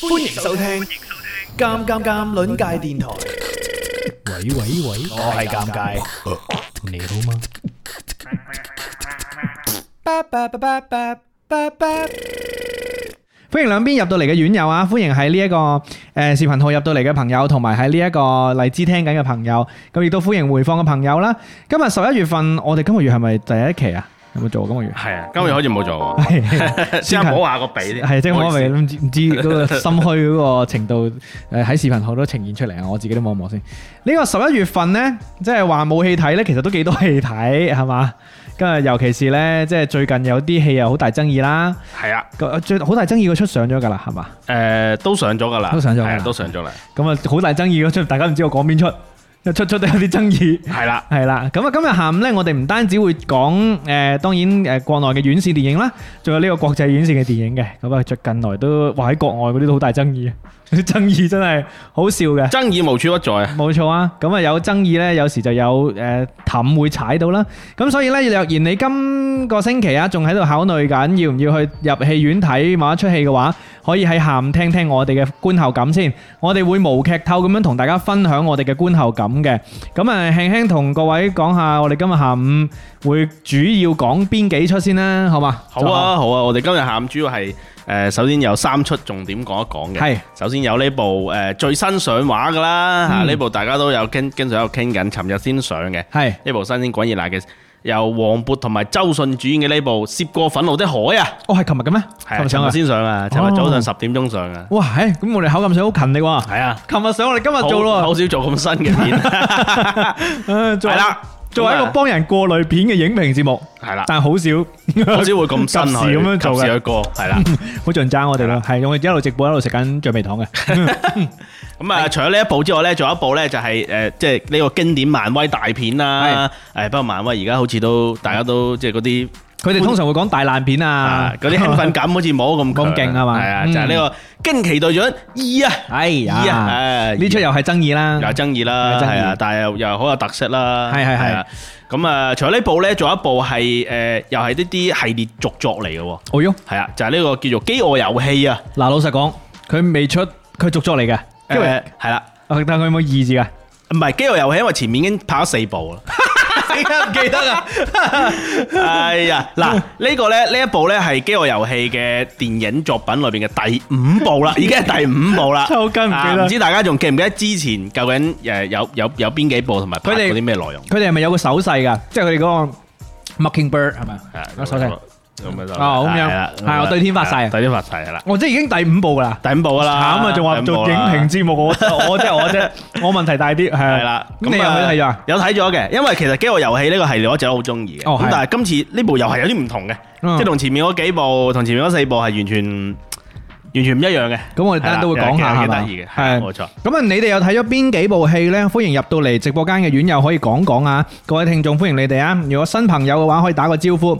歡迎收聽《尷尷尷》鄰界電台。喂喂喂，我係尷尬，你好嗎？ 歡迎兩邊入到嚟嘅院友啊！歡迎喺呢一個誒視頻號入到嚟嘅朋友，同埋喺呢一個荔枝聽緊嘅朋友。咁亦都歡迎回放嘅朋友啦！今日十一月份，我哋今個月係咪第一期啊？冇做今個月？係啊，今個月好似冇做喎。先唔好話個鼻。啲，係即係我未唔知，嗰個心虛嗰個程度。誒，喺視頻號都呈現出嚟啊！我自己都望一望先。呢個十一月份咧，即係話冇戲睇咧，其實都幾多戲睇係嘛？跟住尤其是咧，即係最近有啲戲又好大爭議啦。係啊的，最好大爭議嘅出上咗噶啦，係嘛？誒、呃，都上咗噶啦，都上咗都上咗啦。咁啊、嗯，好大爭議嘅出，大家唔知我講邊出？出出都有啲爭議，係啦的，係啦。咁啊，今日下午咧，我哋唔單止會講誒、呃，當然誒國內嘅院線電影啦，仲有呢個國際院線嘅電影嘅。咁啊，最近來都話喺國外嗰啲都好大爭議。啲爭議真係好笑嘅，爭議無處不在啊！冇錯啊，咁啊有爭議呢，有時就有誒氹，會踩到啦。咁所以呢，若然你今個星期啊，仲喺度考慮緊要唔要去入戲院睇某一出戲嘅話，可以喺下午聽聽我哋嘅觀後感先。我哋會無劇透咁樣同大家分享我哋嘅觀後感嘅。咁啊，輕輕同各位講下，我哋今日下午會主要講邊幾出先啦，好嘛？好啊，好啊，我哋今日下午主要係。誒，首先有三出重點講一講嘅。係，首先有呢部誒最新上畫㗎啦，啊呢部大家都有傾，經常喺度傾緊，尋日先上嘅。係呢部新鮮滾熱辣嘅，由黃渤同埋周迅主演嘅呢部涉過憤怒的海啊！哦，係尋日嘅咩？係啊，尋日先上啊，尋日早上十點鐘上啊。哇，誒，咁我哋口感上好勤力喎。係啊，尋日上我哋今日做咯，好少做咁新嘅片。係啦。作為一個幫人過濾片嘅影評節目，係啦，但係好少，好少會咁及時，咁樣做嘅一個，係啦，好盡責我哋咯，係用我一路直播一路食緊橡皮糖嘅。咁啊，除咗呢一部之外咧，仲有一部咧就係誒，即係呢個經典漫威大片啦。誒，不過漫威而家好似都大家都即係嗰啲。佢哋通常會講大爛片啊，嗰啲興奮感好似冇咁咁勁啊嘛，係啊，就係呢個驚奇隊長二啊，係二啊，誒，呢出又係爭議啦，又係爭議啦，真係啊，但係又又好有特色啦，係係係啊，咁啊，除咗呢部咧，仲有一部係誒，又係呢啲系列續作嚟嘅，哦喲，係啊，就係呢個叫做《飢餓遊戲》啊，嗱，老實講，佢未出，佢續作嚟嘅，因為係啦，但係佢有冇二字噶？唔係《飢餓遊戲》，因為前面已經拍咗四部啦。係啊，唔記得啊！哎呀，嗱，呢個咧，呢一部咧係《飢餓遊戲》嘅電影作品裏邊嘅第五部啦，已經係第五部啦。超級唔記得，唔、啊、知大家仲記唔記得之前究竟誒有有有邊幾部同埋佢哋有啲咩內容？佢哋係咪有個手勢㗎？即係佢哋嗰個 bird, 是是《Mockingbird 的》係咪？吓，個手勢。哦，咁樣係啦，係啊，對天發誓，對天發誓啦！我即係已經第五部啦，第五部啦，咁啊！仲話做影評節目，我我即係我即係我問題大啲係啦。咁你有睇咗啊？有睇咗嘅，因為其實《飢餓遊戲》呢個系列我一直都好中意嘅。咁但係今次呢部遊戲有啲唔同嘅，即係同前面嗰幾部、同前面嗰四部係完全完全唔一樣嘅。咁我哋等陣都會講下嘅，係冇錯。咁啊，你哋又睇咗邊幾部戲咧？歡迎入到嚟直播間嘅院友可以講講啊！各位聽眾歡迎你哋啊！如果新朋友嘅話，可以打個招呼。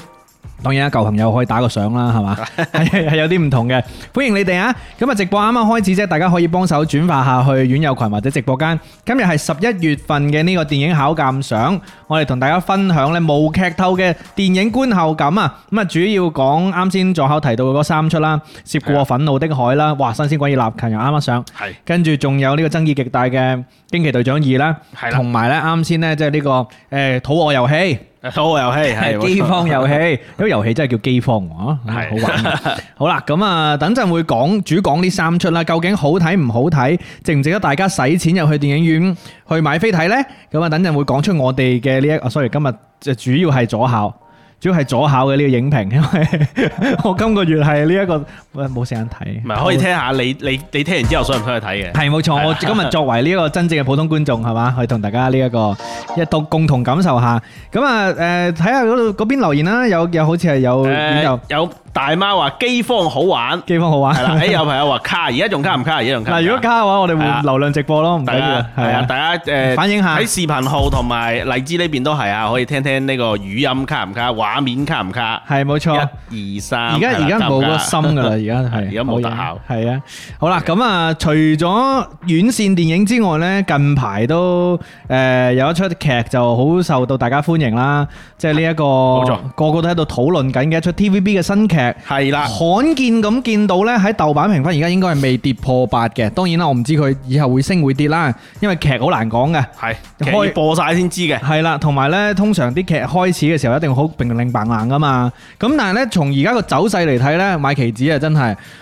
當然啊，舊朋友可以打個相啦，係嘛，係係有啲唔同嘅，歡迎你哋啊！咁啊，直播啱啱開始啫，大家可以幫手轉發下去院友群或者直播間。今日係十一月份嘅呢個電影考尷賞，我哋同大家分享咧無劇透嘅電影觀後感啊！咁啊，主要講啱先在考提到嗰三出啦，涉過憤怒的海啦，哇，新鮮滾熱辣又啱啱上，係，跟住仲有呢個爭議極大嘅驚奇隊長二啦，係啦，同埋咧啱先咧即係呢個誒肚餓遊戲。套遊戲係饑荒遊戲，因為遊戲真係叫饑荒，啊係好玩。好啦，咁啊，等陣會講主講呢三出啦，究竟好睇唔好睇，值唔值得大家使錢入去電影院去買飛睇呢？咁啊，等陣會講出我哋嘅呢一，sorry，今日就主要係左考。主要係左考嘅呢，這個影評，因為我今個月係呢一個誒冇時間睇，唔係可以聽下我你你你聽完之後想唔想去睇嘅。係冇錯，我今日作為呢一個真正嘅普通觀眾係嘛，去同 大家呢，這個，一個一度共同感受下。咁啊誒，睇下嗰度嗰邊留言啦，有有好似係有點有。大媽話飢荒好玩，飢荒好玩係啦。誒有朋友話卡，而家仲卡唔卡？而家仲卡。嗱，如果卡嘅話，我哋換流量直播咯，唔緊要。係啊，大家誒反映下喺視頻號同埋荔枝呢邊都係啊，可以聽聽呢個語音卡唔卡，畫面卡唔卡？係冇錯。一、二、三。而家而家冇個心㗎啦，而家係。而家冇特效。係啊，好啦，咁啊，除咗院線電影之外呢，近排都誒有一出劇就好受到大家歡迎啦，即係呢一個個個都喺度討論緊嘅一出 TVB 嘅新劇。係啦，罕見咁見到咧，喺豆瓣評分而家應該係未跌破八嘅。當然啦，我唔知佢以後會升會跌啦，因為劇好難講嘅。係，開播晒先知嘅。係啦，同埋咧，通常啲劇開始嘅時候一定好凌厲，凌厲噶嘛。咁但係咧，從而家個走勢嚟睇咧，買棋子啊，真係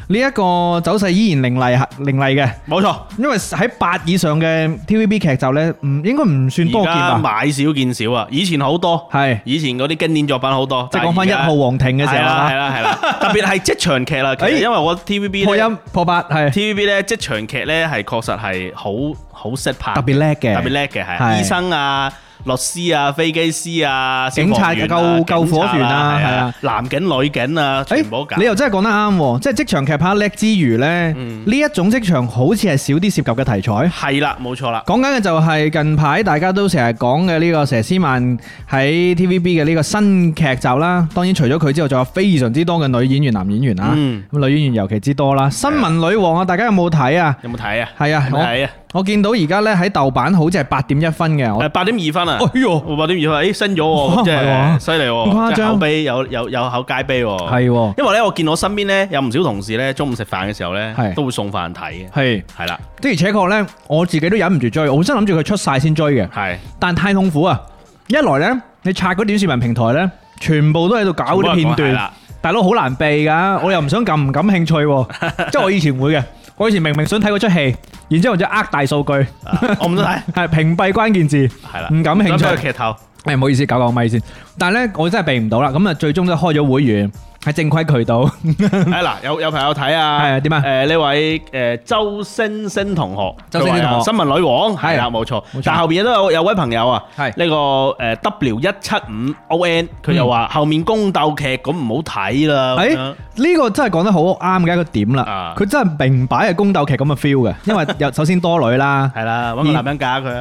呢一個走勢依然凌厲，凌厲嘅。冇錯，因為喺八以上嘅 TVB 劇集咧，唔應該唔算多見啊。買少見少啊，以前好多。係，以前嗰啲經典作品好多。即係講翻一號皇庭嘅時候啦。係啦，係 特別係職場劇啦，其實，因為我 T V B 破音破八係 T V B 呢職場劇呢，係確實係好好識拍，特別叻嘅，特別叻嘅係醫生啊。律師啊，飛機師啊，警察救救火員啊，係察啊，男警女警啊，欸、全部。你又真係講得啱喎，即係職場劇拍叻之餘呢，呢、嗯、一種職場好似係少啲涉及嘅題材。係啦、啊，冇錯啦，講緊嘅就係近排大家都成日講嘅呢個佘詩曼喺 TVB 嘅呢個新劇集啦。當然除咗佢之外，仲有非常之多嘅女演員、男演員啊。咁、嗯、女演員尤其之多啦，《新聞女王》啊，大家有冇睇啊，啊？有冇睇啊？係啊，冇睇啊？我見到而家咧喺豆瓣好似係八點一分嘅，係八點二分啊！哎喲，八點二分，咦，升咗喎，即係犀利喎，誇張！有碑有有有口皆碑喎，係喎。因為咧，我見我身邊咧有唔少同事咧，中午食飯嘅時候咧，都會送飯睇嘅，係係啦。的而且確咧，我自己都忍唔住追，我本身諗住佢出曬先追嘅，係，但太痛苦啊！一來咧，你刷嗰啲視頻平台咧，全部都喺度搞嗰啲片段，大佬好難避噶，我又唔想咁，唔感興趣喎，即係我以前會嘅。我以前明明想睇嗰出戲，然之後就呃大數據，啊、我唔得睇，係 屏蔽關鍵字，係啦的，唔感興趣嘅劇透。誒，唔、哎、好意思，搞個咪先。但係咧，我真係避唔到啦。咁啊，最終都開咗會員。喺正規渠道，係啦，有有朋友睇啊，點啊？誒呢位誒周星星同學，周星星同學，新聞女王係啦，冇錯。但後邊都有有位朋友啊，係呢個誒 W 一七五 ON，佢又話後面宮鬥劇咁唔好睇啦。誒呢個真係講得好啱嘅一個點啦，佢真係明擺係宮鬥劇咁嘅 feel 嘅，因為首先多女啦，係啦，揾個男人嫁佢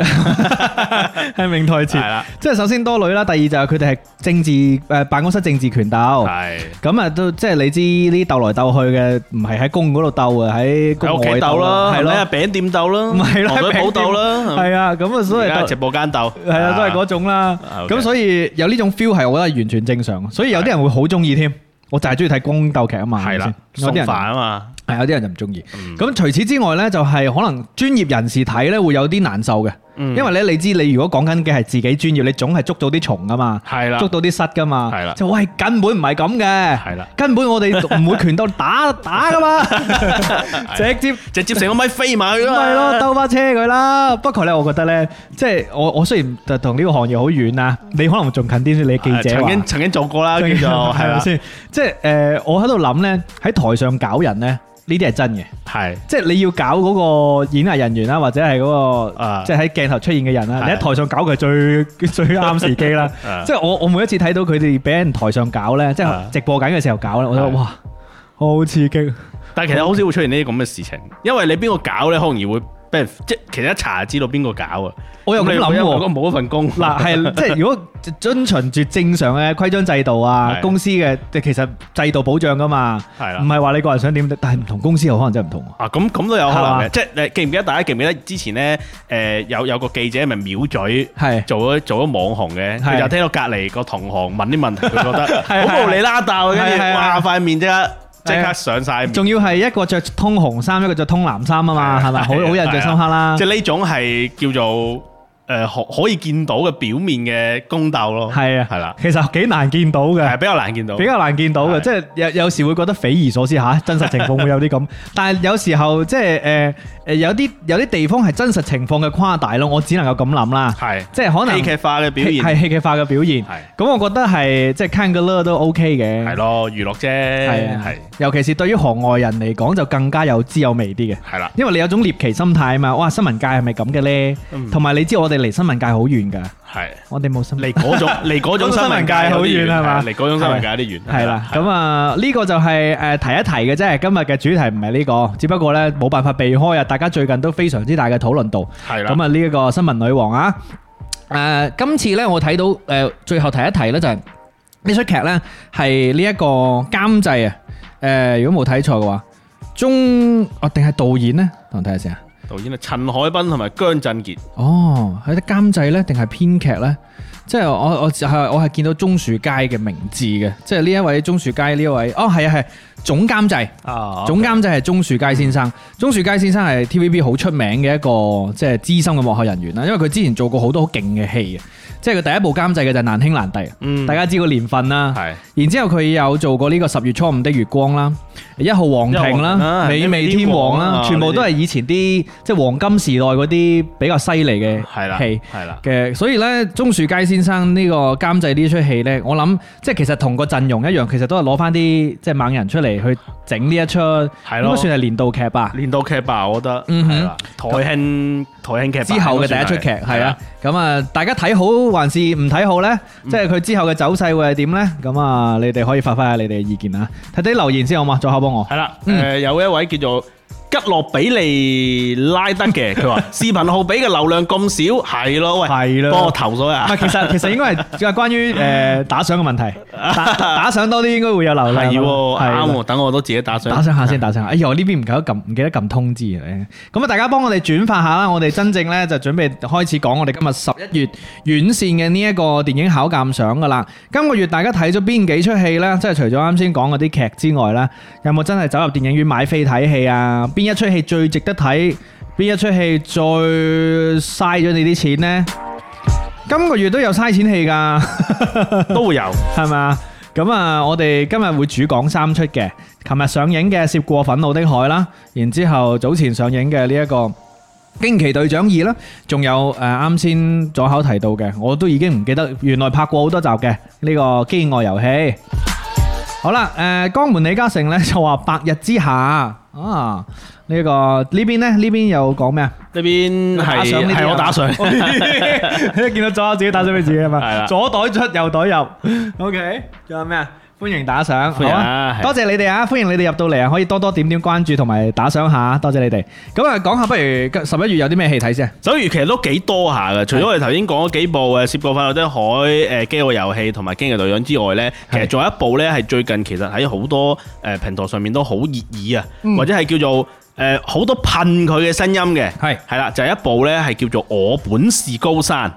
係明台詞，係啦，即係首先多女啦，第二就係佢哋係政治誒辦公室政治權鬥，係咁。咁啊，都即係你知呢？鬥來鬥去嘅，唔係喺宮嗰度鬥嘅，喺屋企鬥啦，係咯，喺餅店鬥啦，唔係咯，喺鋪鬥啦，係啊，咁啊，所以喺直播間鬥，係啊，都係嗰種啦。咁 okay. 所以有呢種 feel 係，我覺得完全正常。所以有啲人會好中意添，的我就係中意睇宮鬥劇啊嘛，係啦的。嗎有啲人啊嘛，係有啲人就唔中意。咁除此之外咧，就係可能專業人士睇咧會有啲難受嘅，因為咧你知你如果講緊嘅係自己專業，你總係捉到啲蟲噶嘛，係啦，捉到啲虱噶嘛，係啦。就喂根本唔係咁嘅，係啦，根本我哋唔會拳打打㗎嘛，直接直接成個咪飛埋去囉，係咯，兜巴車佢啦。不過咧，我覺得咧，即係我我雖然就同呢個行業好遠啊，你可能仲近啲啲。你記者曾經曾經做過啦，叫做係咪先？即係誒，我喺度諗咧喺。台上搞人呢，呢啲係真嘅，係即係你要搞嗰個演藝人員啦，或者係嗰個，即係喺鏡頭出現嘅人啦。你喺台上搞佢最最啱時機啦，即係我我每一次睇到佢哋俾人台上搞呢，即係直播緊嘅時候搞呢，我覺得哇，好刺激！但係其實好少會出現呢啲咁嘅事情，因為你邊個搞呢？好容易會。即係其實一查就知道邊個搞啊！我又咁諗喎，我覺得冇一份工。嗱係即係如果遵循住正常嘅規章制度啊，公司嘅即係其實制度保障噶嘛，係啦，唔係話你個人想點，但係唔同公司有可能真係唔同啊。咁咁都有可能嘅，即係你記唔記得大家記唔記得之前咧？誒有有個記者咪藐嘴，係做咗做咗網紅嘅，佢就聽到隔離個同行問啲問題，佢覺得好無理啦噠，跟住抹下塊面啫。即刻上晒，仲要係一個着通紅衫，一個着通藍衫啊嘛，係咪的？好好印象深刻啦。即係呢種係叫做。誒可可以見到嘅表面嘅宮鬥咯，係啊，係啦，其實幾難見到嘅，係比較難見到，比較難見到嘅，即係有有時會覺得匪夷所思嚇，真實情況會有啲咁，但係有時候即係誒誒有啲有啲地方係真實情況嘅誇大咯，我只能夠咁諗啦，係，即係可能戲劇化嘅表現，係戲劇化嘅表現，咁我覺得係即係 can the l a 都 OK 嘅，係咯，娛樂啫，係啊，係，尤其是對於行外人嚟講就更加有滋有味啲嘅，係啦，因為你有種獵奇心態啊嘛，哇，新聞界係咪咁嘅咧？同埋你知我。我哋離新聞界好遠噶，係我哋冇新聞，嚟嗰種，嚟嗰種新聞界好遠係嘛？嚟嗰種新聞界啲遠係啦。咁啊，呢個就係誒提一提嘅啫。今日嘅主題唔係呢個，只不過咧冇辦法避開啊。大家最近都非常之大嘅討論度係啦。咁啊，呢一個新聞女王啊，誒，今次咧我睇到誒，最後提一提咧就係呢齣劇咧係呢一個監製啊。誒，如果冇睇錯嘅話，中啊定係導演咧？同我睇下先啊。導演係陳海濱同埋姜振杰，哦，係啲監製咧定係編劇咧？即係我我係我係見到鍾樹佳嘅名字嘅，即係呢一位鍾樹佳呢一位哦係啊係總監製，啊總監製係鍾樹佳先生，鍾樹佳先生係 TVB 好出名嘅一個即係資深嘅幕後人員啦，因為佢之前做過好多好勁嘅戲嘅，即係佢第一部監製嘅就係難兄難弟，大家知個年份啦，然之後佢有做過呢個十月初五的月光啦，一號皇庭啦，美味天王啦，全部都係以前啲即係黃金時代嗰啲比較犀利嘅戲，係啦嘅，所以呢，鍾樹佳先。先生呢個監製呢出戲呢，我諗即係其實同個陣容一樣，其實都係攞翻啲即係猛人出嚟，去整呢一出，應該算係年度劇吧？年度劇吧，我覺得。嗯哼，台慶台慶劇之後嘅第一出劇係啊，咁啊，大家睇好還是唔睇好呢？即係佢之後嘅走勢會係點呢？咁啊，你哋可以發揮下你哋嘅意見啊，睇睇留言先好嘛，左下幫我。係啦，誒，有一位叫做。吉洛比利拉登嘅，佢話視頻號俾嘅流量咁少，係咯，喂，幫我投咗啊！唔係，其實其實應該係就係關於誒打賞嘅問題，打賞多啲應該會有流量，係啱喎。等我都自己打賞，打賞下先，打賞下。哎呀，呢邊唔記得撳，唔記得撳通知咧。咁啊，大家幫我哋轉發下啦，我哋真正咧就準備開始講我哋今日十一月院線嘅呢一個電影考尷賞噶啦。今個月大家睇咗邊幾出戲咧？即係除咗啱先講嗰啲劇之外咧，有冇真係走入電影院買飛睇戲啊？邊一出戲最值得睇？邊一出戲最嘥咗你啲錢呢？今個月都有嘥錢戲噶，都會有係咪？咁啊，我哋今日會主講三出嘅，琴日上映嘅《涉過憤怒的海》啦，然之後早前上映嘅呢一個《驚奇隊長二》啦，仲有誒啱先左口提到嘅，我都已經唔記得，原來拍過好多集嘅呢個《飢餓遊戲》。好啦，誒，江門李嘉誠咧就話《白日之下》。啊！呢個、呢邊呢個呢邊咧，呢邊又講咩啊？呢邊係係我打賞你都 見到左下自己打賞俾自己啊嘛， 左袋出右袋入 ，OK。仲有咩啊？歡迎打賞，多謝你哋啊！歡迎你哋入到嚟啊，可以多多點點關注同埋打賞下，多謝你哋。咁啊，講下不如十一月有啲咩戲睇先啊？十一月其實都幾多下噶，除咗我哋頭先講咗幾部誒，涉過憤怒的海誒《饑餓遊戲》同埋《驚奇隊長》之外呢，其實仲有一部呢，係最近其實喺好多誒平台上面都好熱議啊，或者係叫做。誒，好多噴佢嘅聲音嘅，係是，係啦，就係一部咧，係叫做《我本是高山》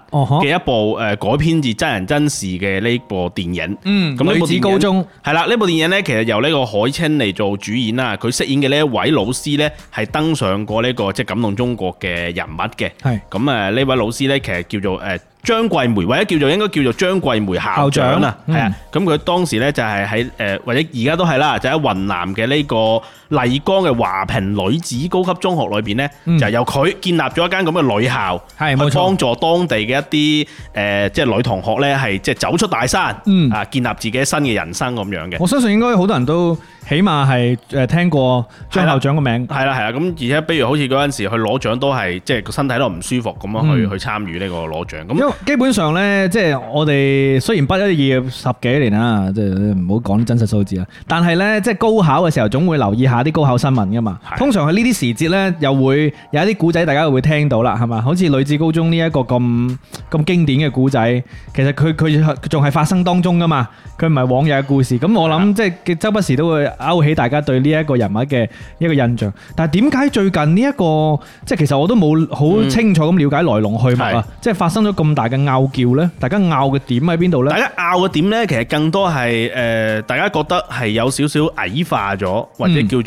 嘅一部，誒，改編自真人真事嘅呢部電影。嗯，部女子高中。係啦，呢部電影咧，其實由呢個海清嚟做主演啦，佢飾演嘅呢一位老師咧，係登上過呢、這個即係、就是、感動中國嘅人物嘅。係是。咁啊，呢位老師咧，其實叫做誒張桂梅，或者叫做應該叫做張桂梅校長，校長啊，係、嗯、啊。咁佢當時咧就係喺誒，或者而家都係啦，就喺雲南嘅呢、這個。麗江嘅華坪女子高級中學裏邊呢，嗯、就由佢建立咗一間咁嘅女校，嗯、去幫助當地嘅一啲誒、呃，即係女同學呢，係即係走出大山，啊、嗯，建立自己新嘅人生咁樣嘅。我相信應該好多人都起碼係誒聽過張校長個名，係啦係啦。咁而且比如好似嗰陣時佢攞獎都係即係個身體都唔舒服咁樣去、嗯、去參與呢個攞獎。因為基本上呢，即、就、係、是、我哋雖然畢咗業十幾年啦，即係唔好講真實數字啦，但係呢，即係高考嘅時候總會留意下。下啲高考新聞噶嘛，通常喺呢啲時節咧，又會有一啲古仔，大家又會聽到啦，係嘛？好似女子高中呢一個咁咁經典嘅古仔，其實佢佢仲係發生當中噶嘛，佢唔係往日嘅故事。咁我諗即係周不時都會勾起大家對呢一個人物嘅一個印象。但係點解最近呢一個即係其實我都冇好清楚咁瞭解來龍去脈啊，即係發生咗咁大嘅拗撬咧，大家拗嘅點喺邊度咧？大家拗嘅點咧，其實更多係誒，大家覺得係有少少矮化咗，或者叫～做誒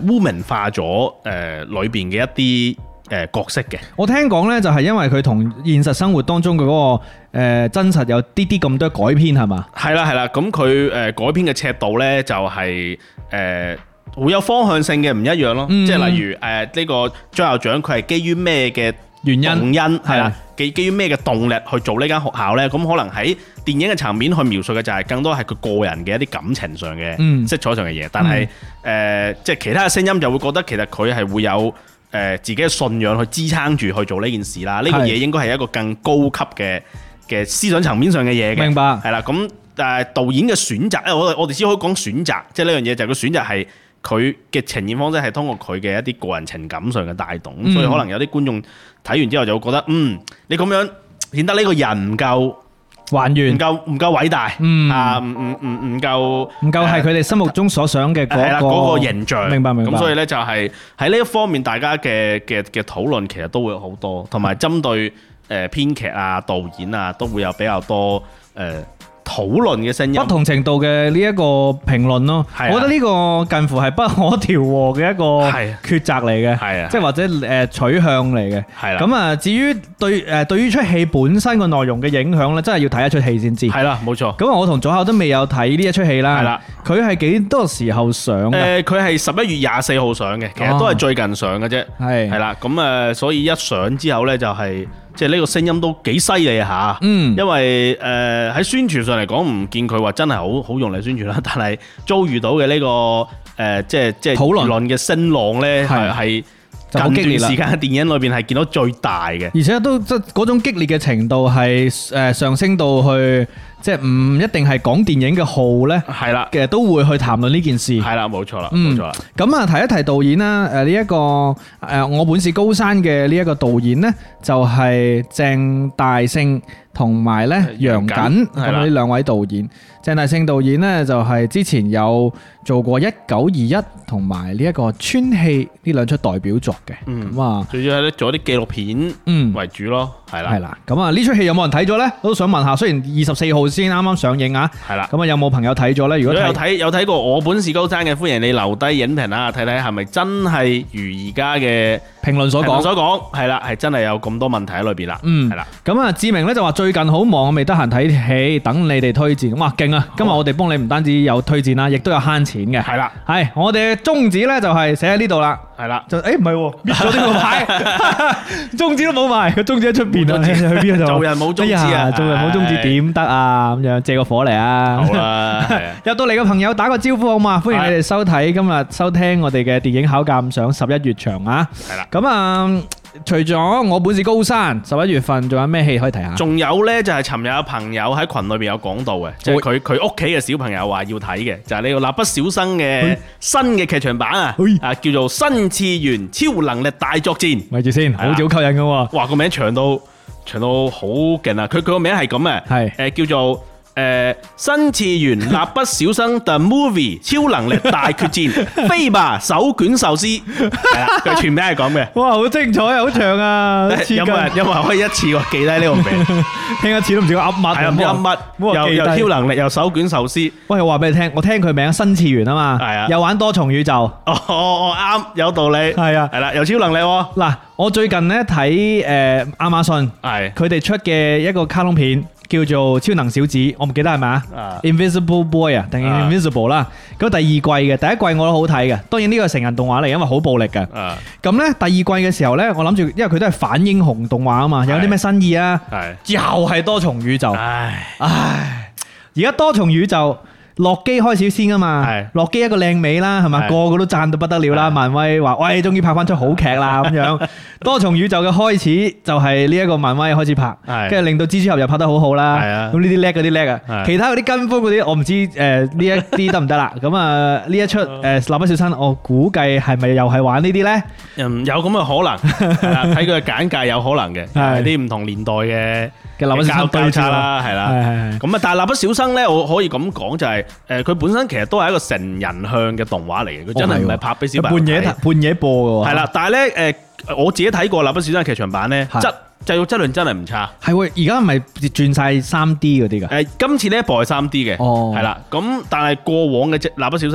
w o 化咗誒裏邊嘅一啲誒角色嘅，我聽講呢，就係因為佢同現實生活當中嘅嗰個真實有啲啲咁多改編係嘛？係啦，係啦，咁佢誒改編嘅尺度呢、就是，就係誒會有方向性嘅唔一樣咯，嗯、即係例如誒呢、呃這個張校長佢係基於咩嘅原因因？係啦。係基於咩嘅動力去做呢間學校呢？咁可能喺電影嘅層面去描述嘅就係更多係佢個人嘅一啲感情上嘅色彩上嘅嘢。但係誒，即係其他嘅聲音就會覺得其實佢係會有誒自己嘅信仰去支撐住去做呢件事啦。呢是個嘢應該係一個更高級嘅嘅思想層面上嘅嘢。明白。係啦，咁誒導演嘅選擇，因為我我哋只可以講選擇，即係呢樣嘢就係、是、佢選擇係佢嘅呈現方式係通過佢嘅一啲個人情感上嘅帶動，嗯、所以可能有啲觀眾。睇完之後就會覺得，嗯，你咁樣顯得呢個人唔夠還原，唔夠唔夠偉大，嗯啊，唔唔唔唔夠，唔夠係佢哋心目中所想嘅嗰、嗰個啊嗰個形象。明白明白。咁所以呢，就係喺呢一方面，大家嘅嘅嘅討論其實都會好多，同埋針對誒編劇啊、導演啊，都會有比較多誒，呃討論嘅聲音，不同程度嘅呢一個評論咯，啊、我覺得呢個近乎係不可調和嘅一個抉擇嚟嘅，係啊，啊即係或者誒取向嚟嘅，係啦。咁啊，至於對誒對於出戲本身個內容嘅影響咧，真係要睇一出戲先知。係啦，冇錯。咁啊，我同左校都未有睇呢一出戲啦。係啦、啊，佢係幾多時候上？誒、呃，佢係十一月廿四號上嘅，其實都係最近上嘅啫。係係啦，咁啊，啊，所以一上之後咧，就係、是。即係呢個聲音都幾犀利嚇，啊嗯、因為誒喺、呃、宣傳上嚟講，唔見佢話真係好好用嚟宣傳啦，但係遭遇到嘅呢、呢個誒、呃、即係即係輿論嘅聲浪咧係。呃咁激烈啦！近段時間嘅電影裏邊係見到最大嘅，而且都即係嗰種激烈嘅程度係誒上升到去，即係唔一定係講電影嘅號咧，係啦，其實都會去談論呢件事，係啦，冇錯啦，嗯，冇錯啦。咁啊，提一提導演啦，誒呢一個誒我本是高山嘅呢一個導演咧，就係鄭大聖同埋咧楊瑾咁呢兩位導演。鄭大聖導演咧就係之前有做過一九二一同埋呢一個村戲呢兩齣代表作嘅，咁啊最主要係咧做啲紀錄片為主咯，係啦，係啦。咁啊呢齣戲有冇人睇咗咧？我都想問下，雖然二十四號先啱啱上映啊，係啦。咁啊有冇朋友睇咗咧？如果有睇有睇過我本是高山嘅，歡迎你留低影評啊，睇睇係咪真係如而家嘅評論所講，所講係啦，係真係有咁多問題喺裏邊啦，嗯，係啦。咁啊志明咧就話最近好忙，我未得閒睇戲，等你哋推薦。哇，勁！今日我哋幫你唔單止有推薦啦，亦都有慳錢嘅。係啦的，係我哋嘅宗旨咧，的就係寫喺呢度啦。係、欸、啦，就誒唔係，搣咗呢個牌， 宗旨都冇埋，個宗旨喺出邊啊！去邊度？做人冇宗旨啊！做人冇宗旨點得啊？咁樣借個火嚟啊！好啦， 入到嚟嘅朋友打個招呼好嘛？歡迎你哋收睇今日收聽我哋嘅電影考尷賞十一月場啊！係啦的，咁啊的。除咗我本事高山，十一月份仲有咩戲可以睇下？仲有呢，就係尋日有朋友喺群裏邊有講到嘅，即係佢佢屋企嘅小朋友話要睇嘅，就係、是、呢個蠟筆小新嘅新嘅劇場版啊，啊叫做新次元超能力大作戰，咪住先，好似好吸引㗎喎，哇個名長到長到好勁啊，佢佢個名係咁嘅，係是、呃、叫做。誒，新次元蠟筆小新 the movie 超能力大決戰，飛吧手卷壽司，係啦，佢全名係講咩？哇，好精彩，好長啊！有冇人有冇人可以一次過記低呢個名？聽一次都唔知個噏乜，個噏乜，又又超能力，又手卷壽司。喂，我話俾你聽，我聽佢名新次元啊嘛，係啊，又玩多重宇宙。哦哦哦，啱，有道理。係啊，係啦，又超能力。嗱，我最近咧睇誒，亞馬遜係佢哋出嘅一個卡通片。叫做超能小子，我唔記得係咪啊？Invisible Boy 啊 in、uh，定 invisible 啦。咁第二季嘅，第一季我都好睇嘅。當然呢個成人動畫嚟，因為好暴力嘅。咁呢、uh、第二季嘅時候呢，我諗住，因為佢都係反英雄動畫啊嘛，有啲咩新意啊？之、uh、又係多重宇宙。Uh、唉，而家多重宇宙。洛基開始先啊嘛，洛基一個靚尾啦，係嘛，個個都讚到不得了啦。漫威話喂，終於拍翻出好劇啦咁樣。多重宇宙嘅開始就係呢一個漫威開始拍，跟住令到蜘蛛俠又拍得好好啦。咁呢啲叻嗰啲叻啊，其他嗰啲跟風嗰啲，我唔知誒呢一啲得唔得啦。咁啊呢一出誒《蠟筆小新》，我估計係咪又係玩呢啲咧？有咁嘅可能，睇佢嘅簡介有可能嘅，係啲唔同年代嘅。交叉啦，係啦，咁啊！但係《蠟筆小新》咧，我可以咁講就係、是，誒、呃，佢本身其實都係一個成人向嘅動畫嚟嘅，佢、哦、真係唔係拍俾小朋友半，半夜半夜播嘅話，係啦，但係咧，誒、呃，我自己睇過《蠟筆小新》劇場版咧，即。製造質量真係唔差，係會而家唔係轉晒三 D 嗰啲㗎？誒、呃，今次呢一部係三 D 嘅，係啦、哦。咁但係過往嘅《蠟筆小新》，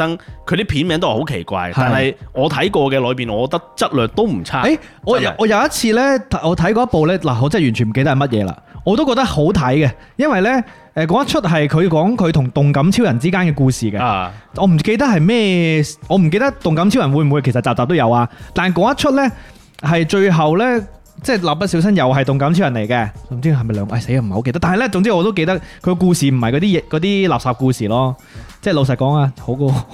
佢啲片名都係好奇怪，的但係我睇過嘅裏邊，我覺得質量都唔差。誒、欸，的我有我有一次呢，我睇過一部呢，嗱，我真係完全唔記得係乜嘢啦，我都覺得好睇嘅，因為呢，誒，嗰一齣係佢講佢同動感超人之間嘅故事嘅、啊，我唔記得係咩，我唔記得動感超人會唔會其實集集都有啊？但係嗰一齣呢，係最後呢。即係《蠟筆小新》又係動感超人嚟嘅，唔知係咪兩？哎死啊，唔係好記得。但係咧，總之我都記得佢個故事唔係嗰啲啲垃圾故事咯。即係老實講啊，好過好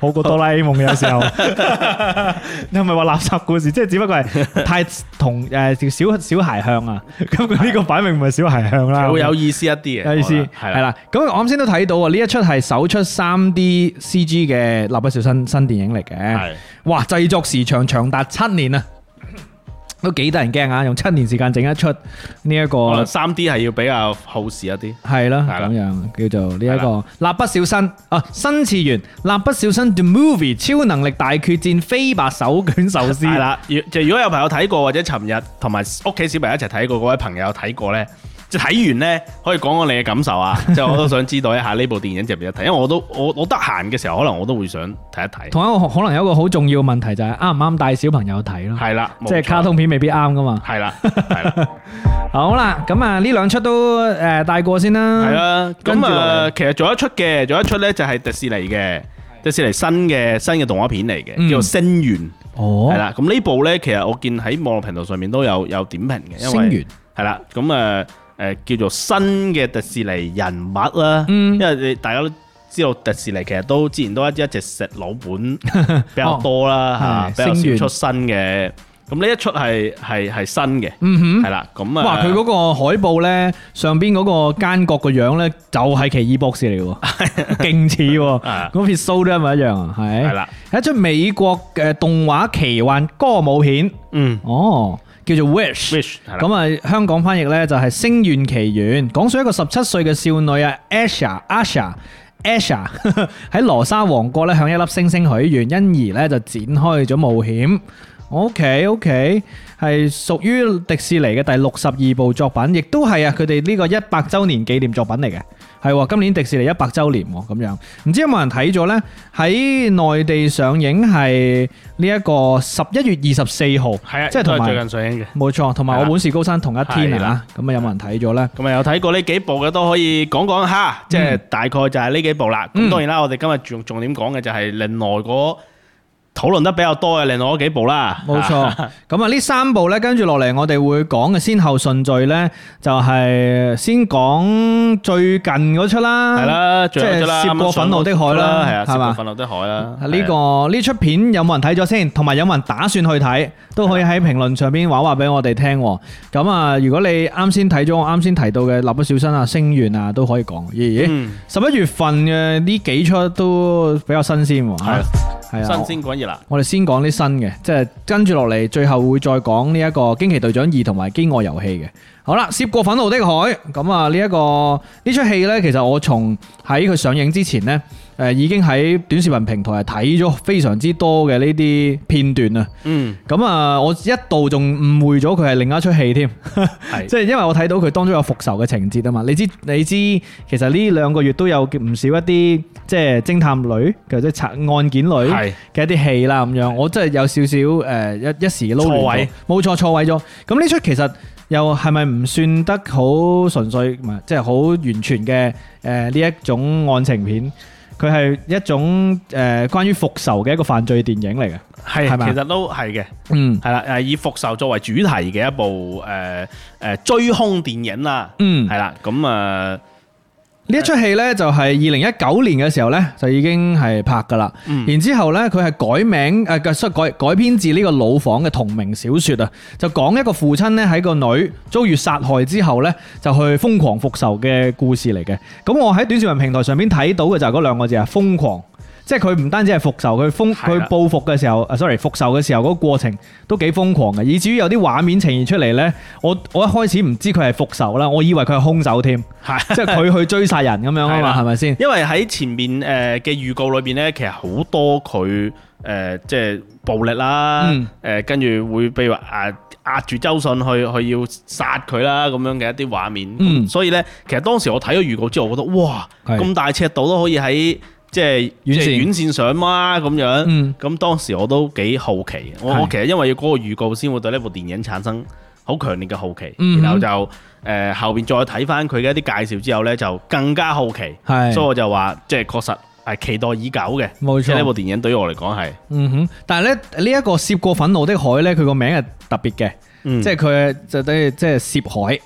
好過《哆啦 A 夢》有時候。 你係咪話垃圾故事？即係只不過係太同誒小小，小孩向啊。咁佢呢個擺明唔係小孩向啦。好的有意思一啲嘅，有意思係啦。咁我啱先都睇到啊，呢一出係首出三 D CG 嘅《蠟筆小新》新電影嚟嘅。的哇，製作時長長達七年啊！都幾得人驚啊！用七年時間整一出呢一個，三 D 係要比較耗時一啲。係咯，咁樣叫做呢一個《蠟筆小新》啊，《新次元蠟筆小新》the movie《超能力大決戰》飛白手卷壽司。啦，如即如果有朋友睇過，或者尋日同埋屋企小朋友一齊睇過，嗰位朋友睇過呢。睇完呢，可以講講你嘅感受啊！即係我都想知道一下呢部電影值唔值得一睇，因為我都我我得閒嘅時候，可能我都會想睇一睇。同一個可能有一個好重要嘅問題就係啱唔啱帶小朋友睇咯。係啦，即係卡通片未必啱噶嘛。係啦，係啦。 好啦，咁啊呢兩出都誒帶過先啦。係啊的，咁誒，其實仲有一出嘅，仲有一出呢，就係迪士尼嘅，迪士尼新嘅新嘅動畫片嚟嘅，嗯、叫做《星願》。哦。係啦，咁呢部呢，其實我見喺網絡頻道上面都有有點評嘅，源因為係啦，咁誒。誒叫做新嘅迪士尼人物啦，嗯、因為你大家都知道迪士尼其實都之前都一直食老本比較多啦嚇，比較少出新嘅。咁呢一出係係係新嘅，係啦、嗯哼。咁啊，哇！佢嗰個海報咧，上邊嗰個奸角個樣咧，就係奇異博士嚟喎，勁似喎，個鬍鬚都一模一樣啊，係。係啦了，一出美國嘅動畫奇幻歌舞片。嗯，哦。叫做 Wish, wish，咁啊香港翻譯咧就係星願奇緣，講述一個十七歲嘅少女啊 Asia，Asia，Asia 喺 羅沙王國咧向一粒星星許願，因而咧就展開咗冒險。OK，OK，係屬於迪士尼嘅第六十二部作品，亦都係啊佢哋呢個一百周年紀念作品嚟嘅。係今年迪士尼一百周年喎，咁樣唔知有冇人睇咗呢？喺內地上映係呢一個十一月二十四號，係啊的，即係同最近上映嘅，冇錯，同埋我本是高山同一天嚟啦，咁啊有冇人睇咗呢？咁啊有睇過呢幾部嘅都可以講講下，即係、嗯、大概就係呢幾部啦。咁、嗯、當然啦，我哋今日重重點講嘅就係另外嗰。討論得比較多嘅，另外嗰幾部啦，冇錯。咁啊，呢三部呢，跟住落嚟，我哋會講嘅先後順序呢，就係先講最近嗰出啦，係啦，即係涉過憤怒的海啦，係啊吧，涉過憤怒的海啦。呢吧、呢個呢出是的 片有冇人睇咗先？同埋有冇人打算去睇？都可以喺評論上邊話話俾我哋聽。咁啊啦，如果你啱先睇咗我啱先提到嘅《蠟筆小新》啊，《星願》啊，都可以講。咦、欸、咦，十一、嗯、月份嘅呢幾出都比較新鮮喎。啦係啊，新鮮滾熱辣！我哋先講啲新嘅，即係跟住落嚟，最後會再講呢一個《驚奇隊長二》同埋《飢餓遊戲》嘅。好啦，涉過憤怒的海，咁啊呢、這個、一個呢出戲呢，其實我從喺佢上映之前呢。誒已經喺短視頻平台係睇咗非常之多嘅呢啲片段啊！嗯，咁啊，我一度仲誤會咗佢係另一出戲添，即係是的 因為我睇到佢當中有復仇嘅情節啊嘛！你知你知，其實呢兩個月都有唔少一啲即係偵探女，即係拆案件女嘅一啲戲啦咁樣。是的 我真係有少少誒一一時撈錯位錯，冇錯錯位咗。咁呢出其實又係咪唔算得好純粹，即係好完全嘅誒呢一種案情片？佢係一種誒、呃，關於復仇嘅一個犯罪電影嚟嘅，係是，吧其實都係嘅，嗯，係啦，係以復仇作為主題嘅一部誒誒、呃呃、追凶電影啦，嗯，係啦，咁啊。呃呢一出戲咧就係二零一九年嘅時候咧就已經係拍㗎啦，嗯、然之後咧佢係改名誒、呃，改改編自呢個老房嘅同名小說啊，就講一個父親咧喺個女遭遇殺害之後咧就去瘋狂復仇嘅故事嚟嘅。咁我喺短視頻平台上邊睇到嘅就係嗰兩個字啊，瘋狂。即係佢唔單止係復仇，佢瘋佢報復嘅時候，的啊 sorry 復仇嘅時候嗰個過程都幾瘋狂嘅，以至於有啲畫面呈現出嚟呢，我我一開始唔知佢係復仇啦，我以為佢係兇手添，的即係佢去追殺人咁樣啊嘛，係咪先？吧因為喺前面誒嘅預告裏邊呢，其實好多佢誒、呃、即係暴力啦，誒跟住會譬如話壓住周迅去去要殺佢啦咁樣嘅一啲畫面，嗯、所以呢，其實當時我睇咗預告之後，我覺得哇咁大尺度都可以喺。即係遠線遠線上嘛，咁樣，咁、嗯、當時我都幾好奇，我是我其實因為要嗰個預告先會對呢部電影產生好強烈嘅好奇，嗯、哼然後就誒、呃、後邊再睇翻佢嘅一啲介紹之後呢，就更加好奇，是所以我就話即係確實係期待已久嘅，冇錯錯。呢部電影對於我嚟講係，嗯哼，但係咧呢一、這個涉過憤怒的海呢，佢個名係特別嘅。即係佢就等於即係涉海，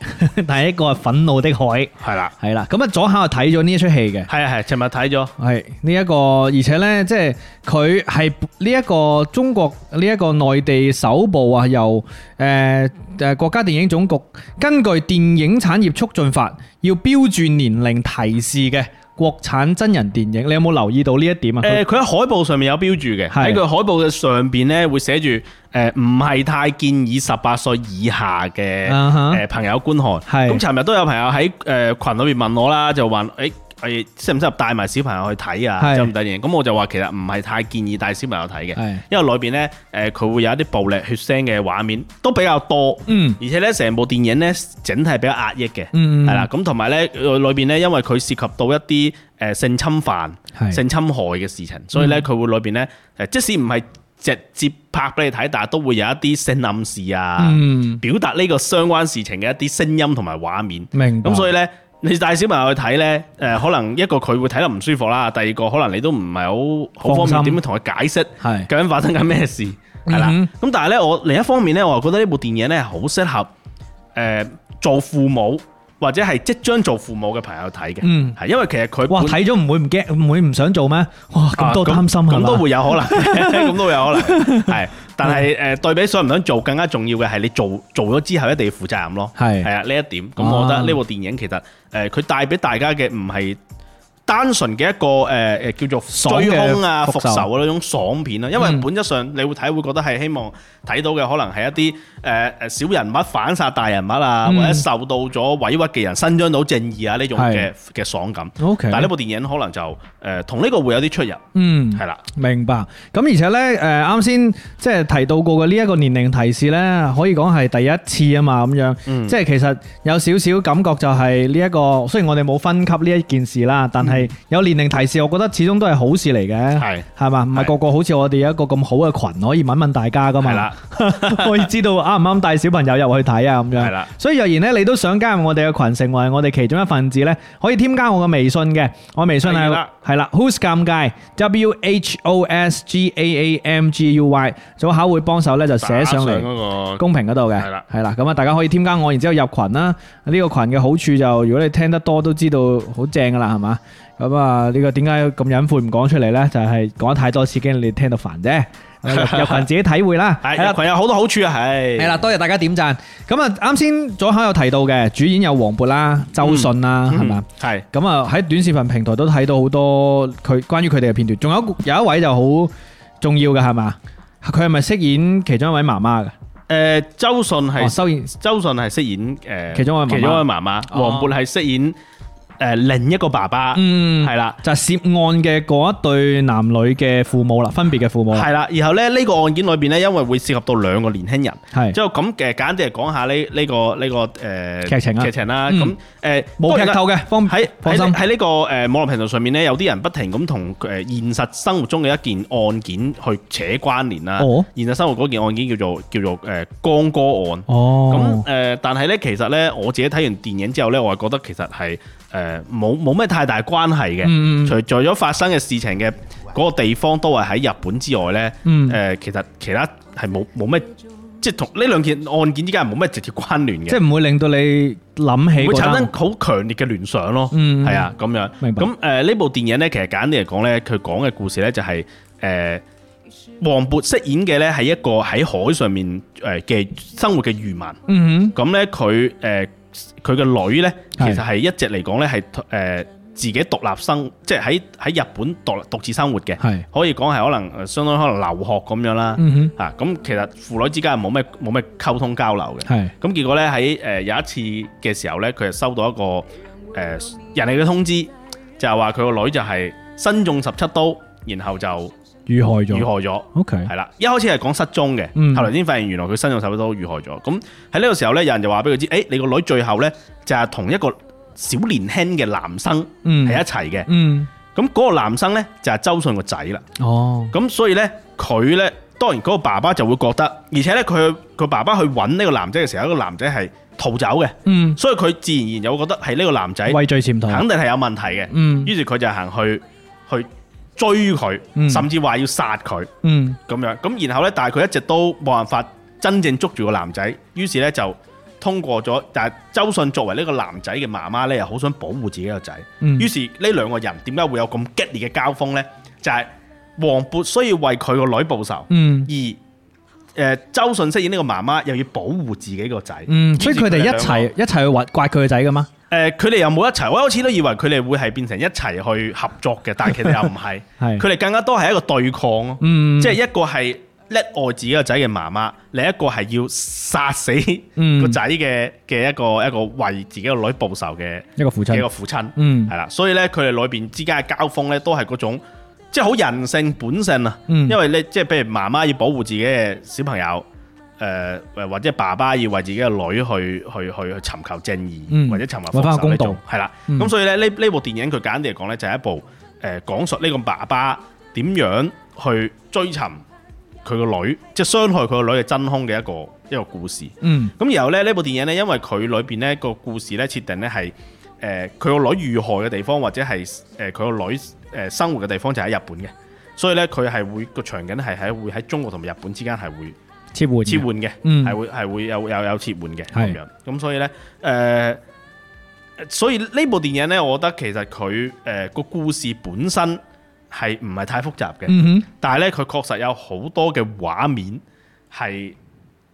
但 係一個憤怒的海係啦係啦，咁啊左下就睇咗呢一齣戲嘅，係啊係，尋日睇咗係呢一個，而且咧即係佢係呢一個中國呢一個內地首部啊由誒誒國家電影總局根據電影產業促進法要標注年齡提示嘅。國產真人電影，你有冇留意到呢一點啊？佢喺、呃、海報上面有標註嘅，喺佢是海報嘅上邊呢，會寫住誒，唔、呃、係太建議十八歲以下嘅、uh huh. 呃、朋友觀看。咁尋日都有朋友喺誒羣裏面問我啦，就話誒。欸係適唔適合帶埋小朋友去睇啊？就咁突然，咁我就話其實唔係太建議帶小朋友睇嘅，因為裏邊呢，誒，佢會有一啲暴力血腥嘅畫面，都比較多，嗯，而且呢，成部電影呢，整體比較壓抑嘅，係啦，咁同埋呢，裏邊呢，因為佢涉及到一啲誒性侵犯、性侵害嘅事情，所以呢，佢會裏邊呢，即使唔係直接拍俾你睇，但係都會有一啲性暗示啊，表達呢個相關事情嘅一啲聲音同埋畫面，明，咁所以呢。你帶小朋友去睇呢，誒、呃、可能一個佢會睇得唔舒服啦，第二個可能你都唔係好，好方便點樣同佢解釋究竟係發生緊咩事，係啦。咁但係呢，我另一方面呢，我覺得呢部電影呢，好適合誒、呃、做父母，或者係即將做父母嘅朋友睇嘅，嗯，係因為其實佢哇睇咗唔會唔驚，唔會唔想做咩？哇，咁多擔心係嘛？咁都、啊啊嗯、會有可能，咁都有可能係。但係誒對比想唔想做更加重要嘅係你做做咗之後一定要負責任咯。係係啊，呢一點咁，我覺得呢部電影其實誒佢帶俾大家嘅唔係單純嘅一個誒誒叫做追兇啊復仇啊呢種爽片啊，因為本質上你會睇會覺得係希望睇到嘅可能係一啲誒誒小人物反殺大人物啊，或者受到咗委屈嘅人伸張到正義啊呢種嘅嘅爽感。但係呢部電影可能就誒同呢個會有啲出入。嗯，係啦，明白。咁而且呢，誒啱先即係提到過嘅呢一個年齡提示呢，可以講係第一次啊嘛咁樣。嗯，即係其實有少少感覺就係呢一個，雖然我哋冇分級呢一件事啦，但係。.有年齡提示，我覺得始終都係好事嚟嘅，係係嘛？唔係個個好似我哋有一個咁好嘅群可以問問大家噶嘛。係啦是的，可 以 知道啱唔啱帶小朋友入去睇啊咁樣，係啦的，所以若然咧你都想加入我哋嘅群，成為我哋其中一份子咧，可以添加我嘅微信嘅，我微信係係啦，Who’s g a, a m w h o s Gamguy？早考會幫手咧就寫上嚟個公屏嗰度嘅，係啦係啦，咁啊大家可以添加我，然之後，後入群啦。呢、呢個群嘅好處就如果你聽得多都知道好正噶啦，係嘛？咁啊，呢個點解咁隱晦唔講出嚟呢？就係講咗太多次，驚你聽到煩啫。入羣自己體會啦。係啦，羣有好多好處啊。係，係啦，多謝大家點贊。咁啊，啱先左口有提到嘅，主演有黃渤啦、周迅啦，係嘛？係。咁啊，喺短視頻平台都睇到好多佢關於佢哋嘅片段。仲有有一位就好重要嘅係嘛？佢係咪飾演其中一位媽媽嘅？誒，周迅係飾演，周迅係飾演誒其中一位其中一位媽媽。黃渤係飾演，誒另一個爸爸，嗯，係啦，就係涉案嘅嗰一對男女嘅父母啦，分別嘅父母，係啦。然後咧呢個案件裏邊呢，因為會涉及到兩個年輕人，係。之後咁嘅簡單啲講下呢呢個呢個誒劇情劇情啦。咁誒冇劇透嘅，方喺喺呢個誒網絡平台上面呢，有啲人不停咁同誒現實生活中嘅一件案件去扯關聯啦。現實生活嗰件案件叫做叫做誒江歌案。哦。咁誒，但係呢，其實呢，我自己睇完電影之後呢，我係覺得其實係，誒冇冇咩太大關係嘅，嗯、除咗發生嘅事情嘅嗰、嗰個地方都係喺日本之外呢。誒其實其他係冇冇咩，即係同呢兩件案件之間係冇咩直接關聯嘅。即係唔會令到你諗起，會產生好強烈嘅聯想咯。係、嗯、啊，咁樣。明白。咁誒呢部電影呢，其實簡單啲嚟講呢，佢講嘅故事呢就係誒黃渤飾演嘅呢係一個喺海上面誒嘅生活嘅漁民。咁呢、嗯，佢誒、嗯。嗯佢嘅女呢，其實係一直嚟講呢，係誒自己獨立生活，即係喺喺日本獨獨自生活嘅，是可以講係可能相當可能留學咁樣啦。嚇、嗯哼，咁、啊、其實父女之間冇咩冇咩溝通交流嘅。係咁是結果呢，喺誒有一次嘅時候呢，佢就收到一個誒人哋嘅通知，就係話佢個女就係身中十七刀，然後就。遇害咗，遇害咗。害 OK，係啦，一開始係講失蹤嘅，嗯、後來先發現原來佢身上手都遇害咗。咁喺呢個時候呢，有人就話俾佢知，誒、欸，你個女最後呢，就係同一個小年輕嘅男生喺一齊嘅。咁嗰、嗯、個男生呢，就係周迅個仔啦。哦，咁所以呢，佢呢，當然嗰個爸爸就會覺得，而且呢，佢佢爸爸去揾呢個男仔嘅時候，一、那個男仔係逃走嘅。嗯，所以佢自然而然就會覺得係呢個男仔畏罪潛逃，肯定係有問題嘅。嗯，於是佢就行去去。去追佢，甚至話要殺佢，咁、嗯、樣咁然後呢，但係佢一直都冇辦法真正捉住個男仔，於是呢就通過咗。但、就、係、是、周迅作為呢個男仔嘅媽媽呢，又好想保護自己個仔，於、嗯、是呢兩個人點解會有咁激烈嘅交鋒呢？就係黃渤需要為佢個女報仇，嗯、而誒周迅飾演呢個媽媽又要保護自己、嗯、個仔，所以佢哋一齊一齊去揾怪佢個仔噶嘛？誒，佢哋又冇一齊。我開始都以為佢哋會係變成一齊去合作嘅，但係其實又唔係。佢哋 是更加多係一個對抗咯。即係、嗯、一個係叻愛，愛自己個仔嘅媽媽，另一個係要殺死個仔嘅嘅一個一個、嗯、為自己個女報仇嘅一個父親。一個父親。嗯，係啦。所以呢，佢哋裏邊之間嘅交鋒呢，都係嗰種即係好人性本性啊。嗯、因為咧，即係譬如媽媽要保護自己嘅小朋友。誒誒、呃、或者爸爸要為自己嘅女去去去去尋求正義，嗯、或者尋求公道，係啦的。咁、嗯、所以咧，呢呢部電影佢簡單嚟講呢，就係一部誒、嗯呃、講述呢個爸爸點樣去追尋佢個女，即係傷害佢個女嘅真凶嘅一個一個故事。嗯。咁然後咧，呢部電影呢，因為佢裏邊呢個故事呢設定呢係誒佢個女遇害嘅地方，或者係誒佢個女誒生活嘅地方就喺日本嘅，所以呢，佢係會個場景係喺會喺中國同埋日本之間係會。切換切換嘅，係會係會有有有切換嘅咁樣。咁所以咧，誒，所以呢部電影咧，我覺得其實佢誒個故事本身係唔係太複雜嘅。嗯哼。但係咧，佢確實有好多嘅畫面係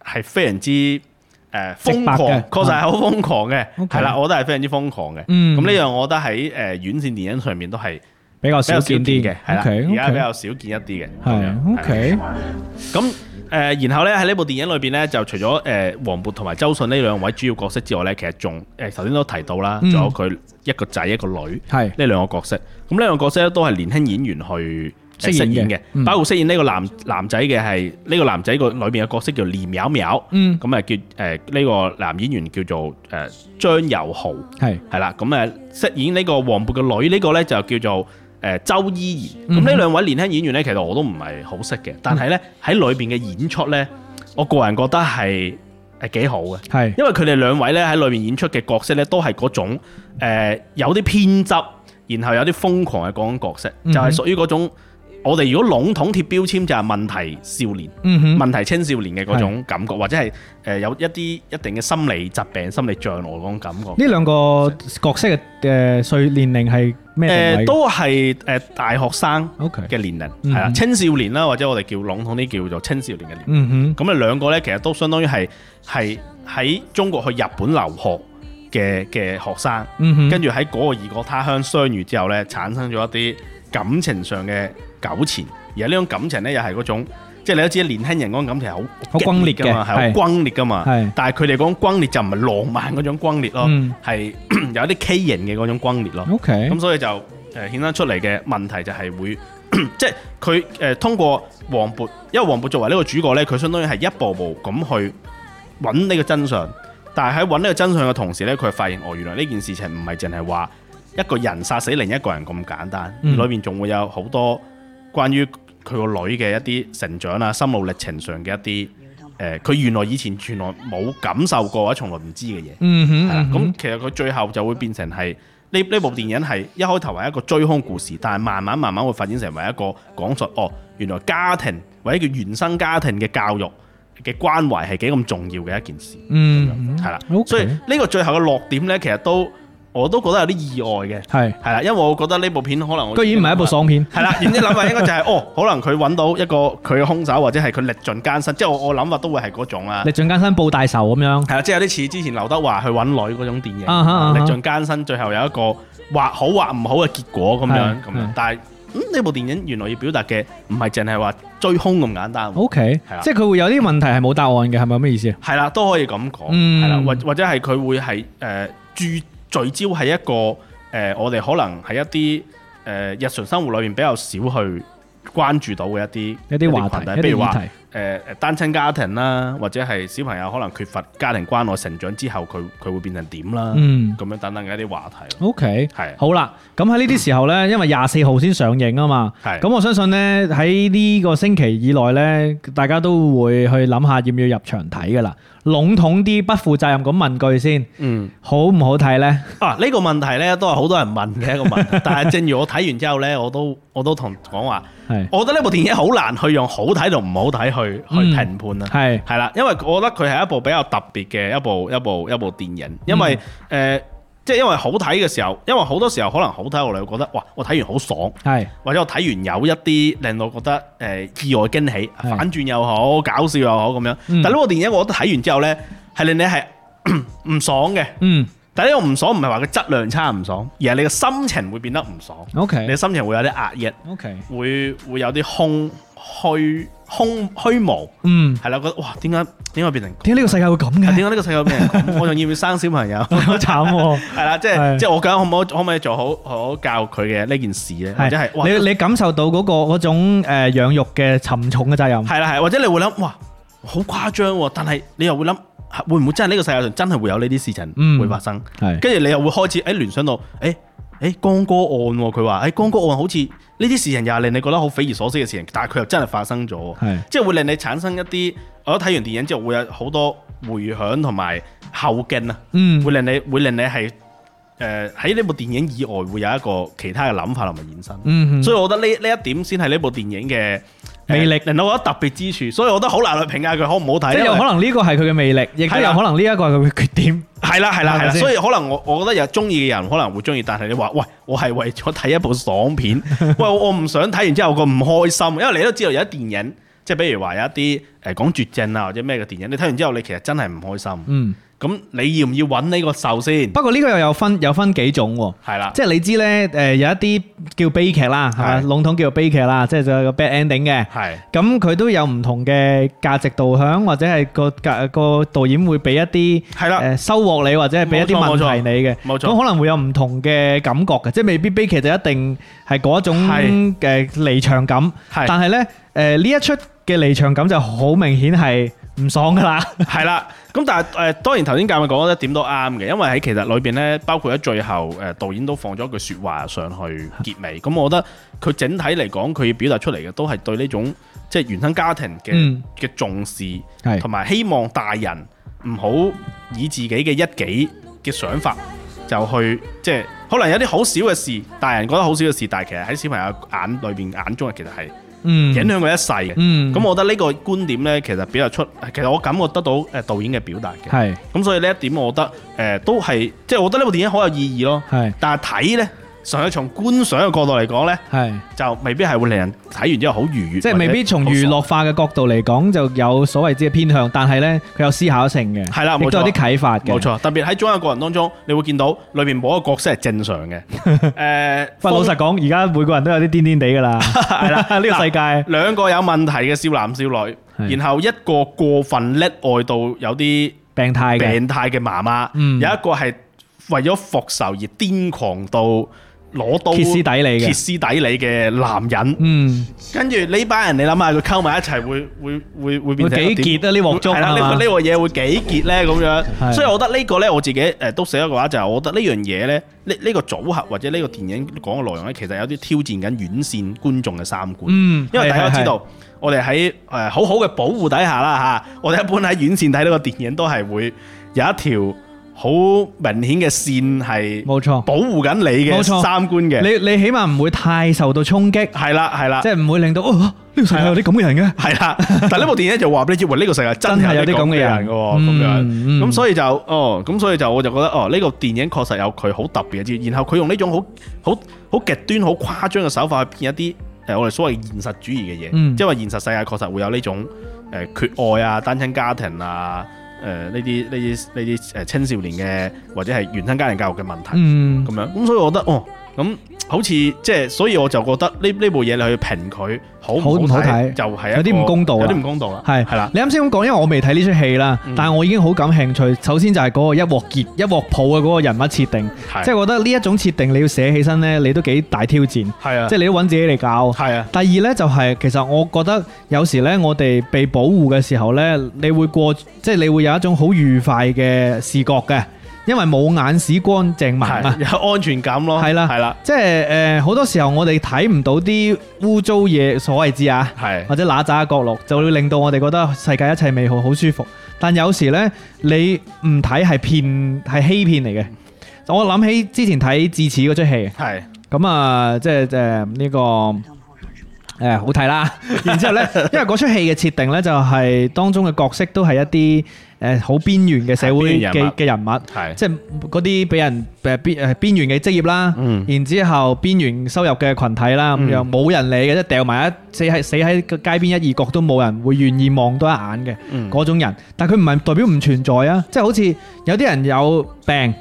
係非常之誒瘋狂，確實係好瘋狂嘅。係啦，我覺得係非常之瘋狂嘅。咁呢樣，我覺得喺誒院線電影上面都係比較少見啲嘅。係啦，而家比較少見一啲嘅。係。O K。咁。誒，然後咧喺呢部電影裏邊咧，就除咗誒黃渤同埋周迅呢兩位主要角色之外咧，其實仲誒頭先都提到啦，仲有佢一個仔一個女，係呢兩個角色。咁呢兩個角色咧都係年輕演員去飾演嘅，包括飾演呢個男男仔嘅係呢個男仔個裏邊嘅角色叫李苗苗，咁啊叫誒呢、這個男演員叫做誒張宥浩，係係啦，咁啊飾演呢個黃渤嘅女呢、這個咧就叫做。誒周依然，咁呢兩位年輕演員咧，其實我都唔係好識嘅，但係咧喺裏邊嘅演出咧，我個人覺得係係幾好嘅，係因為佢哋兩位咧喺裏面演出嘅角色咧，都係嗰種誒有啲偏執，然後有啲瘋狂嘅嗰種角色，就係屬於嗰種。我哋如果籠統貼標籤就係問題少年、問題青少年嘅嗰種感覺，或者係誒有一啲一定嘅心理疾病、心理障礙嗰種感覺。呢兩個角色嘅歲年齡係咩定位？都係誒大學生嘅年齡，係啦，青少年啦，或者我哋叫籠統啲叫做青少年嘅年齡。咁啊兩個呢，其實都相當於係係喺中國去日本留學嘅嘅學生，跟住喺嗰個異國他鄉相遇之後呢，產生咗一啲感情上嘅糾纏，而呢種感情呢，又係嗰種，即係你都知道年輕人嗰種感情係好轟烈嘅嘛，係好轟烈嘅嘛。是但係佢哋嗰種轟烈就唔係浪漫嗰種轟烈咯，係、嗯、有一啲畸形嘅嗰種轟烈咯。咁、嗯 okay，所以就誒顯得出嚟嘅問題就係會， 即係佢誒通過黃渤，因為黃渤作為呢個主角呢，佢相當於係一步步咁去揾呢個真相。但係喺揾呢個真相嘅同時呢，佢又發現哦，嗯、原來呢件事情唔係淨係話一個人殺死另一個人咁簡單，裏、嗯、面仲會有好多。關於佢個女嘅一啲成長啊、心路歷程上嘅一啲誒，佢、呃、原來以前原來冇感受過或者從來唔知嘅嘢。嗯哼。咁其實佢最後就會變成係呢呢部電影係一開頭係一個追兇故事，但係慢慢慢慢會發展成為一個講述哦，原來家庭或者叫原生家庭嘅教育嘅關懷係幾咁重要嘅一件事。嗯哼，係啦、嗯哼。所以呢個最後嘅落點呢，其實都～我都覺得有啲意外嘅，係係啦，因為我覺得呢部片可能居然唔係一部爽片，係 啦，然之後諗法應該就係、係、哦，可能佢揾到一個佢嘅兇手，或者係佢歷盡艱辛，即係我我諗法都會係嗰種啦，歷盡艱辛報大仇咁樣，係啊，即係有啲似之前劉德華去揾女嗰種電影，歷盡、uh huh, uh huh. 艱辛最後有一個話好話唔好嘅結果咁樣咁樣，但係呢、嗯、部電影原來要表達嘅唔係淨係話追兇咁簡單，OK，係啊的，即係佢會有啲問題係冇答案嘅，係咪咩意思？係啦，都可以咁講，係啦、嗯，或或者係佢會係誒、呃聚焦係一個誒、呃，我哋可能係一啲誒、呃、日常生活裏面比較少去關注到嘅一啲一啲話題，題比如話。誒誒，單親家庭啦，或者係小朋友可能缺乏家庭關愛成長之後，佢佢會變成點啦？嗯，咁樣等等嘅一啲話題。O K，係好啦。咁喺呢啲時候呢，嗯、因為廿四號先上映啊嘛。咁的，我相信呢，喺呢個星期以內呢，大家都會去諗下要唔要入場睇噶啦。籠統啲，不負責任咁問句先。嗯，好唔好睇呢？啊，呢、呢個問題呢，都係好多人問嘅一個問題。 但係正如我睇完之後呢，我都我都同講話。是我覺得呢部電影好難去用好睇同唔好睇去去評判啦。係、嗯，係啦，因為我覺得佢係一部比較特別嘅一部一部一部電影，因為誒、嗯呃，即係因為好睇嘅時候，因為好多時候可能好睇，我哋會覺得哇，我睇完好爽，係是，或者我睇完有一啲令到覺得誒意外驚喜，是反轉又好，搞笑又好咁樣。嗯、但呢部電影，我覺得睇完之後呢，係令你係唔爽嘅。嗯。但呢個唔爽唔係話佢質量差唔爽，而係你嘅心情會變得唔爽。OK，你嘅心情會有啲壓抑。OK，會會有啲空虛、空虛無。嗯，係啦，覺得哇，點解點解變成？點解呢個世界會咁嘅？點解呢個世界會變成？ 我仲要唔要生小朋友？好慘喎！係啦， 即係即係我覺得可唔可可唔可以做好好教佢嘅呢件事咧？或者係你你感受到嗰、那個嗰種誒養育嘅沉重嘅責任。係啦係，或者你會諗哇，好誇張，但係你又會諗。會唔會真係呢個世界上真係會有呢啲事情會發生？跟住、嗯、你又會開始誒聯想到，誒誒江歌案、啊，佢話誒江歌案好似呢啲事情又係令你覺得好匪夷所思嘅事情，但係佢又真係發生咗，是即係會令你產生一啲，我睇完電影之後會有好多回響同埋後勁啊、嗯，會令你會令你係誒喺呢部電影以外會有一個其他嘅諗法同埋延伸，嗯、哼所以我覺得呢呢一點先係呢部電影嘅。魅力令到我覺得特別之處，所以我都好難去評價佢好唔好睇。即有可能呢個係佢嘅魅力，亦都的有可能呢一個係佢嘅缺點。係啦的，係啦，係啦。所以可能我我覺得有中意嘅人可能會中意，但係你話喂，我係為咗睇一部爽片， 喂我唔想睇完之後個唔開心。因為你都知道有啲電影，即係比如話有一啲誒講絕症啊或者咩嘅電影，你睇完之後你其實真係唔開心。嗯。咁你要唔要揾呢個壽先？不過呢個又有分有分幾種喎。係啦，即係你知咧，誒有一啲叫悲劇啦，係嘛，籠統叫做悲劇啦，即係就有個 bad ending 嘅。係。咁佢都有唔同嘅價值導向，或者係個價個導演會俾一啲係啦誒收穫你，或者係俾一啲問題你嘅。冇錯。咁可能會有唔同嘅感覺嘅，即係未必悲劇就一定係嗰種嘅離場感。係。但係咧，誒呢一出嘅離場感就好明顯係。唔爽噶啦， 係啦，咁但係誒，當然頭先教佢講得點都啱嘅，因為喺其實裏邊咧，包括喺最後誒、呃、導演都放咗一句説話上去結尾，咁 我覺得佢整體嚟講，佢要表達出嚟嘅都係對呢種即係原生家庭嘅嘅重視，同埋、嗯、希望大人唔好以自己嘅一己嘅想法就去即係可能有啲好少嘅事，大人覺得好少嘅事，但係其實喺小朋友眼裏邊眼中其實係。嗯，影響佢一世嘅，咁、嗯、我覺得呢個觀點咧，其實表達出，其實我感覺得到誒導演嘅表達嘅，咁是所以呢一點我覺得誒、呃、都係，即、就、係、是、我覺得呢部電影好有意義咯，是但係睇咧。純粹從觀賞嘅角度嚟講呢係就未必係會令人睇完之後好愉悅，即係未必從娛樂化嘅角度嚟講就有所謂之嘅偏向。但係呢，佢有思考性嘅，係啦的，都有啲啟發嘅。冇錯，錯，特別喺《中極殺人》當中，你會見到裏面冇一個角色係正常嘅。誒、 呃，老實講，而家每個人都有啲癲癲地㗎啦。係啦 的，呢 個世界兩個有問題嘅少男少女，的然後一個過分溺愛到有啲病態病態嘅媽媽，嗯、有一個係為咗復仇而癲狂到。攞刀揭絲底你嘅，揭絲底嚟嘅男人。嗯，跟住呢班人，你諗下佢溝埋一齊，會會會會變成幾傑啊！呢鑊粥，呢個呢個嘢會幾傑咧？咁樣，吧所以我覺得呢、這個咧，我自己誒都寫一個話，就係、是、我覺得呢樣嘢咧，呢、這、呢、個這個組合或者呢個電影講嘅內容咧，其實有啲挑戰緊院線觀眾嘅三觀。嗯，因為大家是是是是知道我，我哋喺誒好好嘅保護底下啦嚇，我哋一般喺院線睇呢個電影都係會有一條。好明顯嘅線係冇錯，保護緊你嘅三觀嘅。你你起碼唔會太受到衝擊。係啦係啦，即係唔會令到哦，呢、啊呢個世界有啲咁嘅人嘅。係啦，但係呢部電影就話俾你知，喂，呢、呢個世界真係有啲咁嘅人嘅喎。咁樣咁所以就哦，咁、嗯、所以就我就覺得哦，呢、呢個電影確實有佢好特別嘅嘢。然後佢用呢種好好好極端好誇張嘅手法去變一啲誒我哋所謂現實主義嘅嘢。即係話現實世界確實會有呢種誒缺愛啊、單親家庭啊。誒呢啲呢啲呢啲誒青少年嘅或者係原生家庭教育嘅問題，嗯，咁樣咁所以我覺得哦咁。嗯好似即係，所以我就覺得呢呢部嘢你去評佢好唔好睇，好好就係有啲唔公道，有啲唔公道啦。係係啦，的你啱先咁講，因為我未睇呢出戲啦，嗯、但係我已經好感興趣。首先就係嗰個一鑊傑一鑊泡嘅嗰個人物設定，即係的覺得呢一種設定你要寫起身呢，你都幾大挑戰。係啊的，即係你都揾自己嚟搞。係啊的。的第二呢、就是，就係其實我覺得有時呢，我哋被保護嘅時候呢，你會過即係、就是、你會有一種好愉快嘅視覺嘅。因為冇眼屎乾淨埋，有安全感咯。係啦的，係啦的，即係誒，呃、好多時候我哋睇唔到啲污糟嘢，所謂之啊，的或者嗱喳角落，就會令到我哋覺得世界一切美好，好舒服。但有時呢，你唔睇係騙，係欺騙嚟嘅。我諗起之前睇《智齒的》嗰出戲，係咁啊，即係呢、呢個誒、呃、好睇啦。然之後咧， 因為嗰出戲嘅設定呢，就係當中嘅角色都係一啲。誒好邊緣嘅社會嘅嘅人物，即係嗰啲俾人誒邊誒邊緣嘅職業啦，然之後邊緣收入嘅群體啦咁樣，冇人理嘅，即係掉埋一死喺死喺街邊一二角都冇人會願意望多一眼嘅嗰種人。但係佢唔係代表唔存在啊，即係好似有啲人有病，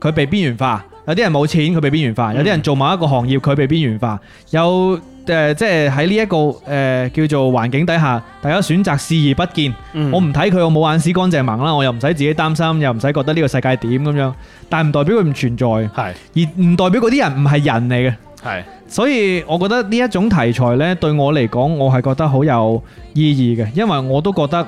佢被邊緣化；有啲人冇錢，佢被邊緣化；有啲人做某一個行業，佢被邊緣化。有呃、即係喺呢一個誒、呃、叫做環境底下，大家選擇視而不見。嗯、我唔睇佢，我冇眼屎乾淨盲啦，我又唔使自己擔心，又唔使覺得呢個世界點咁樣。但係唔代表佢唔存在，係是 而唔代表嗰啲人唔係人嚟嘅。係，是 所以我覺得呢一種題材呢，對我嚟講，我係覺得好有意義嘅，因為我都覺得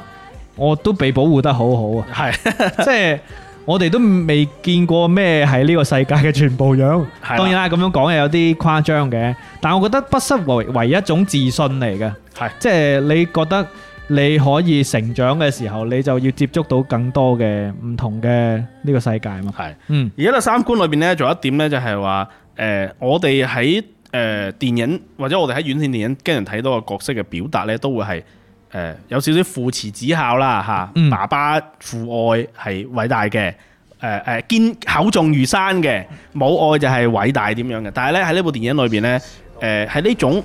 我都被保護得好好啊。係是，即係。我哋都未見過咩係呢個世界嘅全部樣，當然啦，咁樣講有啲誇張嘅，但我覺得不失為為一種自信嚟嘅，係即係你覺得你可以成長嘅時候，你就要接觸到更多嘅唔同嘅呢個世界嘛。係，嗯，而家嘅三觀裏邊咧，仲有一點咧，就係話，誒，我哋喺誒電影或者我哋喺院線電影經常睇到嘅角色嘅表達咧，都會係。誒有少少父慈子孝啦嚇，爸爸父愛係偉大嘅，誒誒堅厚重如山嘅，母愛就係偉大點樣嘅。但係咧喺呢部電影裏邊呢，誒喺呢種誒、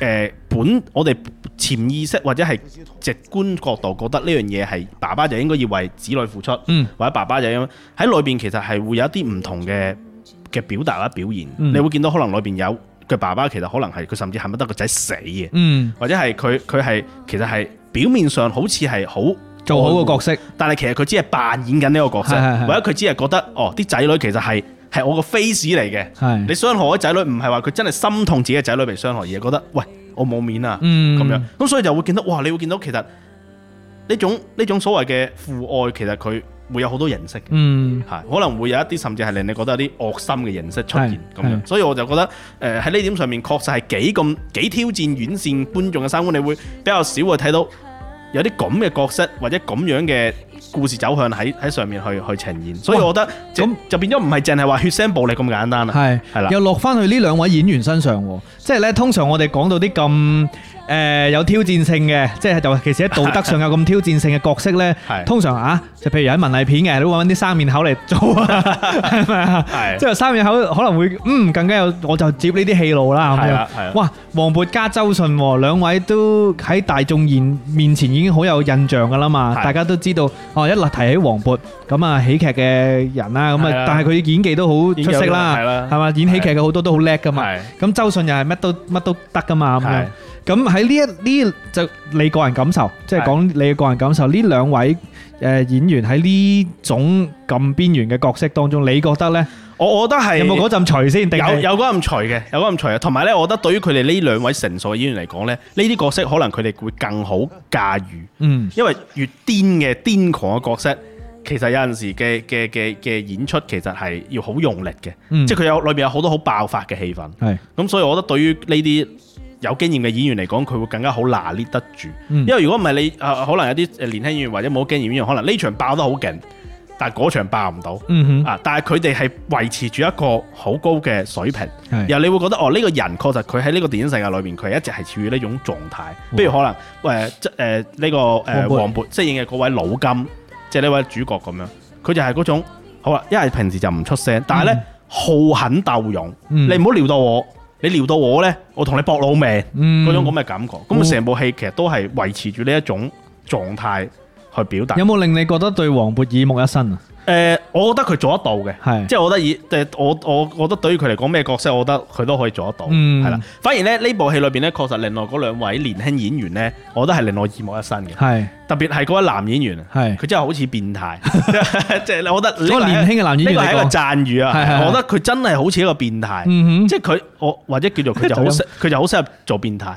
呃、本我哋潛意識或者係直觀角度覺得呢樣嘢係爸爸就應該要為子女付出，嗯、或者爸爸就應該喺裏邊其實係會有啲唔同嘅嘅表達啦表現，你會見到可能裏邊有。佢爸爸其實可能係佢甚至恨不得個仔死嘅，嗯、或者係佢佢係其實係表面上好似係好做好個角色，但係其實佢只係扮演緊呢個角色，或者佢只係覺得哦啲仔女其實係係我個 face 嚟嘅，是你傷害仔女，唔係話佢真係心痛自己嘅仔女被傷害，而係覺得喂我冇面啊咁、嗯、樣，咁所以就會見到哇，你會見到其實呢種呢種所謂嘅父愛其實佢。會有好多形式，嗯，係可能會有一啲甚至係令你覺得有啲惡心嘅形式出現咁樣，所以我就覺得誒喺呢點上面確實係幾咁幾挑戰院線觀眾嘅三觀，你會比較少會睇到有啲咁嘅角色或者咁樣嘅故事走向喺喺上面去去呈現，所以我覺得咁哇就，就變咗唔係淨係話血腥暴力咁簡單啦，係係啦。了又落翻去呢兩位演員身上喎，即係呢，通常我哋講到啲咁。誒有挑戰性嘅，即係就其實喺道德上有咁挑戰性嘅角色呢。通常啊，就譬如喺文藝片嘅，你會揾啲三面口嚟做，係咪啊？即係三面口可能會嗯更加有，我就接呢啲戲路啦。係啊，係啊。哇，黃渤加周迅，兩位都喺大眾面面前已經好有印象噶啦嘛，大家都知道哦。一提起黃渤咁啊，喜劇嘅人啦，咁啊，但係佢演技都好出色啦，係嘛？演喜劇嘅好多都好叻噶嘛。咁周迅又係乜都乜都得噶嘛。咁喺呢一呢就你個人感受，即係講你嘅個人感受。呢兩位誒演員喺呢種咁邊緣嘅角色當中，你覺得呢？我我覺得係有冇嗰陣馴先？有有嗰陣馴嘅，有嗰陣馴嘅。同埋呢，我覺得對於佢哋呢兩位成熟嘅演員嚟講咧，呢啲角色可能佢哋會更好駕馭。嗯，因為越癲嘅癲狂嘅角色，其實有陣時嘅嘅嘅嘅演出其實係要好用力嘅。嗯，即係佢有裏邊有好多好爆發嘅氣氛。係咁，所以我覺得對於呢啲有經驗嘅演員嚟講，佢會更加好拿捏得住。嗯、因為如果唔係你，誒、呃、可能有啲誒年輕演員或者冇經驗演員，可能呢場爆得好勁，但係嗰場爆唔到。嗯、哼啊，但係佢哋係維持住一個好高嘅水平，是然後你會覺得哦，呢、呢個人確實佢喺呢個電影世界裏面，佢一直係處於呢種狀態。不哇如可能誒，即誒呢個誒、呃、黃渤飾演嘅嗰位老金，即係呢位主角咁樣，佢就係嗰種好啦，一係平時就唔出聲，但係呢，嗯、好狠鬥，鬥勇，你唔好撩到我。你撩到我呢，我同你搏老命嗰、嗯、種咁嘅感覺。咁啊，成部戲其實都係維持住呢一種狀態去表達。嗯、有冇令你覺得對黃渤耳目一新啊？誒，我覺得佢做得到嘅，係即係我覺得以誒，我我覺得對於佢嚟講咩角色，我覺得佢都可以做得到，係啦。反而咧，呢部戲裏邊咧，確實令我嗰兩位年輕演員咧，我都係令我耳目一新嘅，係特別係嗰個男演員，係佢真係好似變態，即係我覺得。嗰個年輕嘅男演員呢個係一個讚譽啊，我覺得佢真係好似一個變態，即係佢我或者叫做佢就好，佢就好適合做變態，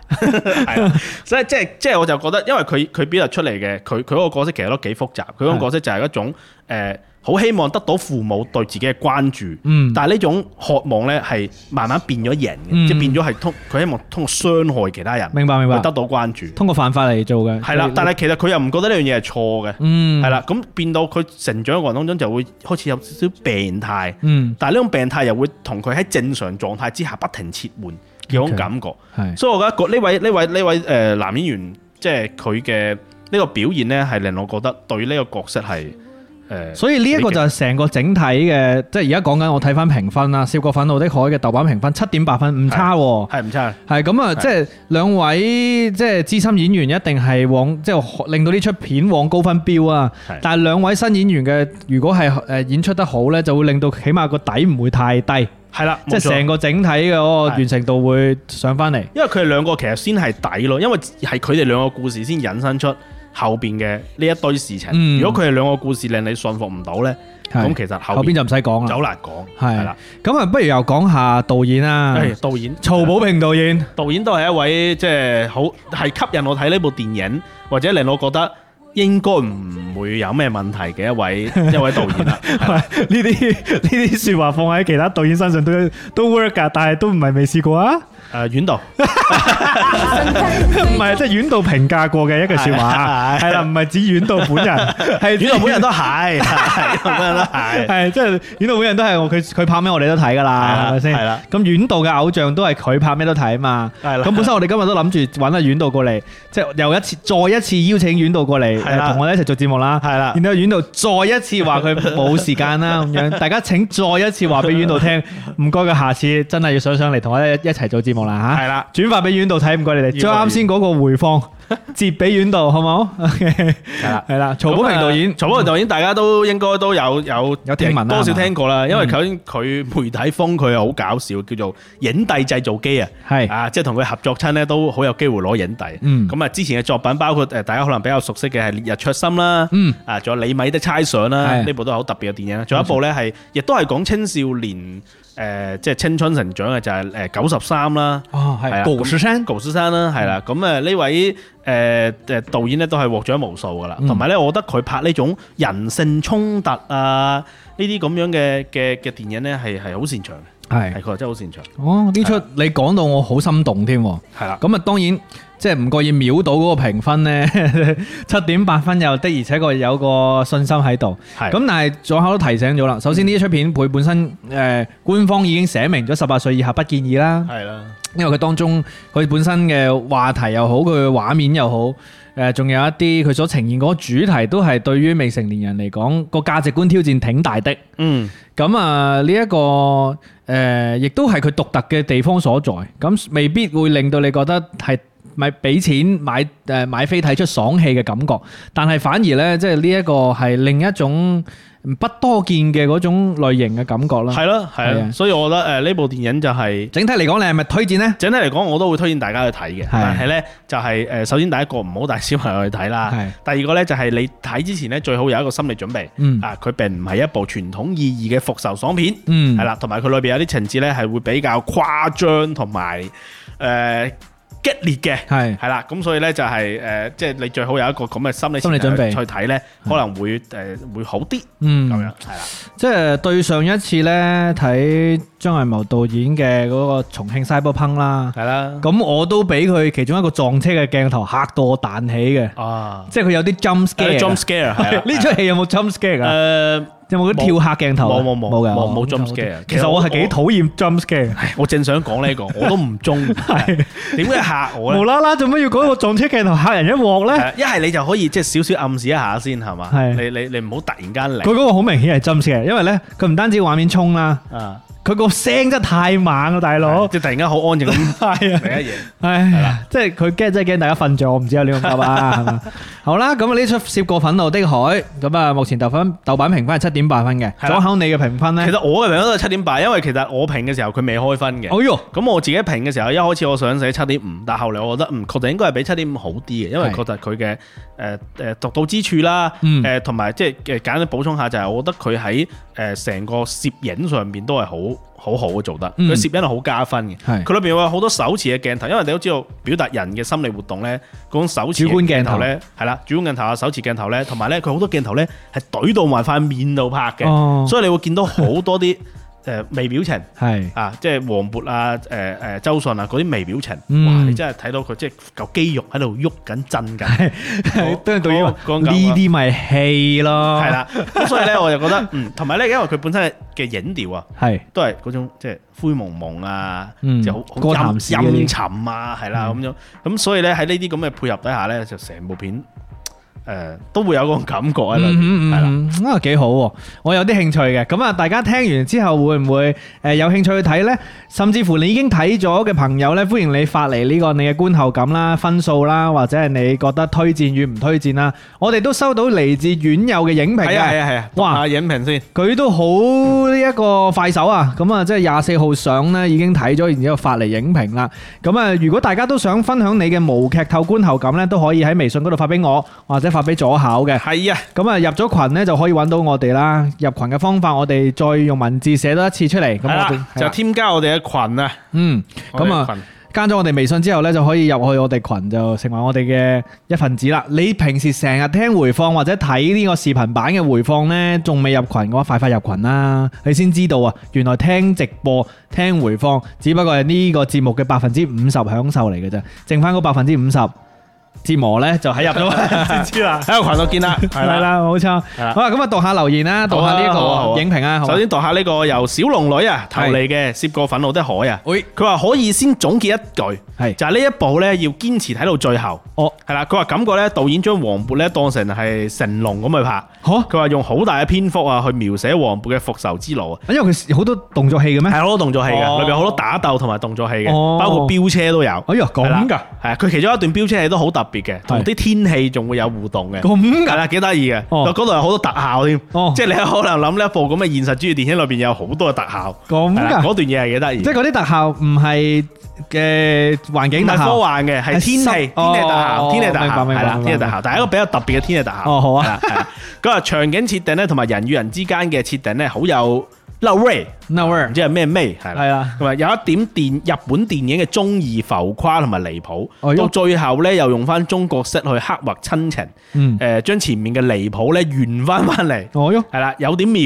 係，所以即係即係我就覺得，因為佢佢表達出嚟嘅佢佢嗰個角色其實都幾複雜，佢嗰個角色就係一種。誒，好希望得到父母對自己嘅關注，但係呢種渴望呢係慢慢變咗形，即係變咗係通佢希望通過傷害其他人，明白明白，得到關注，通過犯法嚟做嘅，係啦。但係其實佢又唔覺得呢樣嘢係錯嘅，係啦。咁變到佢成長嘅過程當中就會開始有少少病態，但係呢種病態又會同佢喺正常狀態之下不停切換嘅種感覺。所以我覺得呢位呢位呢位誒男演員，即係佢嘅呢個表現呢，係令我覺得對呢個角色係。所以呢一個就係成個整體嘅，即係而家講緊。我睇翻評分啦，《涉過憤怒的海》嘅豆瓣評分七點八分，唔差喎、哦。係唔差。係咁啊，即係兩位即係資深演員一定係往即係令到呢出片往高分飆啊。但係兩位新演員嘅，如果係誒演出得好呢，就會令到起碼個底唔會太低。係啦，即係成個整體嘅嗰個完成度會上翻嚟。因為佢哋兩個其實先係底咯，因為係佢哋兩個故事先引申出，後邊嘅呢一堆事情，嗯、如果佢係兩個故事令你信服唔到呢，咁是其實後邊就唔使講啦，好難講係啦。咁啊是，的不如又講下導演啊，係導演曹寶平導演，導演都係一位即係好係吸引我睇呢部電影，或者令我覺得應該唔會有咩問題嘅一位 一位導演啊。呢啲呢啲說話放喺其他導演身上都 都 work 噶，但係都唔係未試過啊。誒，遠導唔係即係遠導評價過嘅一句說話，係啦，唔係指遠導本人，係遠導本人都係，係即係遠導本人都係佢佢拍咩我哋都睇噶啦，係咪先？係啦，咁遠導嘅偶像都係佢拍咩都睇啊嘛，係啦。咁本身我哋今日都諗住搵阿遠導過嚟，即係又一次再一次邀請遠導過嚟同我哋一齊做節目啦，係啦。然後遠導再一次話佢冇時間啦，咁樣，大家請再一次話俾遠導聽，唔該佢下次真係要想想嚟同我哋一齊做節目。係啦，轉發俾院度睇唔該你哋，將啱先嗰個回放接俾院度好冇？係啦係啦，曹保平導演，曹保平導演大家都應該都有有有聽聞，多少聽過啦。因為佢佢媒體風佢又好搞笑，叫做影帝製造機啊，係啊，即係同佢合作親呢，都好有機會攞影帝。咁啊，之前嘅作品包括誒，大家可能比較熟悉嘅係烈日灼心啦，嗯啊，仲有李米的猜想啦，呢部都係好特別嘅電影啦。仲有一部咧係，亦都係講青少年。誒，即係青春成長嘅就係誒九十三啦，係九十三，九十三啦，係啦的。咁誒呢位誒誒導演咧都係獲獎無數噶啦，同埋咧，我覺得佢拍呢種人性衝突啊呢啲咁樣嘅嘅嘅電影咧，係係好擅長嘅，係係佢真係好擅長。哦，呢出你講到我好心動添，係啦的。咁啊，當然。即係唔過意秒到嗰個評分呢，七點八分又的，而且確有個信心喺度。咁的，但係左口都提醒咗啦。首先呢一出片佢本身誒、呃、官方已經寫明咗十八歲以下不建議啦。係啦的，因為佢當中佢本身嘅話題又好，佢畫面又好，誒、呃、仲有一啲佢所呈現嗰個主題都係對於未成年人嚟講個價值觀挑戰挺大的。嗯。咁啊，呢、這、一個誒、呃、亦都係佢獨特嘅地方所在。咁未必會令到你覺得係。咪俾錢買誒買飛睇出爽氣嘅感覺，但係反而呢，即係呢一個係另一種不多見嘅嗰種類型嘅感覺咯。係咯，係啊，的所以我覺得誒呢部電影就係、是、整體嚟講，你係咪推薦呢？整體嚟講，我都會推薦大家去睇嘅。但係呢，就係誒，首先第一個唔好帶小朋友去睇啦。的第二個呢，就係你睇之前呢，最好有一個心理準備。啊、嗯，佢並唔係一部傳統意義嘅復仇爽片。嗯，係啦，同埋佢裏邊有啲情節呢，係會比較誇張同埋誒。激烈嘅係係啦，咁所以咧就係誒，即係你最好有一個咁嘅心理心理準備去睇咧，可能會誒會好啲，嗯，咁樣係啦。即係對上一次咧睇張藝謀導演嘅嗰個《重慶 cyberpunk》啦，係啦，咁我都俾佢其中一個撞車嘅鏡頭吓到我彈起嘅，啊，即係佢有啲 jump scare，jump scare，呢出戲有冇 jump scare 啊？有冇嗰啲跳吓鏡頭？冇冇冇冇嘅，冇 jump scare。其實我係幾討厭 jump scare。我正想講呢個，我都唔中。係點解嚇我咧？無啦啦，做咩要講個撞車鏡頭嚇人一鑊咧？一係你就可以即係少少暗示一下先，係嘛？係你你你唔好突然間嚟。佢嗰個好明顯係 jump scare，因為咧佢唔單止畫面衝啦。佢個聲真係太猛啦，大佬！即係突然間好安靜咁，係啊！第一嘢，係啦，即係佢驚，真係驚大家瞓着。我唔知啊，兩爸爸，係好啦，咁呢出《涉過憤怒的海》，咁啊目前豆瓣豆瓣評分係七點八分嘅，左口你嘅評分呢？其實我嘅評分都係七點八，因為其實我評嘅時候佢未開分嘅。哦呦！咁我自己評嘅時候，一開始我想寫七點五，但係後嚟我覺得唔確定應該係比七點五好啲嘅，因為覺得佢嘅誒誒獨到之處啦，同埋即係誒簡單補充下就係，我覺得佢喺誒成個攝影上邊都係好。好好啊，做得！佢攝影係好加分嘅。佢、嗯、裏邊會有好多手持嘅鏡頭，因為你都知道表達人嘅心理活動呢，嗰種手持鏡主觀鏡頭咧，係啦，主觀鏡頭啊，手持鏡頭呢，同埋呢，佢好多鏡頭呢，係懟到埋塊面度拍嘅，所以你會見到好多啲。 誒微、呃、表情係是啊，即係黃渤啊、誒、呃、誒、呃、周迅啊嗰啲微表情，嗯、哇！你真係睇到佢即係嚿肌肉喺度喐緊震緊，都係對於講緊呢啲咪戲咯，係啦了。咁 所以咧，我就覺得嗯，同埋咧，因為佢本身嘅影調、就是、茫茫啊，係都係嗰種即係灰蒙蒙啊，就好陰陰沉啊，係啦咁樣。咁所以咧喺呢啲咁嘅配合底下咧，就成部片。誒，都會有嗰種感覺喺度，係啦，咁啊幾好喎！我有啲興趣嘅，咁啊，大家聽完之後會唔會誒有興趣去睇咧？甚至乎你已經睇咗嘅朋友咧，歡迎你發嚟，呢個你嘅觀後感啦，分數啦，或者係你覺得推薦與唔推薦啦。我哋都收到嚟自遠友嘅影評嘅，係啊係啊係啊！哇，影評先，佢都好呢一個快手啊！咁啊，即係廿四號上咧已經睇咗，然之後發嚟影評啦。咁啊，如果大家都想分享你嘅無劇透觀後感咧，都可以喺微信嗰度發俾我，或者發。俾咗考嘅，係啊，咁啊入咗群咧就可以揾到我哋啦。入群嘅方法，我哋再用文字寫多一次出嚟。係啦、啊，我啊、就添加我哋嘅群啊。嗯，咁啊，加咗我哋微信之後咧，就可以入去我哋群，就成為我哋嘅一份子啦。你平時成日聽回放或者睇呢個視頻版嘅回放呢，仲未入群嘅話，快快入群啦！你先知道啊，原來聽直播、聽回放，只不過係呢個節目嘅百分之五十享受嚟嘅啫，剩翻嗰百分之五十，折磨咧就喺入咗喺個群度見啦，係啦，冇錯。好啊，咁啊讀下留言啦，讀下呢個影評啊。首先讀下呢個由小龍女啊投嚟嘅《涉過憤怒的海》啊。佢話可以先總結一句，係就係呢一部咧要堅持睇到最後。哦，係啦。佢話感覺咧導演將黃渤咧當成係成龍咁去拍。吓，佢話用好大嘅篇幅啊去描寫黃渤嘅復仇之路啊。因為佢好多動作戲嘅咩？係好多動作戲嘅，裏邊好多打鬥同埋動作戲嘅，包括飆車都有。哎呀，咁噶？係啊，佢其中一段飆車戲都好特。別嘅同啲天氣仲會有互動嘅，係啦，幾得意嘅。嗰度有好多特效添，哦，即係你可能諗呢一部咁嘅現實主義電影裏邊有好多特效，咁？係啊，嗰段嘢係幾得意。即係嗰啲特效唔係嘅環境特效，科幻嘅係天氣，天氣特效，天氣特效係啦，天氣特效，但係一個比較特別嘅天氣特效。哦，好啊，嗰個場景設定咧，同埋人與人之間嘅設定咧，好有。no way，no way，唔 No way. 知係咩咩，係啦，同埋的有一點電日本電影嘅鍾意浮誇同埋離譜，oh, yeah. 到最後咧又用翻中國式去刻畫親情，嗯、mm. 呃，誒將前面嘅離譜咧圓翻翻嚟，哦係啦，有點妙，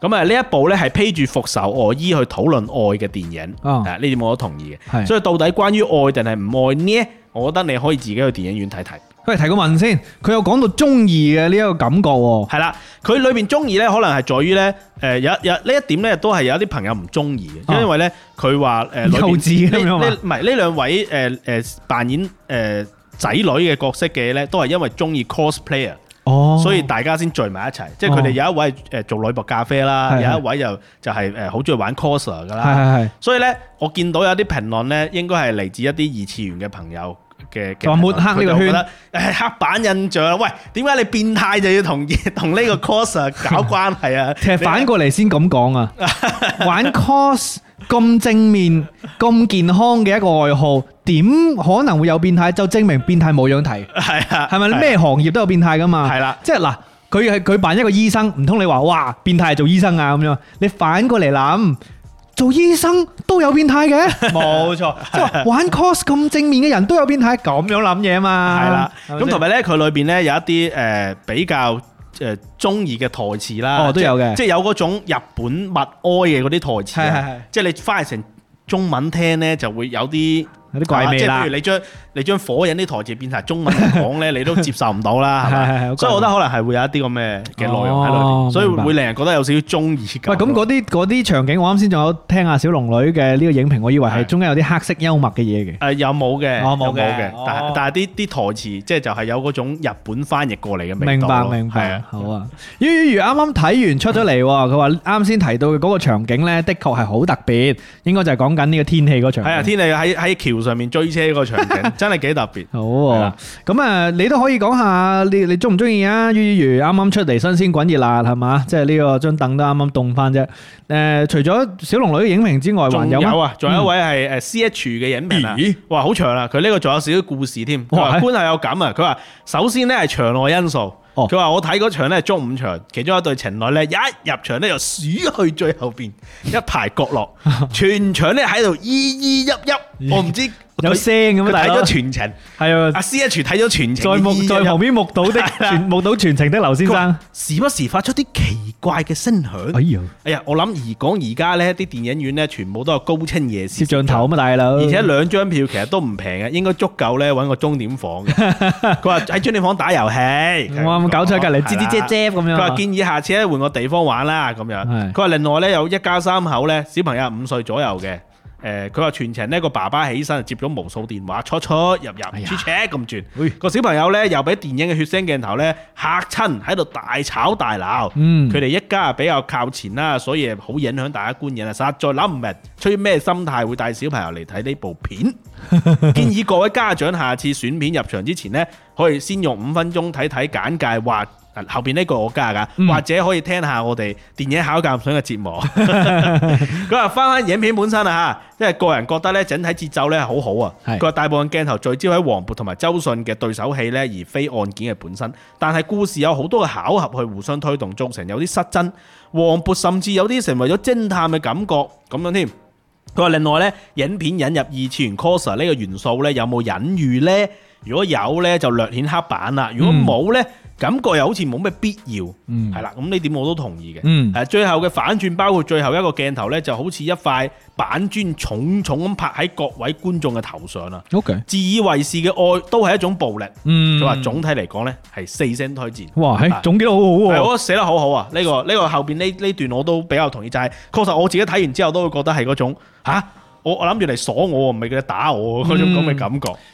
咁啊呢一部咧係披住復仇外衣去討論愛嘅電影，啊、oh.，呢啲我都同意嘅，oh. 所以到底關於愛定係唔愛呢？我覺得你可以自己去電影院睇睇。喂，提個問先，佢有講到中意嘅呢一個感覺喎，係啦，佢裏邊中意呢，可能係在於咧，誒有有呢一點呢，都係有啲朋友唔中意嘅，因為呢，佢話誒，幼稚㗎嘛，唔係呢兩位誒誒扮演誒仔女嘅角色嘅呢，都係因為中意 cosplayer。哦，oh. 所以大家先聚埋一齊，即係佢哋有一位誒做女僕咖啡啦，oh. 有一位又就係誒好中意玩 coser 噶啦，係係係。所以咧，我見到有啲評論咧，應該係嚟自一啲二次元嘅朋友嘅，就抹黑呢個圈，誒黑板印象。喂，點解你變態就要同同呢個 coser 搞關係啊？ 其實反過嚟先咁講啊， 玩 cos。咁正面、咁健康嘅一個愛好，點可能會有變態？就證明變態冇樣睇。係啊，係咪你咩行業都有變態㗎嘛？係啦、啊，即係嗱，佢係佢扮一個醫生，唔通你話哇變態做醫生啊咁樣？你反過嚟諗，做醫生都有變態嘅。冇錯，即係玩 cos 咁正面嘅人都有變態，咁樣諗嘢嘛。係啦、啊，咁同埋呢，佢裏邊呢有一啲誒比較。誒中意嘅台詞啦，哦都有嘅，即係有嗰種日本物哀嘅嗰啲台詞的，即係你翻嚟成中文聽咧，就會有啲。有啲怪味即係譬如你將你將火影啲台詞變成中文講咧，你都接受唔到啦，所以我覺得可能係會有一啲咁嘅嘅內容喺度，所以會令人覺得有少少中二。咁嗰啲嗰啲場景，我啱先仲有聽阿小龍女嘅呢個影評，我以為係中間有啲黑色幽默嘅嘢嘅。有冇嘅？有冇嘅？但係但係啲啲台詞，即係就係有嗰種日本翻譯過嚟嘅味道。明白，明白。係啊，好啊。於於啱啱睇完出咗嚟，佢話啱先提到嗰個場景咧，的確係好特別，應該就係講緊呢個天氣嗰場。係啊，天氣喺喺橋。上面追車嗰場景 真係幾特別。好喎，咁啊，的嗯、你都可以講下你你鍾唔鍾意啊？於於如啱啱出嚟新鮮滾熱辣係嘛？即係呢、這個張凳都啱啱凍翻啫。誒、呃，除咗小龍女嘅影評之外，仲有，有啊，仲有一位係誒 C H 嘅影評咦？哇、嗯，好長啊！佢呢個仲有少少故事添。佢話觀後感啊。佢話、哦、首先呢係場內因素。哦，佢話我睇嗰場咧，中午場，其中一對情侶咧，一入場咧就鼠去最後邊一排角落， 全場咧喺度咿咿泣泣，我唔知道。嗯。有聲咁啊！睇咗全程，係啊！阿 C H 全睇咗全程，在目在旁邊目睹的，全目睹全程的劉先生，時不時發出啲奇怪嘅聲響。哎呀，哎呀，我諗而講而家咧，啲電影院咧，全部都係高清夜視攝像頭啊嘛，大佬！而且兩張票其實都唔平嘅，應該足夠咧揾個鐘點房。佢話喺鐘點房打遊戲，我有冇搞錯在隔籬，吱吱吱吱咁樣。佢話建議下次咧換個地方玩啦，咁樣。佢話另外咧有一家三口咧，小朋友五歲左右嘅。誒佢話全程呢個爸爸起身接咗無數電話，出出入入，車車咁轉，哎、呀個小朋友呢又俾電影嘅血腥鏡頭呢嚇親，喺度大吵大鬧。佢哋、嗯、一家比較靠前啦，所以好影響大家觀影啊！實在諗唔明，出於咩心態會帶小朋友嚟睇呢部片？ 建議各位家長下次選片入場之前呢，可以先用五分鐘睇睇簡介或。後邊呢個我加㗎，嗯、或者可以聽下我哋電影考尷賞嘅節目。佢話翻翻影片本身啊嚇，即係個人覺得咧整體節奏咧係好好啊。佢話是大部分鏡頭聚焦喺黃渤同埋周迅嘅對手戲咧，而非案件嘅本身。但係故事有好多嘅巧合去互相推動，造成有啲失真。黃渤甚至有啲成為咗偵探嘅感覺咁樣添。佢話另外咧，影片引入二次元 coser 呢個元素咧，有冇隱喻咧？如果有咧，就略顯黑板啦。如果冇咧，嗯感覺又好似冇咩必要，係啦、嗯，咁呢點我都同意嘅。誒、嗯，最後嘅反轉包括最後一個鏡頭呢，就好似一塊板磚重重咁拍喺各位觀眾嘅頭上啦。Okay, 自以為是嘅愛都係一種暴力。佢話、嗯、總體嚟講呢係四聲推薦。哇，係總結好好、啊、喎。我寫得好好啊！呢、這個呢、這個後邊呢呢段我都比較同意，就係、是、確實我自己睇完之後都會覺得係嗰種、啊、我我諗住嚟鎖我，唔係佢打我嗰種咁嘅感覺。嗯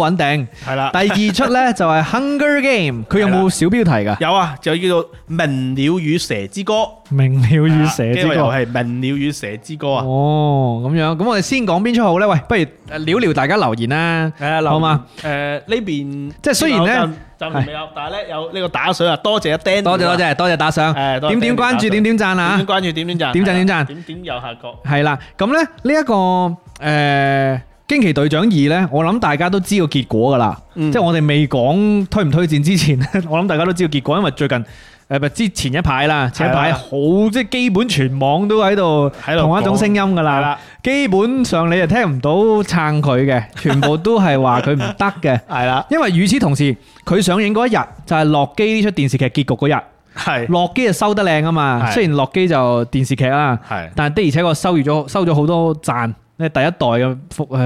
穩定係啦，第二出咧就係《Hunger Game》，佢有冇小標題噶？有啊，就叫做《鳴鳥與蛇之歌》。鳴鳥與蛇之歌又係鳴鳥與蛇之歌啊！哦，咁樣，咁我哋先講邊出好咧？喂，不如聊聊大家留言啦，好嘛？誒，呢邊即係雖然咧暫時未有，但係咧有呢個打賞啊！多謝啊，丁，多謝多謝，多謝打賞，點點關注，點點贊啊！點點關注，點點贊，點贊點贊，點點右下角。係啦，咁咧呢一個誒。驚奇隊長二呢，我諗大家都知道結果噶啦，嗯、即係我哋未講推唔推薦之前咧，我諗大家都知道結果，因為最近誒，之前一排啦，前一排好即係基本全網都喺度同一種聲音噶啦，是的 基本上你就聽唔到撐佢嘅，全部都係話佢唔得嘅，係啦。因為與此同時，佢上映嗰一日就係洛基呢出電視劇結局嗰日，係洛基就收得靚啊嘛。雖然洛基就電視劇啦，但係的而且確收咗，收咗好多讚。咧，第一代嘅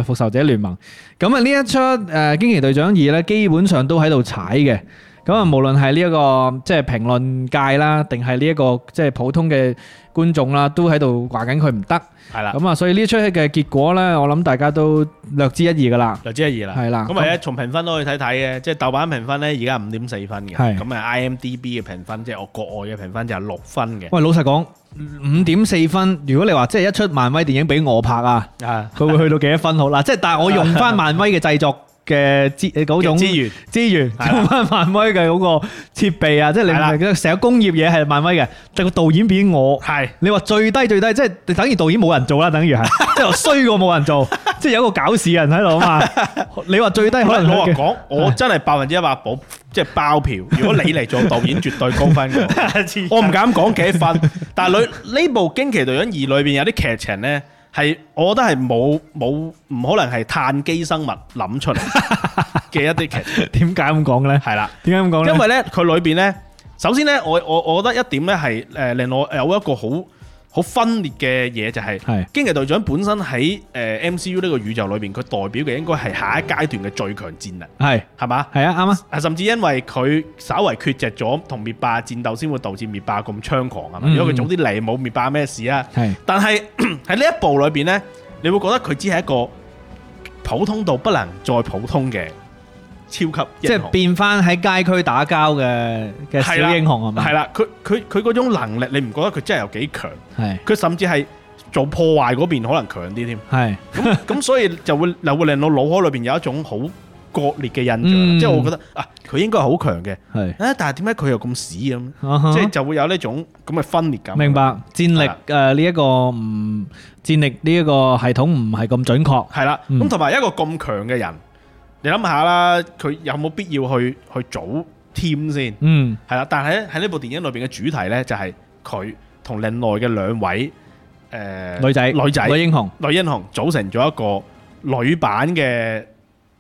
復仇者聯盟，咁啊呢一出誒驚奇隊長二咧，基本上都喺度踩嘅。咁啊，無論係呢一個即係評論界啦，定係呢一個即係普通嘅觀眾啦，都喺度話緊佢唔得。係啦，咁啊，所以呢出戲嘅結果咧，我諗大家都略知一二噶啦，略知一二啦，係啦的。咁或者從評分都可以睇睇嘅，即係豆瓣評分咧，而家五點四分嘅。係。咁啊，IMDB 嘅評分即係我國外嘅評分就係六分嘅。喂，老實講，五點四分，如果你話即係一出漫威電影俾我拍啊，佢 會去到幾多分好啦？即係 但係我用翻漫威嘅製作。嘅資誒、嗰資源，資源做翻漫威嘅嗰個設備啊，即係你話成個工業嘢係漫威嘅。但個導演畀我，你話最低最低，即係等於導演冇人做啦，等於係即係衰過冇人做，即係有個搞事人喺度啊嘛。你話最低可能我話講，我真係百分之一百保，即係包票。如果你嚟做導演，絕對高分嘅。我唔敢講幾分，但係你呢部《驚奇隊長二》裏邊有啲劇情咧。係，我覺得係冇冇唔可能係碳基生物諗出嚟嘅一啲劇。點解咁講呢？係啦，點解咁講呢？因為呢，佢裏邊呢，首先呢，我我我覺得一點呢，係誒令我有一個好。好分裂嘅嘢就係，驚奇隊長本身喺誒 MCU 呢個宇宙裏邊，佢代表嘅應該係下一階段嘅最強戰力，係係嘛，係啊，啱啊，甚至因為佢稍為缺席咗同滅霸戰鬥，先會導致滅霸咁猖狂係嘛，如果佢早啲嚟，冇滅霸咩事啊，但係喺呢一部裏邊呢，你會覺得佢只係一個普通到不能再普通嘅。超級即係變翻喺街區打交嘅嘅小英雄係咪？係啦，佢佢佢嗰種能力，你唔覺得佢真係有幾強？係佢甚至係做破壞嗰邊可能強啲添。係咁咁，所以就會會令到腦海裏邊有一種好割裂嘅印象。即係我覺得啊，佢應該係好強嘅。係啊，但係點解佢又咁屎咁？即係就會有呢種咁嘅分裂感。明白，戰力，誒呢一個唔，戰力呢一個系統唔係咁準確。係啦，咁同埋一個咁強嘅人。你諗下啦，佢有冇必要去去組 team 先？嗯，係啦。但係咧喺呢部電影裏邊嘅主題咧，就係佢同另外嘅兩位誒女仔、女仔女英雄、女英雄組成咗一個女版嘅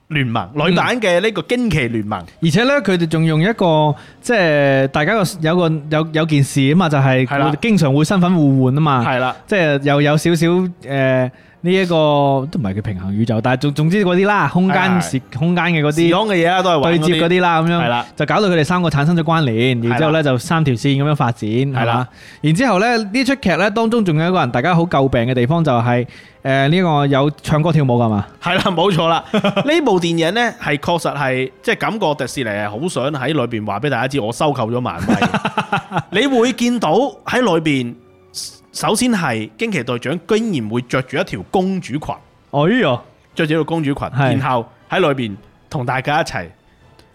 聯盟，女版嘅呢個驚奇聯盟。而且咧，佢哋仲用一個即係大家個有個有有件事啊嘛，就係佢哋經常會身份互換啊嘛。係啦，即係又有少少誒。呢一個都唔係叫平衡宇宙，但係總總之嗰啲啦，空間時空間嘅嗰啲，講嘅嘢啊，都係對接嗰啲啦，咁樣了就搞到佢哋三個產生咗關聯，了然之後咧就三條線咁樣發展，係啦了。然後之後咧呢出劇咧當中仲有一個人，大家好詬病嘅地方就係誒呢個有唱歌跳舞㗎嘛，係啦，冇錯啦。呢 部電影咧係確實係即係感覺迪士尼係好想喺裏邊話俾大家知，我收購咗漫威， 你會見到喺裏邊。首先係驚奇隊長居然會着住一條公主裙，哎呀，着住條公主裙，的然後喺裏邊同大家一齊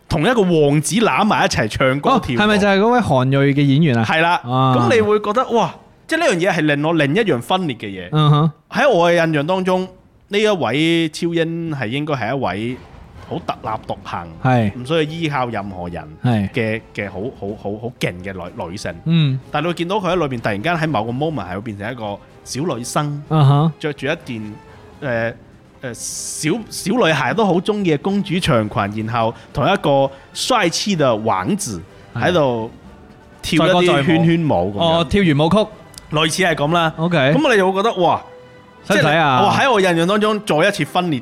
同一個王子攬埋一齊唱歌，係咪、哦、就係嗰位韓裔嘅演員啊？係啦的，咁、哦、你會覺得哇，即係呢樣嘢係令我另一樣分裂嘅嘢。嗯、哼，喺我嘅印象當中，呢一位超英係應該係一位。好特立獨行，係唔需要依靠任何人，係嘅嘅好好好好勁嘅女女性，嗯，但係你會見到佢喺裏邊突然間喺某個 moment 係會變成一個小女生，嗯哼、uh，huh. 著住一件誒誒小小女孩都好中意嘅公主長裙，然後同一個帥氣嘅王子喺度跳一啲圈圈舞，哦，跳完舞曲，類似係咁啦，OK，咁我哋會覺得哇，即係、啊、哇喺我印象當中再一次分裂。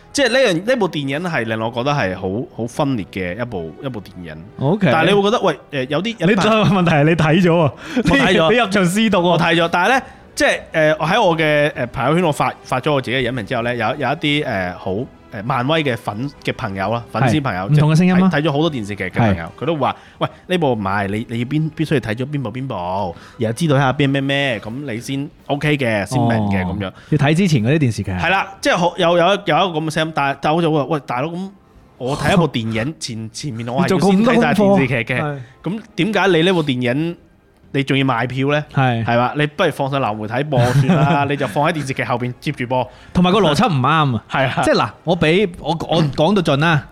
即係呢樣呢部電影係令我覺得係好好分裂嘅一部一部電影。O Okay . K，但係你會覺得喂，誒有啲你個問題係你睇咗啊，你睇咗 你入場試到我睇咗。但係呢，即係誒喺我嘅誒朋友圈我發發咗我自己嘅影評之後呢，有有一啲誒、呃、好。誒漫威嘅粉嘅朋友啦，粉絲朋友唔同嘅聲音啦，睇咗好多電視劇嘅朋友，佢是都話：喂，呢部唔係你，你要邊必須要睇咗邊部邊部，然後知道一下邊咩咩，咁你先 OK 嘅，先明嘅咁樣。要睇之前嗰啲電視劇。係啦、嗯，即係好有有有，有一個咁嘅聲音，但係但係好似喂喂大佬咁，我睇一部電影 前前面我係先睇曬電視劇嘅，咁點解你呢部電影？ 你仲要買票呢？係，係嘛？你不如放上流媒體播算啦， 你就放喺電視劇後邊接住播。同埋個邏輯唔啱啊！係啊，即係嗱，我俾我我講到盡啦，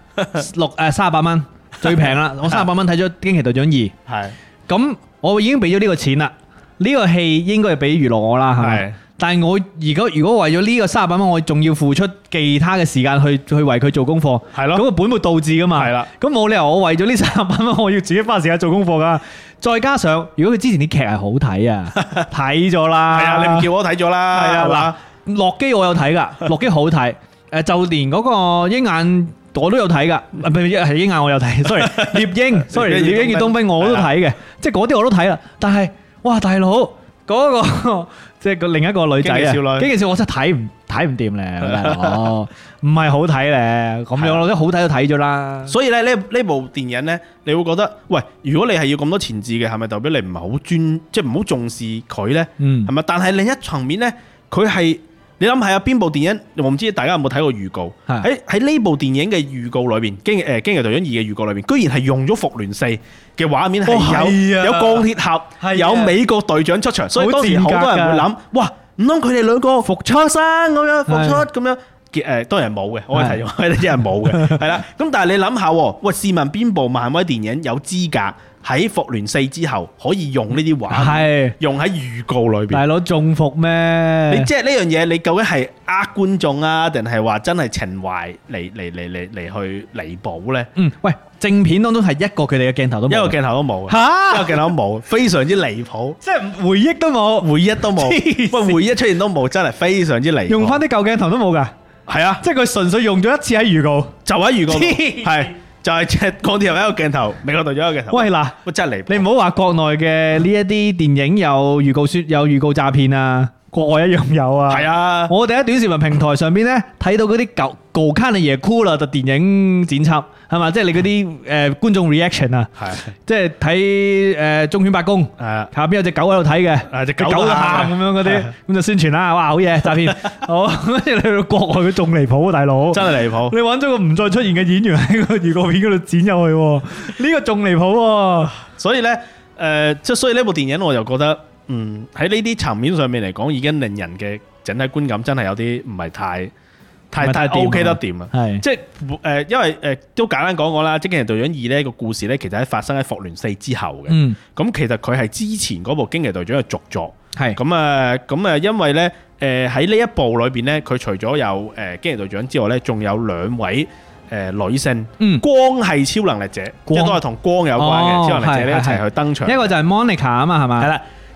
六誒三十八蚊最平啦，的我三十八蚊睇咗《驚奇隊長二》。係的，咁我已經俾咗呢個錢啦，呢、這個戲應該係俾娛樂我啦，係。但係我如果，如果為咗呢個三十八蚊，我仲要付出其他嘅時間去，去為佢做功課，係咯？咁個本末倒置噶嘛？係啦。咁冇理由我為咗呢三十八蚊，我要自己花時間做功課噶。再加上如果佢之前啲劇係好睇啊，睇咗啦。係啊，你唔叫我睇咗啦。係啊，嗱，洛基我有睇噶，洛基好睇。誒，就連嗰個鷹眼我都有睇噶，唔係鷹眼我有睇，sorry，獵鷹，sorry，獵鷹與冬兵我都睇嘅，即係嗰啲我都睇啦。但係哇，大佬嗰個。即係個另一個女仔啊！少女，呢件事我真係睇唔睇唔掂咧，唔係、 哦、好睇咧咁樣咯，即係好睇都睇咗啦。所以咧呢呢部電影咧，你會覺得喂，如果你係要咁多前置嘅，係咪代表你唔係好尊，即係唔好重視佢咧？嗯，係咪？但係另一層面咧，佢係。你諗下邊部電影，我唔知大家有冇睇過預告。喺喺呢部電影嘅預告裏邊，經《驚誒驚奇隊長二》嘅預告裏邊，居然係用咗《復聯四》嘅畫面，係有的有鋼鐵俠，的有美國隊長出場。所以當時好多人會諗：哇，唔通佢哋兩個復出生咁的樣復出咁樣？誒，當然冇嘅，我係提咗，係啦的，真係冇嘅，係啦。咁但係你諗下，喂，試問邊部漫威電影有資格？喺復聯四之後可以用呢啲玩，用喺預告裏邊，大佬仲服咩？你即係呢樣嘢，你究竟係呃觀眾啊，定係話真係情懷嚟嚟嚟嚟去彌補呢？嗯，喂，正片當中係一個佢哋嘅鏡頭都，冇，一個鏡頭都冇，一個鏡頭都冇，非常之離譜。即係回憶都冇，回憶都冇，喂，回憶出現都冇，真係非常之離。用翻啲舊鏡頭都冇噶，係啊，即係佢純粹用咗一次喺預告，就喺預告，係。就係即係港鐵又一個鏡頭，美國隊長一個鏡頭。喂嗱，我真係離譜。你唔好話國內嘅呢一啲電影有預告，説有預告詐騙啊，國外一樣有啊。係啊，我哋喺短視頻平台上邊咧睇到嗰啲舊。無卡你嘢 Cool 啦，就電影剪輯係嘛？即係你嗰啲誒觀眾 reaction 啊的，即係睇誒忠犬八公，下的邊有隻狗喺度睇嘅，隻的狗都喊咁樣嗰啲，咁的就宣傳啦。的哇，好嘢！詐騙， 好，跟住你去到國外佢仲離， 離、這個、離譜啊，大佬！ 真係離譜！你揾咗個唔再出現嘅演員喺個預告片嗰度剪入去，呢個仲離譜。所以咧，誒，即係所以呢部電影，我就覺得，嗯，喺呢啲層面上面嚟講，已經令人嘅整體觀感真係有啲唔係太。太太 OK 得掂啦，是是即係誒，因為誒都簡單講講啦，《驚奇隊長二》呢個故事咧，其實喺發生喺復聯四之後嘅，咁、嗯、其實佢係之前嗰部《驚奇隊長》嘅續作，係咁啊，咁啊，因為咧誒喺呢一部裏邊咧，佢除咗有誒《驚奇隊長》之外咧，仲有兩位誒女性，嗯、光係超能力者，光即都係同光有關嘅、哦、超能力者咧一齊去登場，是是是是一個就係 Monica 啊嘛，係嘛吧？係啦。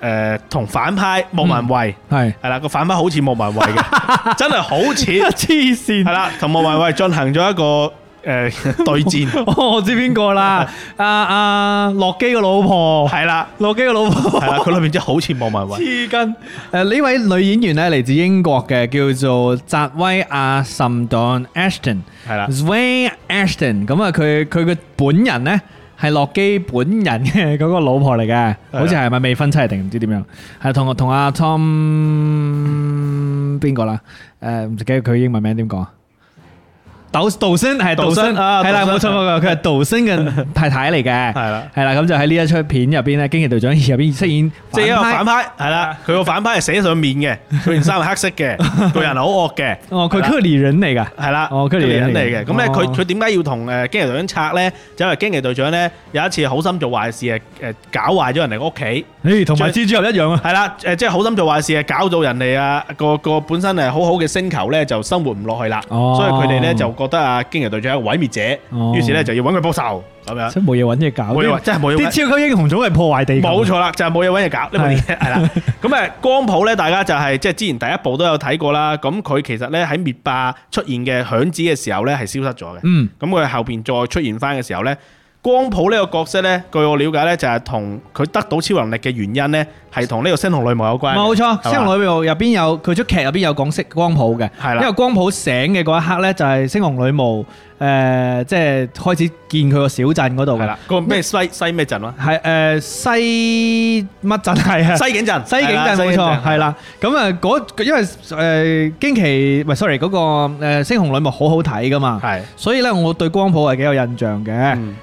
誒同、呃、反派莫文蔚係係啦，個是嗎 反派好似莫文蔚嘅，真係好似黐線。係啦，同莫文蔚進行咗一個誒對戰。我，我知邊個啦？阿阿洛基嘅老婆係啦，洛基嘅老婆係啦對了， 佢裏面真係好似莫文蔚。黐筋。誒呢位女演員咧嚟自英國嘅，叫做扎威亞什頓 Ashton。係啦，Zawe Ashton。咁 as 啊，佢佢嘅本人咧 antee cado what。fingers 係洛基本人嘅嗰個老婆嚟嘅，好似係咪未婚妻定唔知點樣？係同同阿 Tom 邊個啦？誒，唔、啊啊呃、記得佢英文名點講道星生？係道生，係啦，冇錯啊，佢佢係道生嘅生、啊、太太嚟嘅，係啦，係啦。咁就喺呢一出片入邊咧，驚奇隊長而入邊飾演反反派，係啦，佢個反派係寫上面嘅，佢件衫係黑色嘅，做 人好惡嘅。哦，佢係克里人嚟噶，係啦，佢係了、哦、人嚟嘅。咁咧佢佢點解要同誒驚奇隊長拆咧？就因為驚奇隊長咧有一次好心做壞事，誒誒搞壞咗人哋屋企。誒，同埋蜘蛛俠一樣啊，係啦，誒，即係好心做壞事，搞到人哋啊個個本身係好好嘅星球咧就生活唔落去啦，所以佢哋咧就覺得啊，驚奇隊長係毀滅者，於是咧就要搵佢報仇，咁樣，所以冇嘢搵嘢搞，冇嘢，真係冇嘢。啲超級英雄總係破壞地球，冇錯啦，就係冇嘢搵嘢搞呢部片，係啦。咁誒，光譜咧，大家就係即係之前第一部都有睇過啦。咁佢其實咧喺滅霸出現嘅響指嘅時候咧係消失咗嘅，咁佢後邊再出現翻嘅時候咧。光譜呢個角色呢，據我了解呢，就係同佢得到超能力嘅原因呢。係同呢個《猩紅女巫》有關，冇錯，《猩紅女巫》入邊有佢出劇入邊有講色光譜嘅，係啦，因為光譜醒嘅嗰一刻咧，就係《猩紅女巫》誒，即係開始見佢個小鎮嗰度噶啦。個咩西西咩鎮咯？係誒西乜鎮係啊？西景鎮，西景鎮冇錯，係啦。咁啊，嗰因為誒驚奇喂 sorry，嗰個誒《猩紅女巫》好好睇噶嘛，係。所以咧，我對光譜係幾有印象嘅。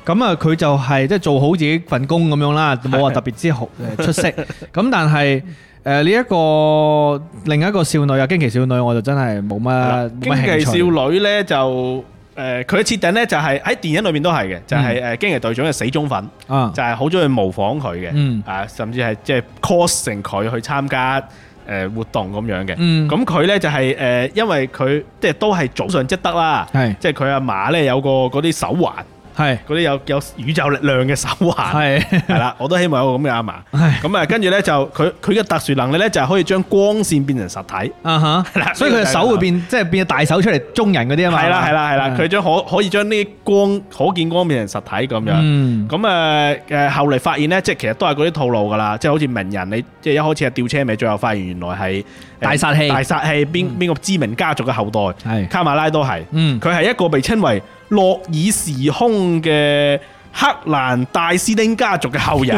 咁啊，佢就係即係做好自己份工咁樣啦，冇話特別之好出色。咁但係，誒呢一個另一個少女啊，驚奇少女我就真係冇乜驚奇少女呢、呃，就誒佢嘅設定呢，就係喺電影裏面都係嘅，就係誒驚奇隊長嘅死忠粉，嗯、就係好中意模仿佢嘅，嗯、啊甚至係即係 cos 成佢去參加誒活動咁樣嘅。咁佢呢，就係、是、誒、呃、因為佢即係都係早上即得啦，是即係佢阿媽呢，有個嗰啲手環。係嗰啲有有宇宙力量嘅手環，係啦，我都希望有個咁嘅阿嫲。咁啊，跟住咧就佢佢嘅特殊能力咧就係可以將光線變成實體。啊哈，所以佢嘅手會變即係變大手出嚟中人嗰啲啊嘛。係啦係啦係啦，佢將可可以將呢啲光可見光變成實體咁樣。咁誒誒後嚟發現咧，即係其實都係嗰啲套路噶啦，即係好似名人你即係一開始係吊車尾，最後發現原來係大殺器大殺器邊邊個知名家族嘅後代。係卡馬拉都係，佢係一個被稱為。洛爾時空嘅克蘭大斯丁家族嘅後人，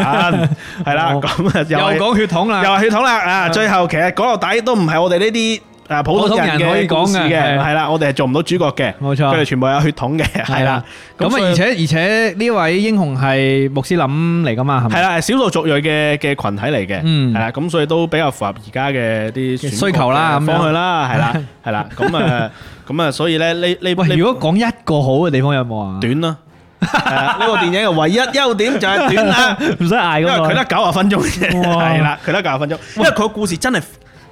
係啦，咁啊又講血統啦，又係血統啦，啊， 最後其實講到底都唔係我哋呢啲。嗱，普通人可以講嘅，係啦，我哋係做唔到主角嘅，冇錯，佢哋全部有血統嘅，係啦。咁啊，而且而且呢位英雄係穆斯林嚟噶嘛？係啦，少數族裔嘅嘅羣體嚟嘅，嗯，係啦。咁所以都比較符合而家嘅啲需求啦，咁樣去啦，係啦，係啦。咁啊，咁啊，所以咧呢呢部戲，如果講一個好嘅地方有冇啊？短咯，呢個電影嘅唯一優點就係短啦，唔使嗌咁耐，因為佢得九啊分鐘，係啦，佢得九啊分鐘，因為佢嘅故事真係。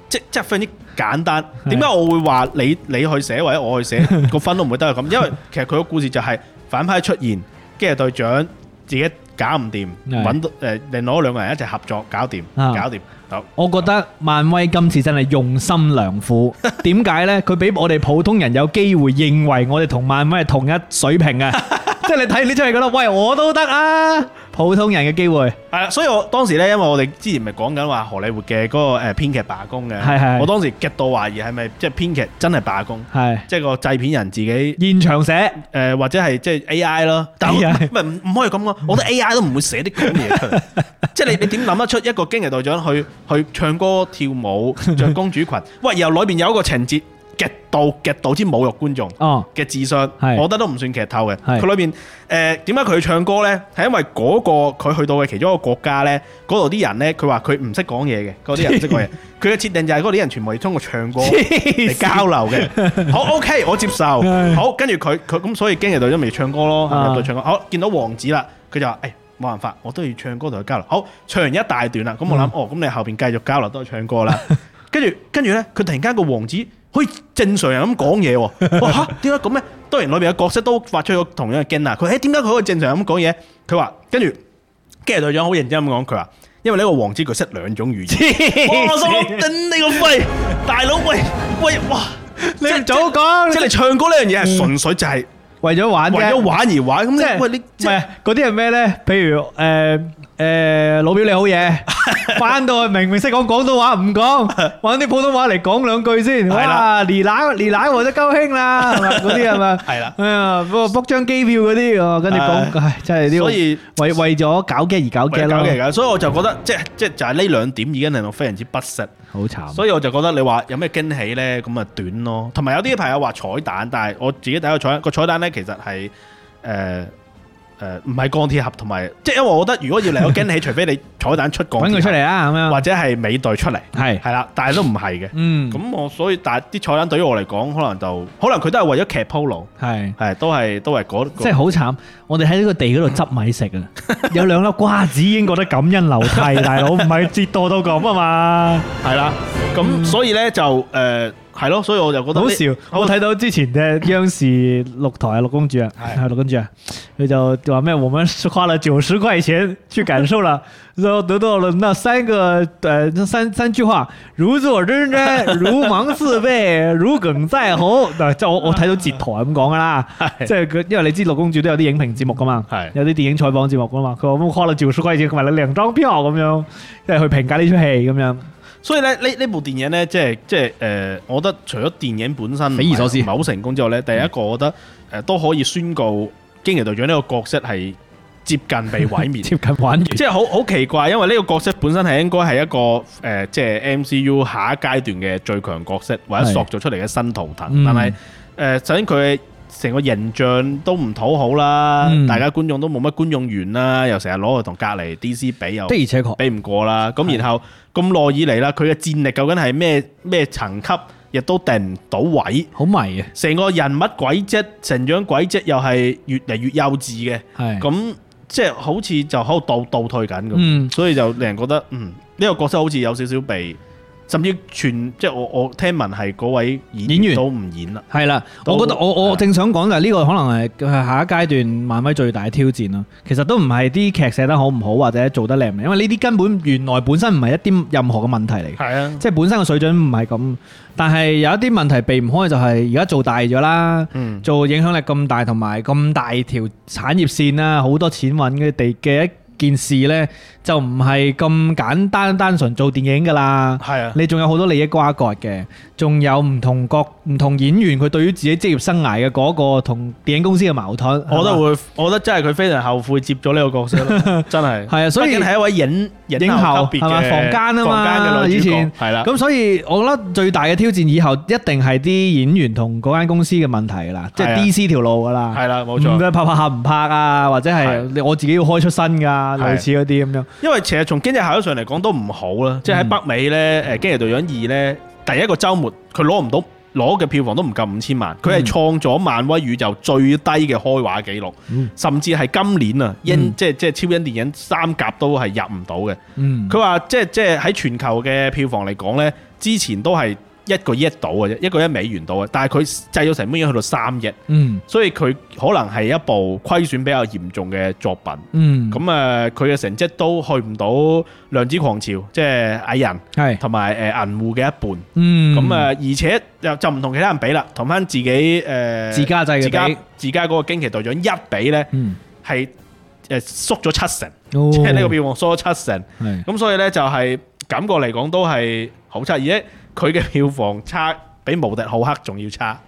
即即係非常之簡單，點解我會話你你去寫或者我去寫個分都唔會得係咁？因為其實佢個故事就係反派出現，跟住隊長自己搞唔掂，揾到誒另外兩個人一齊合作搞掂，搞掂。好，我覺得漫威今次真係用心良苦。點解呢？佢俾我哋普通人有機會認為我哋同漫威係同一水平呀，即係你睇呢出係覺得喂我都得啊！普通人嘅機會係啦、啊，所以我當時呢，因為我哋之前咪講緊話荷里活嘅嗰個誒編劇罷工嘅，係係是，我當時極度懷疑係咪即係編劇真係罷工，係即係個製片人自己現場寫誒、呃、或者係即係 AI 咯，但係唔唔可以咁講，我覺得 AI 都唔會寫啲咁嘅嘢出嚟，即係 你你點諗得出一個驚奇隊長去去唱歌跳舞着公主裙，喂又裏面有一個情節？極度極度之侮辱觀眾嘅智商，哦、我覺得都唔算劇透嘅。佢裏邊誒點解佢唱歌呢？係因為嗰個佢去到嘅其中一個國家呢，嗰度啲人呢，佢話佢唔識講嘢嘅，嗰啲人唔識講嘢。佢嘅設定就係嗰啲人全部要通過唱歌嚟交流嘅。好 OK，我接受。是好，跟住佢佢咁，所以今日就都未唱歌咯，未唱歌。好、啊，嗯、見到王子啦，佢就話：誒、哎、冇辦法，我都要唱歌同佢交流。好，唱完一大段啦。咁我諗、嗯、哦，咁你後邊繼續交流都係唱歌啦。跟住跟住呢，佢突然間個王子可以正常人咁講嘢，哇吓，點解咁咧？當然裏邊嘅角色都發出咗同樣嘅驚訝。佢，誒，點解佢可以正常咁講嘢？佢話跟住，跟住驚奇隊長好認真咁講，佢話因為呢個王子佢識兩種語言。我話頂你個肺，大佬喂喂，哇！你唔早即係早講，即係是你唱歌呢樣嘢係純粹就係、是、為咗玩，為咗玩，玩而玩。咁即係喂你，唔係嗰啲係咩咧？譬如誒。呃誒、呃，老表你好嘢，翻 到去明明識講廣東話唔講，玩啲普通話嚟講兩句先。哇，連奶連奶我都高興啦，嗰啲係咪？係啦了。book 張機票嗰啲，跟住講，真係啲、這個。所以為為咗搞機而搞機咯。搞搞所以我就覺得，即係即係就係呢兩點，已經令我非常之不適。好慘。所以我就覺得你，你話有咩驚喜咧？咁啊短咯。同埋有啲朋友話彩蛋，但係我自己第一個彩個彩蛋咧，其實係誒。誒唔係鋼鐵俠同埋，即係因為我覺得如果要嚟個驚喜，除非你彩蛋出鋼鐵俠，或者係美隊出嚟，係係啦，但係都唔係嘅。嗯，咁我所以，但係啲彩蛋對於我嚟講，可能就可能佢都係為咗劇鋪路，係係都係都係嗰即係好慘，我哋喺呢個地嗰度執米食啊，有兩粒瓜子已經覺得感恩流涕，大佬唔係折墮到咁啊嘛，係啦，咁所以咧就誒。係咯，所以我就覺得好笑。我睇到之前嘅央視六台啊，六公主啊，係的六公主啊，佢就話咩？我們花了九十塊錢去感受啦， 就後得到了那三個誒、呃、三三句話：如坐針氈、如芒刺背、如鯁在喉。 就」嗱，即係我我睇到截台係咁講噶啦。即係佢，因為你知六公主都有啲影評節目噶嘛，的有啲電影採訪節目噶嘛。佢話我花了九十塊錢，佢買了兩張票。」咁樣，即係去評價呢出戲咁樣。所以咧，呢呢部電影呢，即係即係，誒，我覺得除咗電影本身匪夷所思唔係好成功之外呢，第一個我覺得都可以宣告，驚奇隊長呢個角色係接近被毀滅， 接近玩完。即係好好奇怪，因為呢個角色本身係應該係一個誒、呃，即係 M C U 下一階段嘅最強角色，或者塑造出嚟嘅新圖騰，但係誒首先佢。成個形象都唔討好啦，嗯、大家觀眾都冇乜觀眾緣啦，又成日攞嚟同隔離 DC 比又比不的而且確比唔過啦。咁然後咁耐的以嚟啦，佢嘅戰力究竟係咩咩層級，亦都定唔到位，好迷啊！成個人物軌跡成長軌跡又係越嚟越幼稚嘅，咁的、嗯、即係好似就喺度倒倒退緊咁，嗯、所以就令人覺得嗯呢、這個角色好似有少少被。甚至全即係我我聽聞係嗰位演員都唔演啦，係啦員，都我覺得我我正想講就係呢個可能係下一階段漫威最大嘅挑戰啦。其實都唔係啲劇寫得好唔好或者做得靚唔靚，因為呢啲根本原來本身唔係一啲任何嘅問題嚟嘅，係是啊，即係本身嘅水準唔係咁。但係有一啲問題避唔開就係而家做大咗啦，嗯、做影響力咁大同埋咁大條產業線啦，好多錢揾嘅地基。件事呢就唔係咁簡單單純做電影噶啦，係啊，你仲有好多利益瓜葛嘅，仲有唔同角唔同演員佢對於自己職業生涯嘅嗰個同電影公司嘅矛盾，我都會，我覺得真係佢非常後悔接咗呢個角色，真係，係啊，所以係一位影影后，級別嘅房間啊嘛，房間嘅女主角係啦，咁所以我覺得最大嘅挑戰以後一定係啲演員同嗰間公司嘅問題啦，即係 DC 條路噶啦，係啦冇錯，唔嘅拍拍唔拍啊，或者係我自己要開出新噶。類似嗰啲咁樣，因為其實從經濟效益上嚟講都唔好啦。嗯、即係喺北美咧，誒《驚奇隊長二》咧，第一個周末佢攞唔到，攞嘅票房都唔夠五千萬。佢係創咗漫威宇宙最低嘅開畫紀錄，嗯、甚至係今年啊，英、嗯、即係即係超人電影三甲都係入唔到嘅。佢話、嗯、即係即係喺全球嘅票房嚟講咧，之前都係。一個億到嘅啫，一個一美元到嘅，但係佢製到成本已經去到三億，嗯、所以佢可能係一部虧損比較嚴重嘅作品。咁誒、嗯，佢嘅成績都去唔到量子狂潮，即係矮人，同埋誒銀護嘅一半。咁啊、嗯，而且就就唔同其他人比啦，同翻自己誒、呃、自家製嘅比自家，自家嗰個驚奇隊長一比咧，係誒、嗯、縮咗七成，即係呢個票房縮咗七成。咁所以咧就係感覺嚟講都係好差，而且是。是佢嘅票房差比《無敵浩克》仲要差。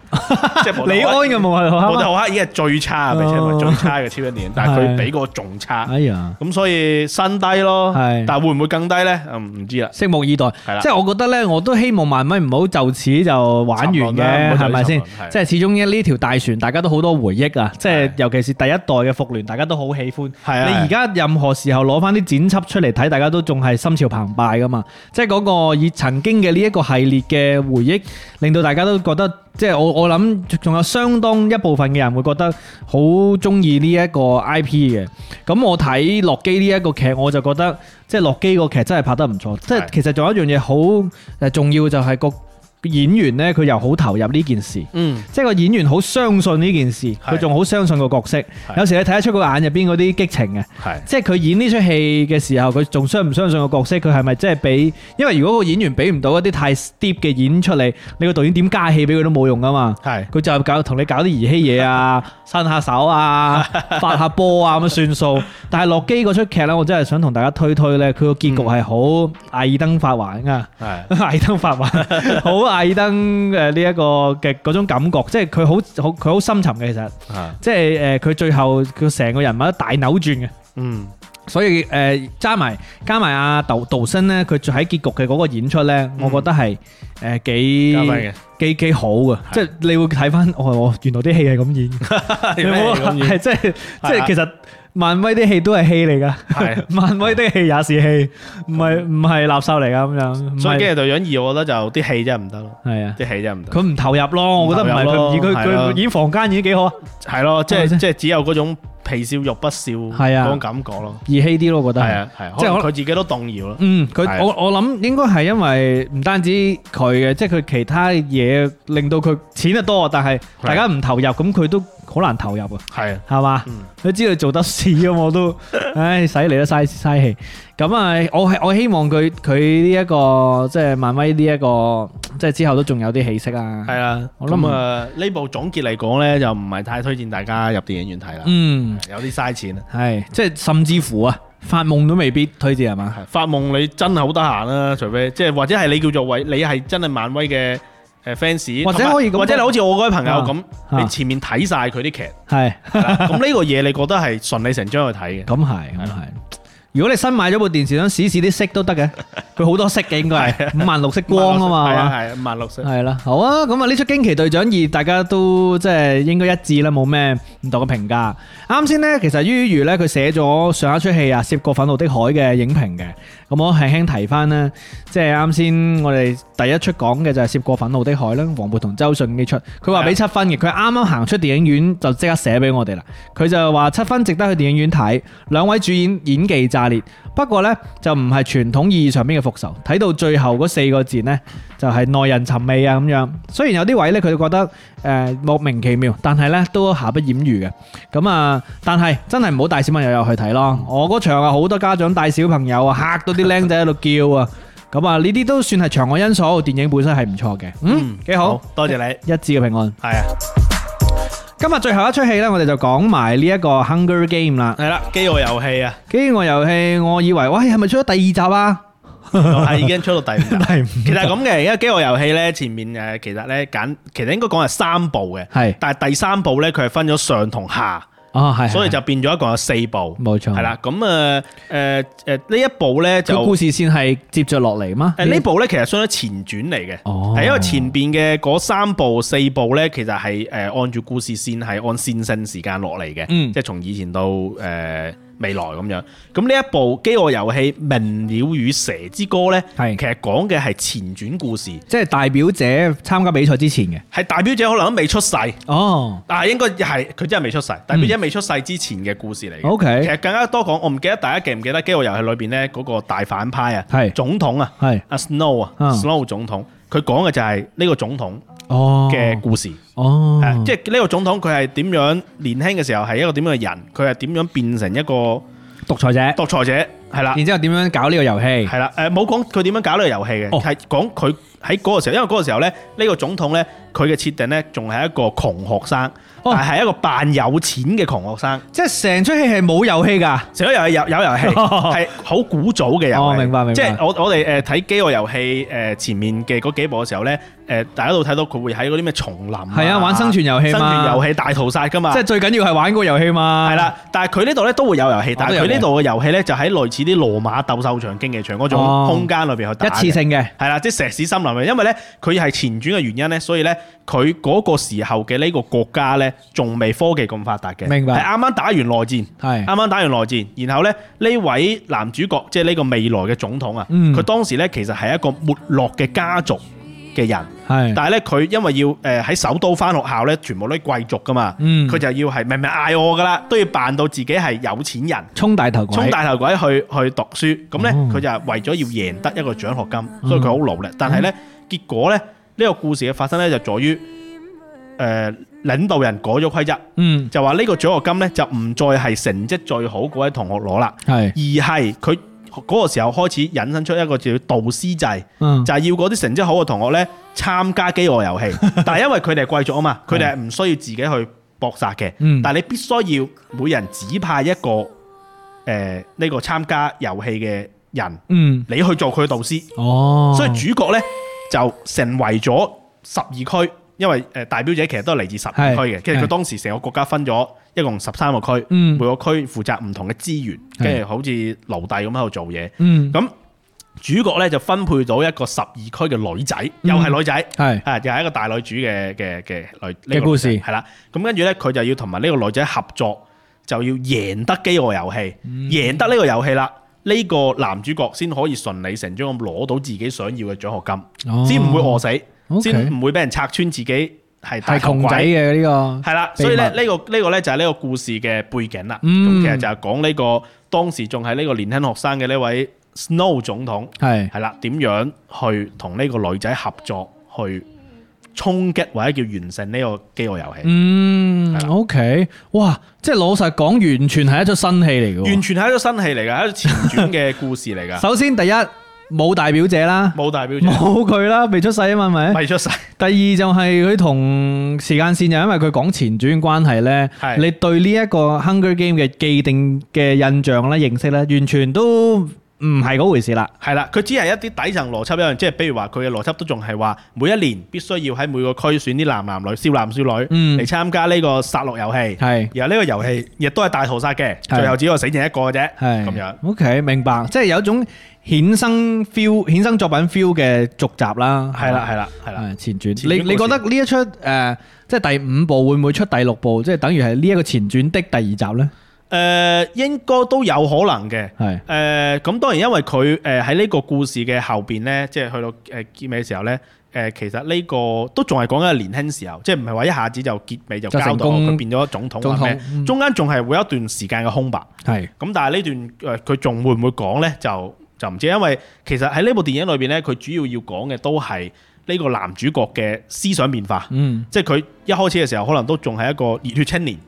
即係李安嘅《無敵浩克》，無敵浩克已經係最差，被稱為最差嘅超一年，但係佢比嗰個仲差，咁所以新低咯。係但會唔會更低咧？唔知啊，拭目以待係啦。即係我覺得咧，我都希望漫威唔好就此就玩完嘅，係咪先？即係始終呢呢條大船，大家都好多回憶啊。即係尤其是第一代嘅復聯，大家都好喜歡。係啊，你而家任何時候攞翻啲剪輯出嚟睇，大家都仲係心潮澎湃噶嘛？即係嗰個以曾經嘅呢一個系列嘅回憶，令到大家都覺得。即係我我諗仲有相當一部分嘅人會覺得好鍾意呢一個 IP 嘅，咁我睇洛基呢一個劇，我就覺得即係洛基個劇真係拍得唔錯，即係其實仲有一樣嘢好誒重要就係個。演員呢，佢又好投入呢件事，嗯，即係個演員好相信呢件事，佢仲好相信個角色，是有時你睇得出佢眼入邊嗰啲激情嘅，是即係佢演呢出戲嘅時候，佢仲相唔相信個角色，佢係咪真係俾？因為如果個演員俾唔到一啲太 steep 嘅演出嚟，你個導演點加戲俾佢都冇用噶嘛，佢是就搞同你搞啲兒戲嘢啊，伸下手,、啊、手啊，發下波啊咁算數。是嗯、但係洛基嗰出劇呢，我真係想同大家推推呢，佢個結局係好艾爾登法環噶，係是，艾爾登法環， 好拜登嘅呢一個嘅嗰種感覺，即係佢好好佢好深沉嘅其實，即係誒佢最後佢成個人物都大扭轉嘅，嗯，所以誒加埋加埋阿杜杜生咧，佢喺結局嘅嗰個演出咧，我覺得係誒幾幾幾好嘅，即係你會睇翻哦，原來啲戲係咁演，係即係即係其實。漫威啲戲都係戲嚟噶，係漫威啲戲也是戲，唔係唔係垃圾嚟噶咁樣。所以驚奇隊長2，我覺得就啲戲真係唔得咯。係啊，啲戲真係唔得。佢唔投入咯，我覺得唔係佢佢佢演房間演幾好啊。係咯，即係即係只有嗰種皮笑肉不笑係啊嗰種感覺咯，兒戲啲咯，我覺得係啊，即係可能佢自己都動搖咯。嗯，佢我我諗應該係因為唔單止佢嘅，即係佢其他嘢令到佢錢得多，但係大家唔投入，咁佢都。好難投入啊，係啊吧，係嘛、嗯，佢知道做得事啊，我都， 唉，使嚟都嘥嘥氣。咁啊，我係我希望佢佢呢一個即係漫威呢一個，即係、這個、之後都仲有啲氣息啊。係啊，我諗啊呢部總結嚟講咧，就唔係太推薦大家入電影院睇啦。嗯，有啲嘥錢啊。係，即係甚至乎啊，發夢都未必推薦係嘛？係，發夢你真係好得閒啦，除非即係或者係你叫做為，你係真係漫威嘅。誒 fans，或者可以，或者你好似我嗰位朋友咁，啊、你前面睇晒佢啲劇，係咁呢個嘢你覺得係順理成章去睇嘅，咁係， 係。如果你新買咗部電視，想試試啲色都得嘅，佢好多色嘅應該係五萬六色光啊嘛，係啊係五萬六色，係啦好啊，咁啊呢出驚奇隊長二大家都即係應該一致啦，冇咩唔同嘅評價。啱先呢，其實于如呢佢寫咗上一出戲啊，涉過憤怒的海嘅影評嘅，咁我輕輕提翻啦，即係啱先我哋第一出講嘅就係涉過憤怒的海啦，黃渤同周迅呢出，佢話俾七分嘅，佢啱啱行出電影院就即刻寫俾我哋啦，佢就話七分值得去電影院睇，兩位主演演技就下裂，不過咧就唔係傳統意義上面嘅復仇。睇到最後嗰四個字咧，就係耐人尋味啊咁樣。雖然有啲位咧，佢覺得誒莫名其妙，但係咧都瑕不掩瑜嘅。咁啊，但係真係唔好帶小朋友入去睇咯。我嗰場啊，好多家長帶小朋友啊，嚇到啲僆仔喺度叫啊。咁啊，呢啲都算係場外因素。電影本身係唔錯嘅，嗯，幾好多謝你一致嘅平安，係啊。今日最後一出戲咧，我哋就講埋呢一個、er《Hunger Game》啦。係啦，飢餓遊戲啊！飢餓遊戲，我以為，喂，係咪出咗第二集啊？又係 已經出到第五集。五集其實係咁嘅，因為飢餓遊戲咧，前面誒，其實咧揀，其實應該講係三部嘅。係是，但係第三部咧，佢係分咗上同下。啊，係、哦，所以就變咗一共有四部，冇錯，係啦，咁啊，誒、呃，誒、呃，呢一部咧就故事線係接着落嚟嗎？誒、呃，部呢部咧其實相當前傳嚟嘅，係、哦、因為前邊嘅嗰三部四部咧，其實係誒按住故事線係按線性時間落嚟嘅，嗯，即係從以前到誒。呃未來咁樣，咁呢一部《饑餓遊戲：鳴鳥與蛇之歌》呢，係是其實講嘅係前傳故事，即係代表者參加比賽之前嘅，係代表者可能都未出世哦，但係、啊、應該係佢真係未出世，代表者未出世之前嘅故事嚟。O K，嗯、其實更加多講，我唔記得大家記唔記得《饑餓遊戲》裏邊呢嗰個大反派啊，是總統啊，阿 Snow 啊，Snow、嗯、S now 總統。佢講嘅就係呢個總統嘅故事，係即係呢個總統佢係點樣年輕嘅時候係一個點樣嘅人，佢係點樣變成一個獨裁者？獨裁者。係啦，然之後點樣搞呢個遊戲？係啦，誒冇講佢點樣搞呢個遊戲嘅，係講佢喺嗰個時候，因為嗰個時候咧，呢個總統咧，佢嘅設定咧，仲係一個窮學生，哦、但係一個扮有錢嘅窮學生。哦、即係成出戲係冇遊戲㗎，成日有有遊戲係好古早嘅遊戲。哦，遊戲哦，明白明白。即係我我哋誒睇《饑餓遊戲》前面嘅嗰幾部嘅時候咧，誒大家都睇到佢會喺嗰啲咩叢林係啊，啊，玩生存遊戲，生存遊戲大屠殺㗎嘛。即係最緊要係玩個遊戲嘛。係啦，但係佢呢度咧都會有遊戲，但係佢呢度嘅遊戲咧就喺類似。啲羅馬鬥獸場、競技場嗰種空間裏邊去打、哦，一次性嘅係啦，即石屎森林嘅。因為咧，佢係前傳嘅原因咧，所以咧，佢嗰個時候嘅呢個國家咧，仲未科技咁發達嘅，明白，係啱啱打完內戰，係啱啱打完內戰，然後咧呢位男主角即呢、就是、個未來嘅總統啊，佢當時咧其實係一個沒落嘅家族。嘅人，但係咧佢因為要，誒喺首都翻學校咧，全部都貴族噶嘛，佢、嗯、就要係，明明嗌我噶啦，都要扮到自己係有錢人，充大頭鬼，充大頭鬼去去讀書，咁咧佢就為咗要贏得一個獎學金，所以佢好努力，嗯、但係呢，嗯、結果呢，呢、這個故事嘅發生呢，就在於，誒領導人改咗規則，嗯，就話呢個獎學金呢，就唔再係成績最好嗰位同學攞啦，是而係佢。嗰個時候開始引申出一個叫導師制，嗯、就係要嗰啲成績好嘅同學咧參加飢餓遊戲，嗯、但係因為佢哋係貴族啊嘛，佢哋係唔需要自己去搏殺嘅，嗯、但係你必須要每人指派一個誒呢、呃這個參加遊戲嘅人，嗯、你去做佢導師，哦、所以主角咧就成為咗十二區，因為誒大表姐其實都係嚟自十二區嘅，是其實佢當時成個國家分咗。一共十三個區，每個區負責唔同嘅資源，跟住好似奴隸咁喺度做嘢。咁主角咧就分配到一個十二區嘅女仔，又係女仔，係又係一個大女主嘅嘅嘅女呢個故事，係啦。咁跟住咧，佢就要同埋呢個女仔合作，就要贏得飢餓遊戲，贏得呢個遊戲啦，呢個男主角先可以順理成章咁攞到自己想要嘅獎學金，先唔會餓死，先唔會俾人拆穿自己。係窮仔嘅呢、這個，係啦，所以咧、這、呢個呢、這個咧就係呢個故事嘅背景啦。咁、嗯、其實就係講呢個當時仲係呢個年輕學生嘅呢位 Snow 總統，係係啦，點樣去同呢個女仔合作去衝擊或者叫完成呢個饑餓遊戲？嗯了，OK，哇，即係老實講，完全係一出新戲嚟嘅，完全係一出新戲嚟噶，係一出前傳嘅故事嚟噶。 首先，第一。冇大表姐啦，冇大表姐，冇佢啦，未出世啊嘛，係咪？未出世。第二就係佢同時間線，就因為佢講前傳關係咧，你對呢一個《Hunger Game》嘅既定嘅印象咧、認識咧，完全都唔係嗰回事啦。係啦，佢只係一啲底層邏輯一樣，即係比如話佢嘅邏輯都仲係話，每一年必須要喺每個區選啲男男女少男少女嚟參加呢個殺戮遊戲。係，然後呢個遊戲亦都係大屠殺嘅，最後只可以死剩一個嘅啫。係，咁樣 OK 明白，即係有一種。衍生 feel、衍生作品 feel 嘅續集啦，係啦，係啦，係啦，前傳。你你覺得呢一出誒、呃，即係第五部會唔會出第六部？即係等於係呢一個前傳的第二集呢？誒、呃，應該都有可能嘅。係誒的，咁、呃、當然因為佢誒喺呢個故事嘅後邊呢，即係去到誒結尾嘅時候呢，誒其實呢、這個都仲係講緊年輕時候，即係唔係話一下子就結尾就交代佢變咗總統。總統中間仲係會有一段時間嘅空白。係咁，但係呢段誒佢仲會唔會講呢？就就唔知，因為其實喺呢部電影裏邊咧，佢主要要講嘅都係呢個男主角嘅思想變化，嗯、即係佢一開始嘅時候可能都仲係一個熱血青年，誒、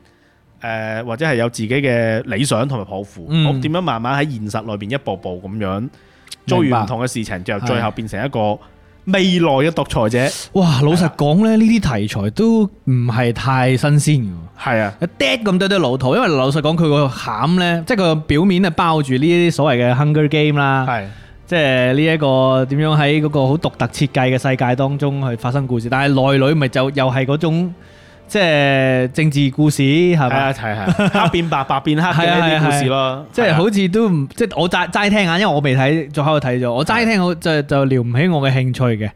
呃，或者係有自己嘅理想同埋抱負，咁點、嗯、樣慢慢喺現實裏邊一步步咁樣遭遇唔同嘅事情，就白最後變成一個。未來嘅獨裁者，哇！老實講咧，呢啲的題材都唔係太新鮮嘅。係啊，一 dead 咁多都老土，因為老實講，佢個餡呢，即係個表面係包住呢啲所謂嘅、er 的《Hunger Game》啦，即係呢一個點樣喺嗰個好獨特設計嘅世界當中去發生故事，但係內裏咪就又係嗰種。即係政治故事，係咪？係係，黑變白，白變黑嘅一啲故事咯。 即係好似都唔，即係我齋齋聽下，因為我未睇，仲喺度睇咗，我齋聽好就就聊唔起我嘅興趣嘅。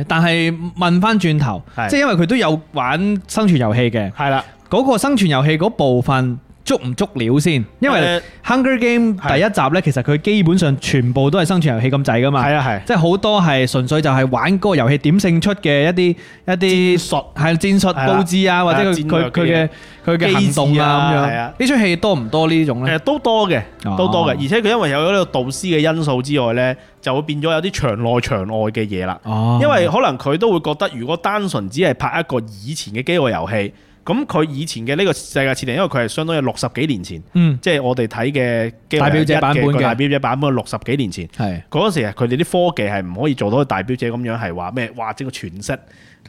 誒，但係問翻轉頭，即係因為佢都有玩生存遊戲嘅，係啦的，嗰個生存遊戲嗰部分。捉唔捉了先？因為《Hunger Game》第一集呢，的其實佢基本上全部都係生存遊戲咁滯噶嘛。係啊係，即係好多係純粹就係玩嗰個遊戲點勝出嘅一啲一啲術，係戰術佈置啊，的或者佢佢佢嘅佢嘅行動啊咁的樣。的戲多多呢出戲多唔多呢種呢？其實都多嘅，都多嘅。而且佢因為有咗呢個導師嘅因素之外呢，就會變咗有啲場內場外嘅嘢啦。哦，因為可能佢都會覺得，如果單純只係拍一個以前嘅饑餓遊戲。咁佢以前嘅呢個世界設定，因為佢係相當於六十幾年前，即係我哋睇嘅《大表姐》版本嘅《大表姐》版本，六十幾年前，係嗰時佢哋啲科技係唔可以做到大表姐咁樣，係話咩？哇！整個全息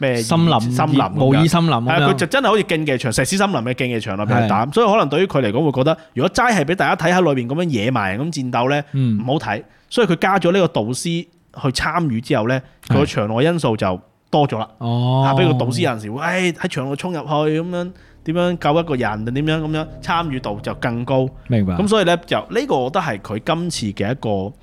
咩森林、森林、茂密森林，佢就真係好似競技場、石屎森林嘅競技場裏面打。所以可能對於佢嚟講，會覺得如果齋係俾大家睇下裏邊咁樣野蠻人咁戰鬥呢，唔好睇。所以佢加咗呢個導師去參與之後呢，佢個場外因素就。多咗啦，吓俾個導師有陣時會，誒喺場度衝入去咁樣，點樣救一個人定點樣咁樣，參與度就更高。明白。咁所以咧，就呢個，我覺得係佢今次嘅一個誒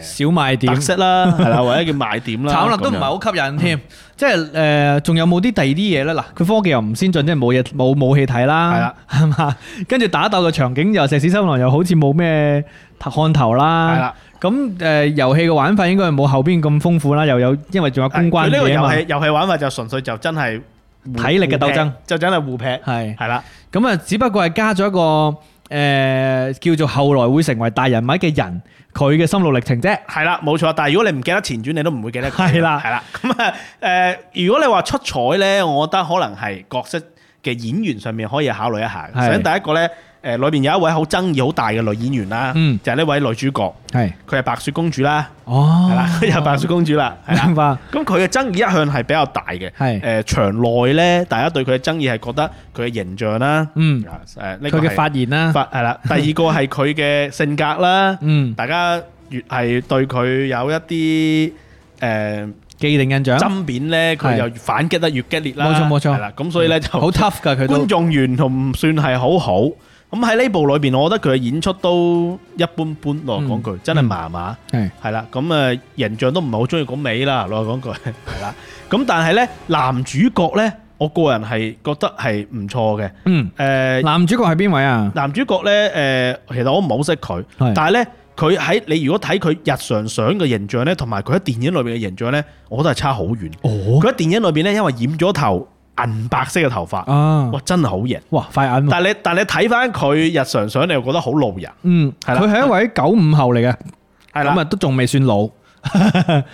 小賣點式啦，係啦，或者叫賣點啦。慘啦，都唔係好吸引添。即係誒，仲有冇啲第二啲嘢咧？嗱，佢科技又唔先進，即係冇嘢冇武器睇啦。係啦，係嘛。跟住打鬥嘅場景又石屎森林，又好似冇咩看頭啦。係啦。咁誒、呃、遊戲嘅玩法應該係冇後邊咁豐富啦，又有因為仲有公關嘅嘢啊嘛。佢呢個遊戲遊戲玩法就純粹就真係體力嘅鬥爭，就真係互劈。係係啦，咁啊，只不過係加咗一個誒、呃、叫做後來會成為大人物嘅人，佢嘅心路歷程啫。係啦，冇錯。但係如果你唔記得前傳，你都唔會記得佢。係啦係啦。咁啊誒，如果你話出彩呢，我覺得可能係角色嘅演員上面可以考慮一下。首先的的第一個呢。誒，裏邊有一位好爭議好大嘅女演員啦，就係呢位女主角，係佢係白雪公主啦，哦，係啦，又係白雪公主啦，係啦。咁佢嘅爭議一向係比較大嘅，係誒場內咧，大家對佢嘅爭議係覺得佢嘅形象啦，嗯，誒，佢嘅發言啦，係啦。第二個係佢嘅性格啦，嗯，大家越係對佢有一啲誒既定印象，針貶咧，佢越反擊得越激烈啦，冇錯冇錯，係啦。咁所以咧就好 tough 噶，佢觀眾緣同唔算係好好。咁喺呢部裏邊，我覺得佢嘅演出都一般般，我講、嗯、句，真係麻麻係係啦。咁、嗯呃、啊，形象都唔係好中意嗰美啦，落講句係啦。咁但係呢，男主角呢，我個人係覺得係唔錯嘅。嗯，誒，男主角係邊位啊？男主角呢，誒，其實我唔係好識佢，是但係呢，佢喺你如果睇佢日常相嘅形象呢，同埋佢喺電影裏邊嘅形象呢，我覺得係差好遠。佢喺、哦、電影裏邊呢，因為染咗頭。銀白色嘅頭髮，啊、哇，真係好型，哇，快眼但！但係你但係你睇翻佢日常相，你又覺得好路人。嗯，係啦，佢係一位九五後嚟嘅，咁啊啦都仲未算老。啦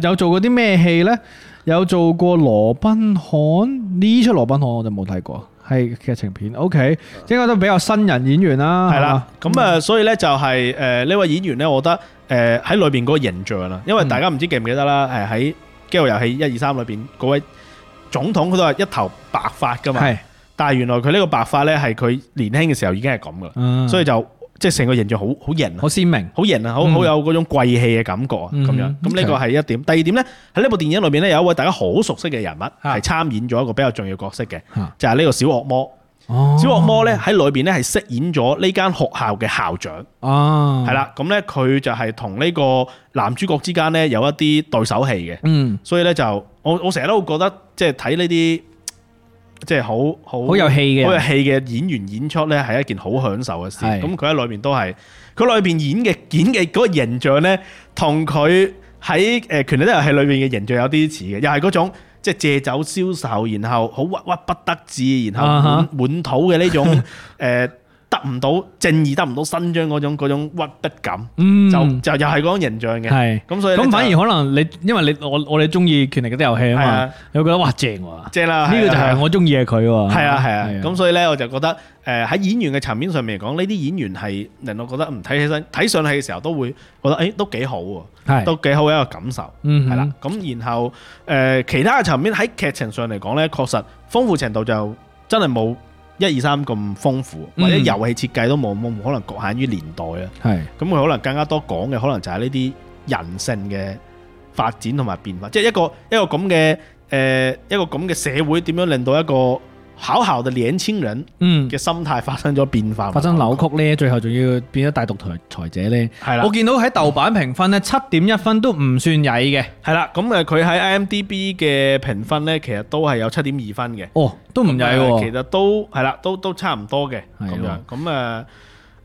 有做過啲咩戲呢？有做過羅賓《羅賓漢》呢出《羅賓漢》，我就冇睇過，係劇情片。O、okay, K，應該都比較新人演員啦。係啦，咁啊，所以呢就係誒呢位演員呢，我覺得誒喺裏邊嗰個形象啦，因為大家唔知記唔記得啦，誒喺《飢餓遊戲》一二三裏邊嗰、那個、位。總統佢都係一頭白髮噶嘛，是但係原來佢呢個白髮咧係佢年輕嘅時候已經係咁噶啦，嗯、所以就即係成個形象好好型，好、啊、鮮明，好型啊，好好有嗰種貴氣嘅感覺啊，咁、嗯、樣咁呢個係一點。嗯、第二點咧喺呢部電影裏面咧，有一位大家好熟悉嘅人物係是參演咗一個比較重要角色嘅，就係、是、呢個小惡魔。小惡魔咧喺裏邊咧係飾演咗呢間學校嘅校長，係啦、哦，咁咧佢就係同呢個男主角之間咧有一啲對手戲嘅，嗯，所以咧就我我成日都會覺得即係睇呢啲即係好好有戲嘅好有戲嘅演員演出咧係一件好享受嘅事，咁佢喺裏邊都係佢裏邊演嘅演嘅嗰個形象咧，同佢喺誒權力的遊戲裏邊嘅形象有啲似嘅，又係嗰種。即係借酒消愁，然後好鬱鬱不得志，然後滿滿肚嘅呢種。誒、呃。 得唔到正義，得唔到伸張嗰種嗰種屈迫感，就就又係嗰種形象嘅。係咁，所以咁反而可能你，因為你我我哋中意權力嗰啲遊戲啊嘛，你會覺得哇正喎，正啦。呢個就係我中意嘅佢喎。係啊係啊。咁所以咧，我就覺得誒喺演員嘅層面上面嚟講，呢啲演員係令我覺得唔睇起身睇上去嘅時候都會覺得誒都幾好，係都幾好嘅一個感受。嗯，係啦。咁然後誒其他嘅層面喺劇情上嚟講咧，確實豐富程度就真係冇。一二三咁豐富，或者遊戲設計都冇冇、嗯、可能局限於年代啦。係是，咁佢可能更加多講嘅，可能就係呢啲人性嘅發展同埋變化，即係一個一個咁嘅誒一個咁嘅社會點樣令到一個.好好嘅年輕人嘅心態發生咗變化、嗯，發生扭曲呢，最後仲要變咗大獨裁者呢。係啦的，我見到喺豆瓣評分呢，七點一分都唔算曳嘅，係啦，咁誒佢喺 IMDB 嘅評分呢，其實都係有七點二分嘅。哦，都唔曳喎，其實都係啦，都都差唔多嘅咁的樣咁誒。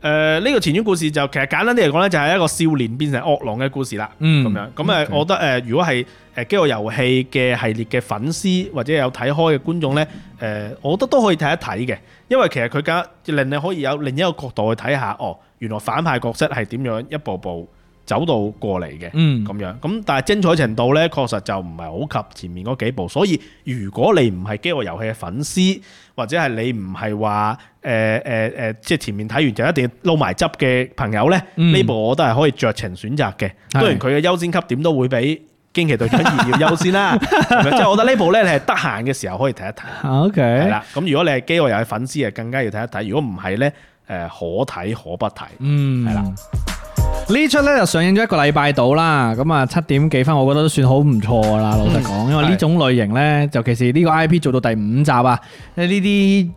誒呢、呃這個前傳故事就，其實簡單啲嚟講呢，就係一個少年變成惡狼嘅故事啦。咁、嗯、樣咁誒，我覺得誒、呃，如果係誒飢餓遊戲嘅系列嘅粉絲或者有睇開嘅觀眾呢，誒、呃，我覺得都可以睇一睇嘅，因為其實佢加令你可以有另一個角度去睇下，哦，原來反派角色係點樣一步步，走到過嚟嘅，咁、嗯、樣咁，但係精彩程度呢，確實就唔係好及前面嗰幾部。所以如果你唔係飢餓遊戲嘅粉絲，或者係你唔係話誒誒即係前面睇完就一定要撈埋汁嘅朋友呢，呢、嗯、部我都係可以酌情選擇嘅。嗯、當然佢嘅優先級點都會比《驚奇隊長二》要優先啦、啊。即係 我覺得呢部呢，你係得閒嘅時候可以睇一睇、啊。OK，係啦。咁如果你係飢餓遊戲粉絲啊，更加要睇一睇。如果唔係呢，誒可睇可不睇。嗯，係啦、嗯。 呢出咧就上映咗一個禮拜到啦，咁啊七點幾分，我覺得都算好唔錯啦。老實講，因為呢種類型呢，嗯、尤其是呢個 IP 做到第五集啊，呢啲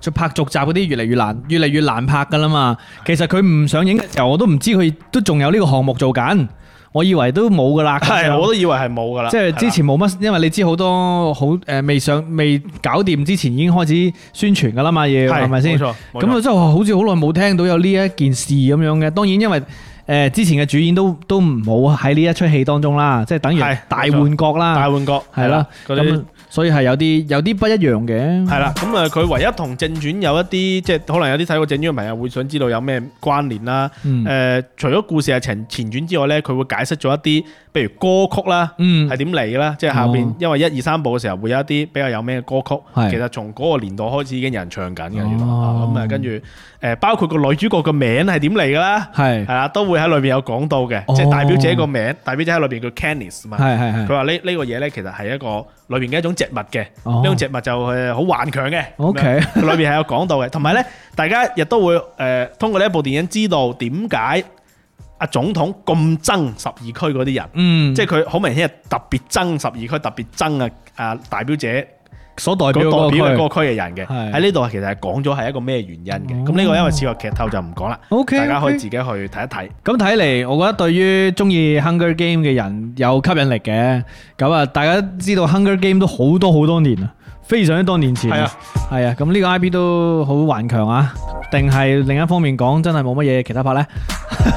再拍續集嗰啲越嚟越難，越嚟越難拍噶啦嘛。其實佢唔上映嘅時候，我都唔知佢都仲有呢個項目做緊。我以為都冇噶啦，係我都以為係冇噶啦，即係之前冇乜，因為你知好多好誒未上未搞掂之前已經開始宣傳噶啦嘛嘢，係咪先？冇錯，咁啊真係好似好耐冇聽到有呢一件事咁樣嘅。當然因為誒之前嘅主演都都唔好喺呢一出戲當中啦，即係等於大換角啦對的，大換角係啦。的的所以係有啲有啲不一樣嘅，係啦。咁啊，佢唯一同正傳有一啲，即係可能有啲睇過正傳嘅朋友會想知道有咩關聯啦。誒，除咗故事係前前傳之外呢，佢會解釋咗一啲，譬如歌曲啦，係點嚟嘅啦。即係下邊，因為一二三部嘅時候會有一啲比較有名嘅歌曲，其實從嗰個年代開始已經有人唱緊嘅。咁啊，跟住誒，包括個女主角嘅名係點嚟嘅啦，係係啦，都會喺裏面有講到嘅，即係大表姐個名，大表姐喺裏面叫 Katniss 嘛。佢話呢呢個嘢呢其實係一個裏面嘅一種植物嘅，呢、oh. 種植物就係好頑強嘅。OK，裏 面係有講到嘅，同埋咧，大家亦都會誒通過呢一部電影知道點解阿總統咁憎十二區嗰啲人，即係佢好明顯係特別憎十二區，特別憎啊！阿大表姐，所代表個區嘅人嘅，喺呢度其實係講咗係一個咩原因嘅，咁呢、哦、個因為似個劇透就唔講啦，哦、okay, okay. 大家可以自己去睇一睇。咁睇嚟，我覺得對於中意《Hunger Game》嘅人有吸引力嘅，咁啊，大家都知道《Hunger Game》都好多好多年啦。非常之多年前，係啊，係啊，咁呢個 I P 都好頑強啊，定係另一方面講，真係冇乜嘢其他法呢？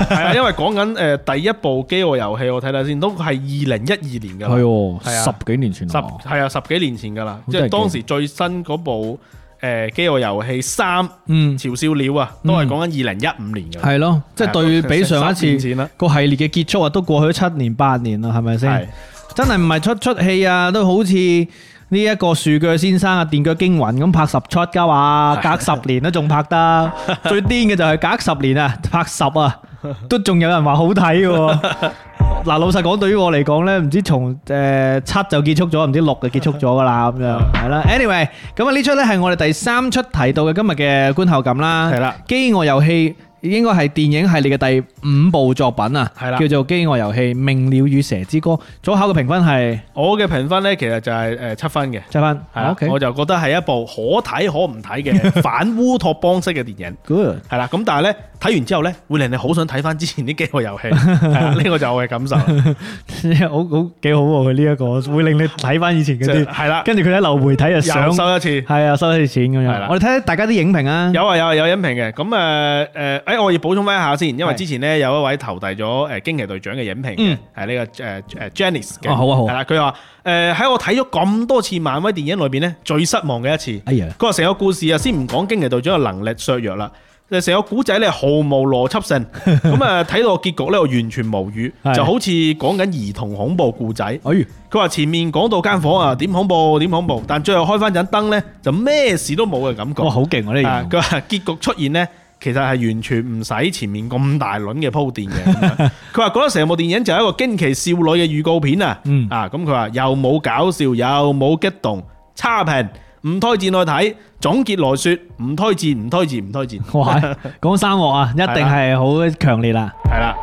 係啊，因為講緊誒第一部《饑餓遊戲》，我睇睇先，都係二零一二年噶啦，係係啊，十幾年前，十係啊，十幾年前噶啦，即係當時最新嗰部誒《饑餓遊戲三》嗯，嘲笑鳥啊，都係講緊二零一五年嘅，係咯，即係對比上一次個系列嘅結束啊，都過去七年八年啦，係咪先？真係唔係出出戲啊，都好似。呢一個樹腳先生啊，電鋸驚魂咁拍十出噶話，隔十年都仲拍得， 最癲嘅就係隔十年啊拍十啊，都仲有人話好睇喎。嗱， 老實講，對於我嚟講呢，唔知從誒七就結束咗，唔知六就結束咗噶啦，咁樣係啦。Anyway，咁啊呢出呢，係我哋第三出睇到嘅今日嘅觀後感啦。係啦了，《饑餓遊戲》。應該係電影系列嘅第五部作品啊，係啦，叫做《饑餓遊戲：鳴鳥與蛇之歌》。所考嘅評分係我嘅評分咧，其實就係誒七分嘅。七分，我就覺得係一部可睇可唔睇嘅反烏托邦式嘅電影。OK 係啦，咁但係咧睇完之後咧，會令你好想睇翻之前啲《饑餓遊戲》。呢個就係我嘅感受，好好幾好喎。佢呢一個會令你睇翻以前嘅。係啦。跟住佢喺流媒體又想收一次，係啊，收一次錢咁樣。我哋睇下大家啲影評啊。有啊有啊有影評嘅，咁誒誒。誒，我要補充翻一下先，因為之前咧有一位投遞咗《誒驚奇隊長》嘅影評嘅，係呢個誒誒 Janice 嘅。哦，好啊，好啊。係啦，佢話誒喺我睇咗咁多次漫威電影裏邊咧，最失望嘅一次。哎呀！佢話成個故事啊，先唔講驚奇隊長嘅能力削弱啦，成個古仔咧毫無邏輯性。咁啊， 睇到結局咧，我完全無語，就好似講緊兒童恐怖故仔。佢話、哎、呀前面講到間房啊，點恐怖，點恐怖，但最後開翻盞燈咧，就咩事都冇嘅感覺。哇、哦，好勁、啊！我呢樣。佢話結局出現咧。其實係完全唔使前面咁大輪嘅鋪墊嘅。佢話覺得成部電影就係一個驚奇少女嘅預告片啊！嗯。啊，咁佢話又冇搞笑，又冇激動，差評，唔推薦去睇。總結來説，唔推薦，唔推薦，唔推薦。哇！講三惡啊，一定係好強烈啦。係啦。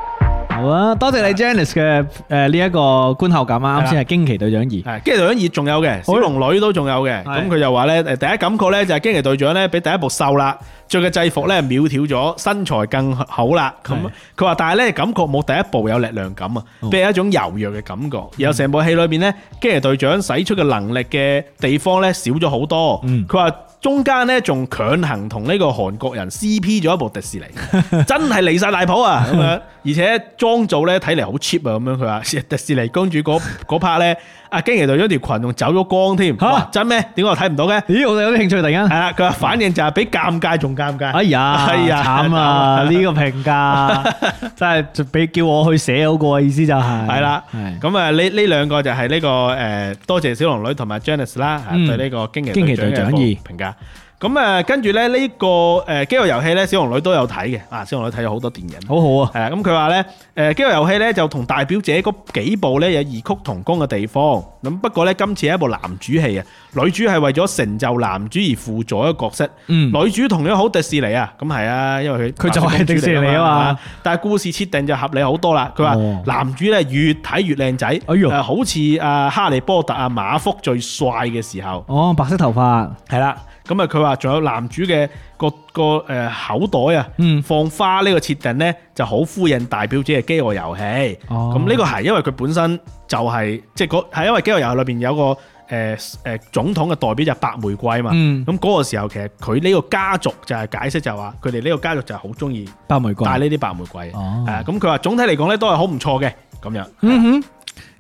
好啊，多謝你 Janice 嘅誒呢一個觀後感啊，啱先係《驚奇隊長二》，《驚奇隊長二》仲有嘅，小龍女都仲有嘅，咁佢就話咧誒第一感覺咧就係《驚奇隊長》咧比第一部瘦啦，著嘅制服咧苗條咗，身材更好啦，咁佢話但係咧感覺冇第一部有力量感啊，俾一種柔弱嘅感覺，然後成部戲裏面咧《驚奇隊長》使出嘅能力嘅地方咧少咗好多，佢話。中間咧仲強行同呢個韓國人 CP 咗一部迪士尼， 真係離晒大譜啊！咁樣，而且裝造咧睇嚟好 cheap 啊咁樣，佢話迪士尼公主嗰嗰 part 咧。啊！驚奇隊長條裙仲走咗光添，真咩？點解我睇唔到嘅？咦，我哋有啲興趣突然間。係啦，佢話反應就係比尷尬仲尷尬。哎呀，哎呀，慘啊，呢個評價真係就俾叫我去寫嗰個意思就係。係啦，咁啊，呢呢兩個就係呢個誒，多謝小龍女同埋 Janice 啦，對呢個驚奇隊長嘅評價。咁誒，跟住咧呢個誒飢餓遊戲咧，小龍女，女都有睇嘅啊！小龍女睇咗好多電影，好好啊，嗯，係、嗯、啊！咁佢話咧，誒飢餓遊戲咧就同大表姐嗰幾部咧有異曲同工嘅地方。咁不過咧，今次係一部男主戲啊，女主係為咗成就男主而輔助一個角色。嗯，女主同樣好迪士尼啊，咁係啊，因為佢佢就係迪士尼啊嘛嘛但係故事設定就合理好多啦。佢話，哦，男主咧越睇越靚仔，誒，哎呦 呃、好似阿哈利波特啊，馬福最帥嘅時候。哦，白色頭髮，係啦。咁啊！佢話仲有男主嘅個個誒口袋啊，放花呢個設定呢就好呼應大表姐嘅《飢餓遊戲》哦。咁呢個係因為佢本身就係即係因為《飢餓遊戲》裏邊有個誒誒總統嘅代表就白玫瑰啊嘛。咁嗰、嗯、個時候其實佢呢個家族就係解釋就係話佢哋呢個家族就係好中意白玫瑰，帶呢啲白玫瑰。誒咁佢話總體嚟講呢都係好唔錯嘅咁樣。嗯哼。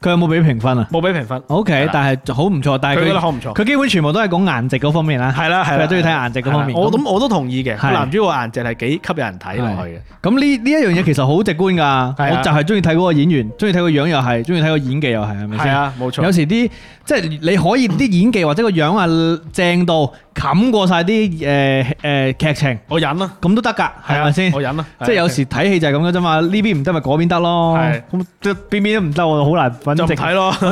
佢有冇俾評分啊？冇俾評分。O K，但係就好唔錯，但係佢覺得好唔錯。佢基本全部都係講顏值嗰方面啦。係啦係啦，中意睇顏值嗰方面。我都同意嘅。男主個顏值係幾吸引人睇嚟。係嘅。咁呢呢一樣嘢其實好直觀噶。我就係中意睇嗰個演員，中意睇個樣又係，中意睇個演技又係，係咪先？係啊，冇錯。有時啲即係你可以啲演技或者個樣啊正到冚過晒啲誒誒劇情，我忍啦，咁都得噶，係咪先？我忍啦，即係有時睇戲就係咁噶啫嘛。呢邊唔得咪嗰邊得咯。係。咁邊邊都唔得，我好難。揾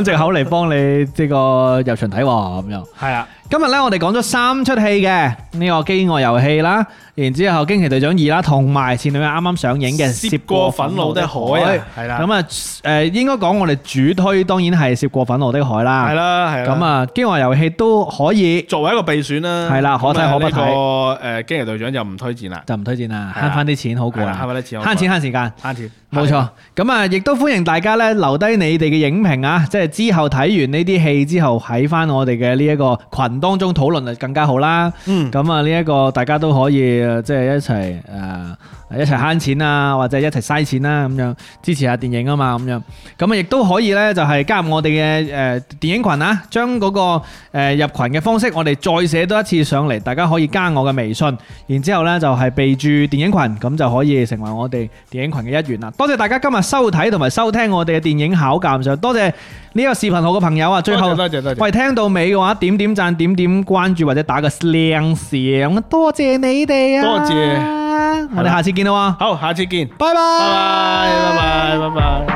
藉口嚟幫你，即個入場睇喎咁樣。係啊。今日咧，我哋講咗三出戲嘅，呢個《飢餓遊戲》啦，然之後《驚奇隊長二》啦，同埋前兩日啱啱上映嘅《涉過憤怒的海》係啦。咁啊，誒，應該講我哋主推當然係《涉過憤怒的海》啦。係啦，係啦。咁啊，《飢餓遊戲》都可以作為一個備選啦。係啦，可睇可不睇。咁呢個《誒驚奇隊長》就唔推薦啦，就唔推薦啦，慳翻啲錢好過啦，慳翻啲錢，慳錢慳時間，慳錢。冇錯。咁啊，亦都歡迎大家咧留低你哋嘅影評啊，即係之後睇完呢啲戲之後喺翻我哋嘅呢一個群。當中討論就更加好啦。咁啊呢一個大家都可以即係、就是、一齊誒、呃、一齊慳錢啊，或者一齊嘥錢啦、啊、咁樣支持下電影啊嘛咁樣，咁啊亦都可以呢，就係加入我哋嘅誒電影群啊，將嗰個誒入群嘅方式我哋再寫多一次上嚟，大家可以加我嘅微信，然之後呢就係備註電影群，咁就可以成為我哋電影群嘅一員啦。多謝大家今日收睇同埋收聽我哋嘅電影考尷賞，多謝。呢個視頻號嘅朋友啊，最後，多謝，多謝，喂，聽到尾嘅話，點點讚，點點關注或者打個靚字，多謝你哋啊！多謝，我哋下次見啦，好，下次見，拜拜 bye，拜拜，拜拜，拜拜。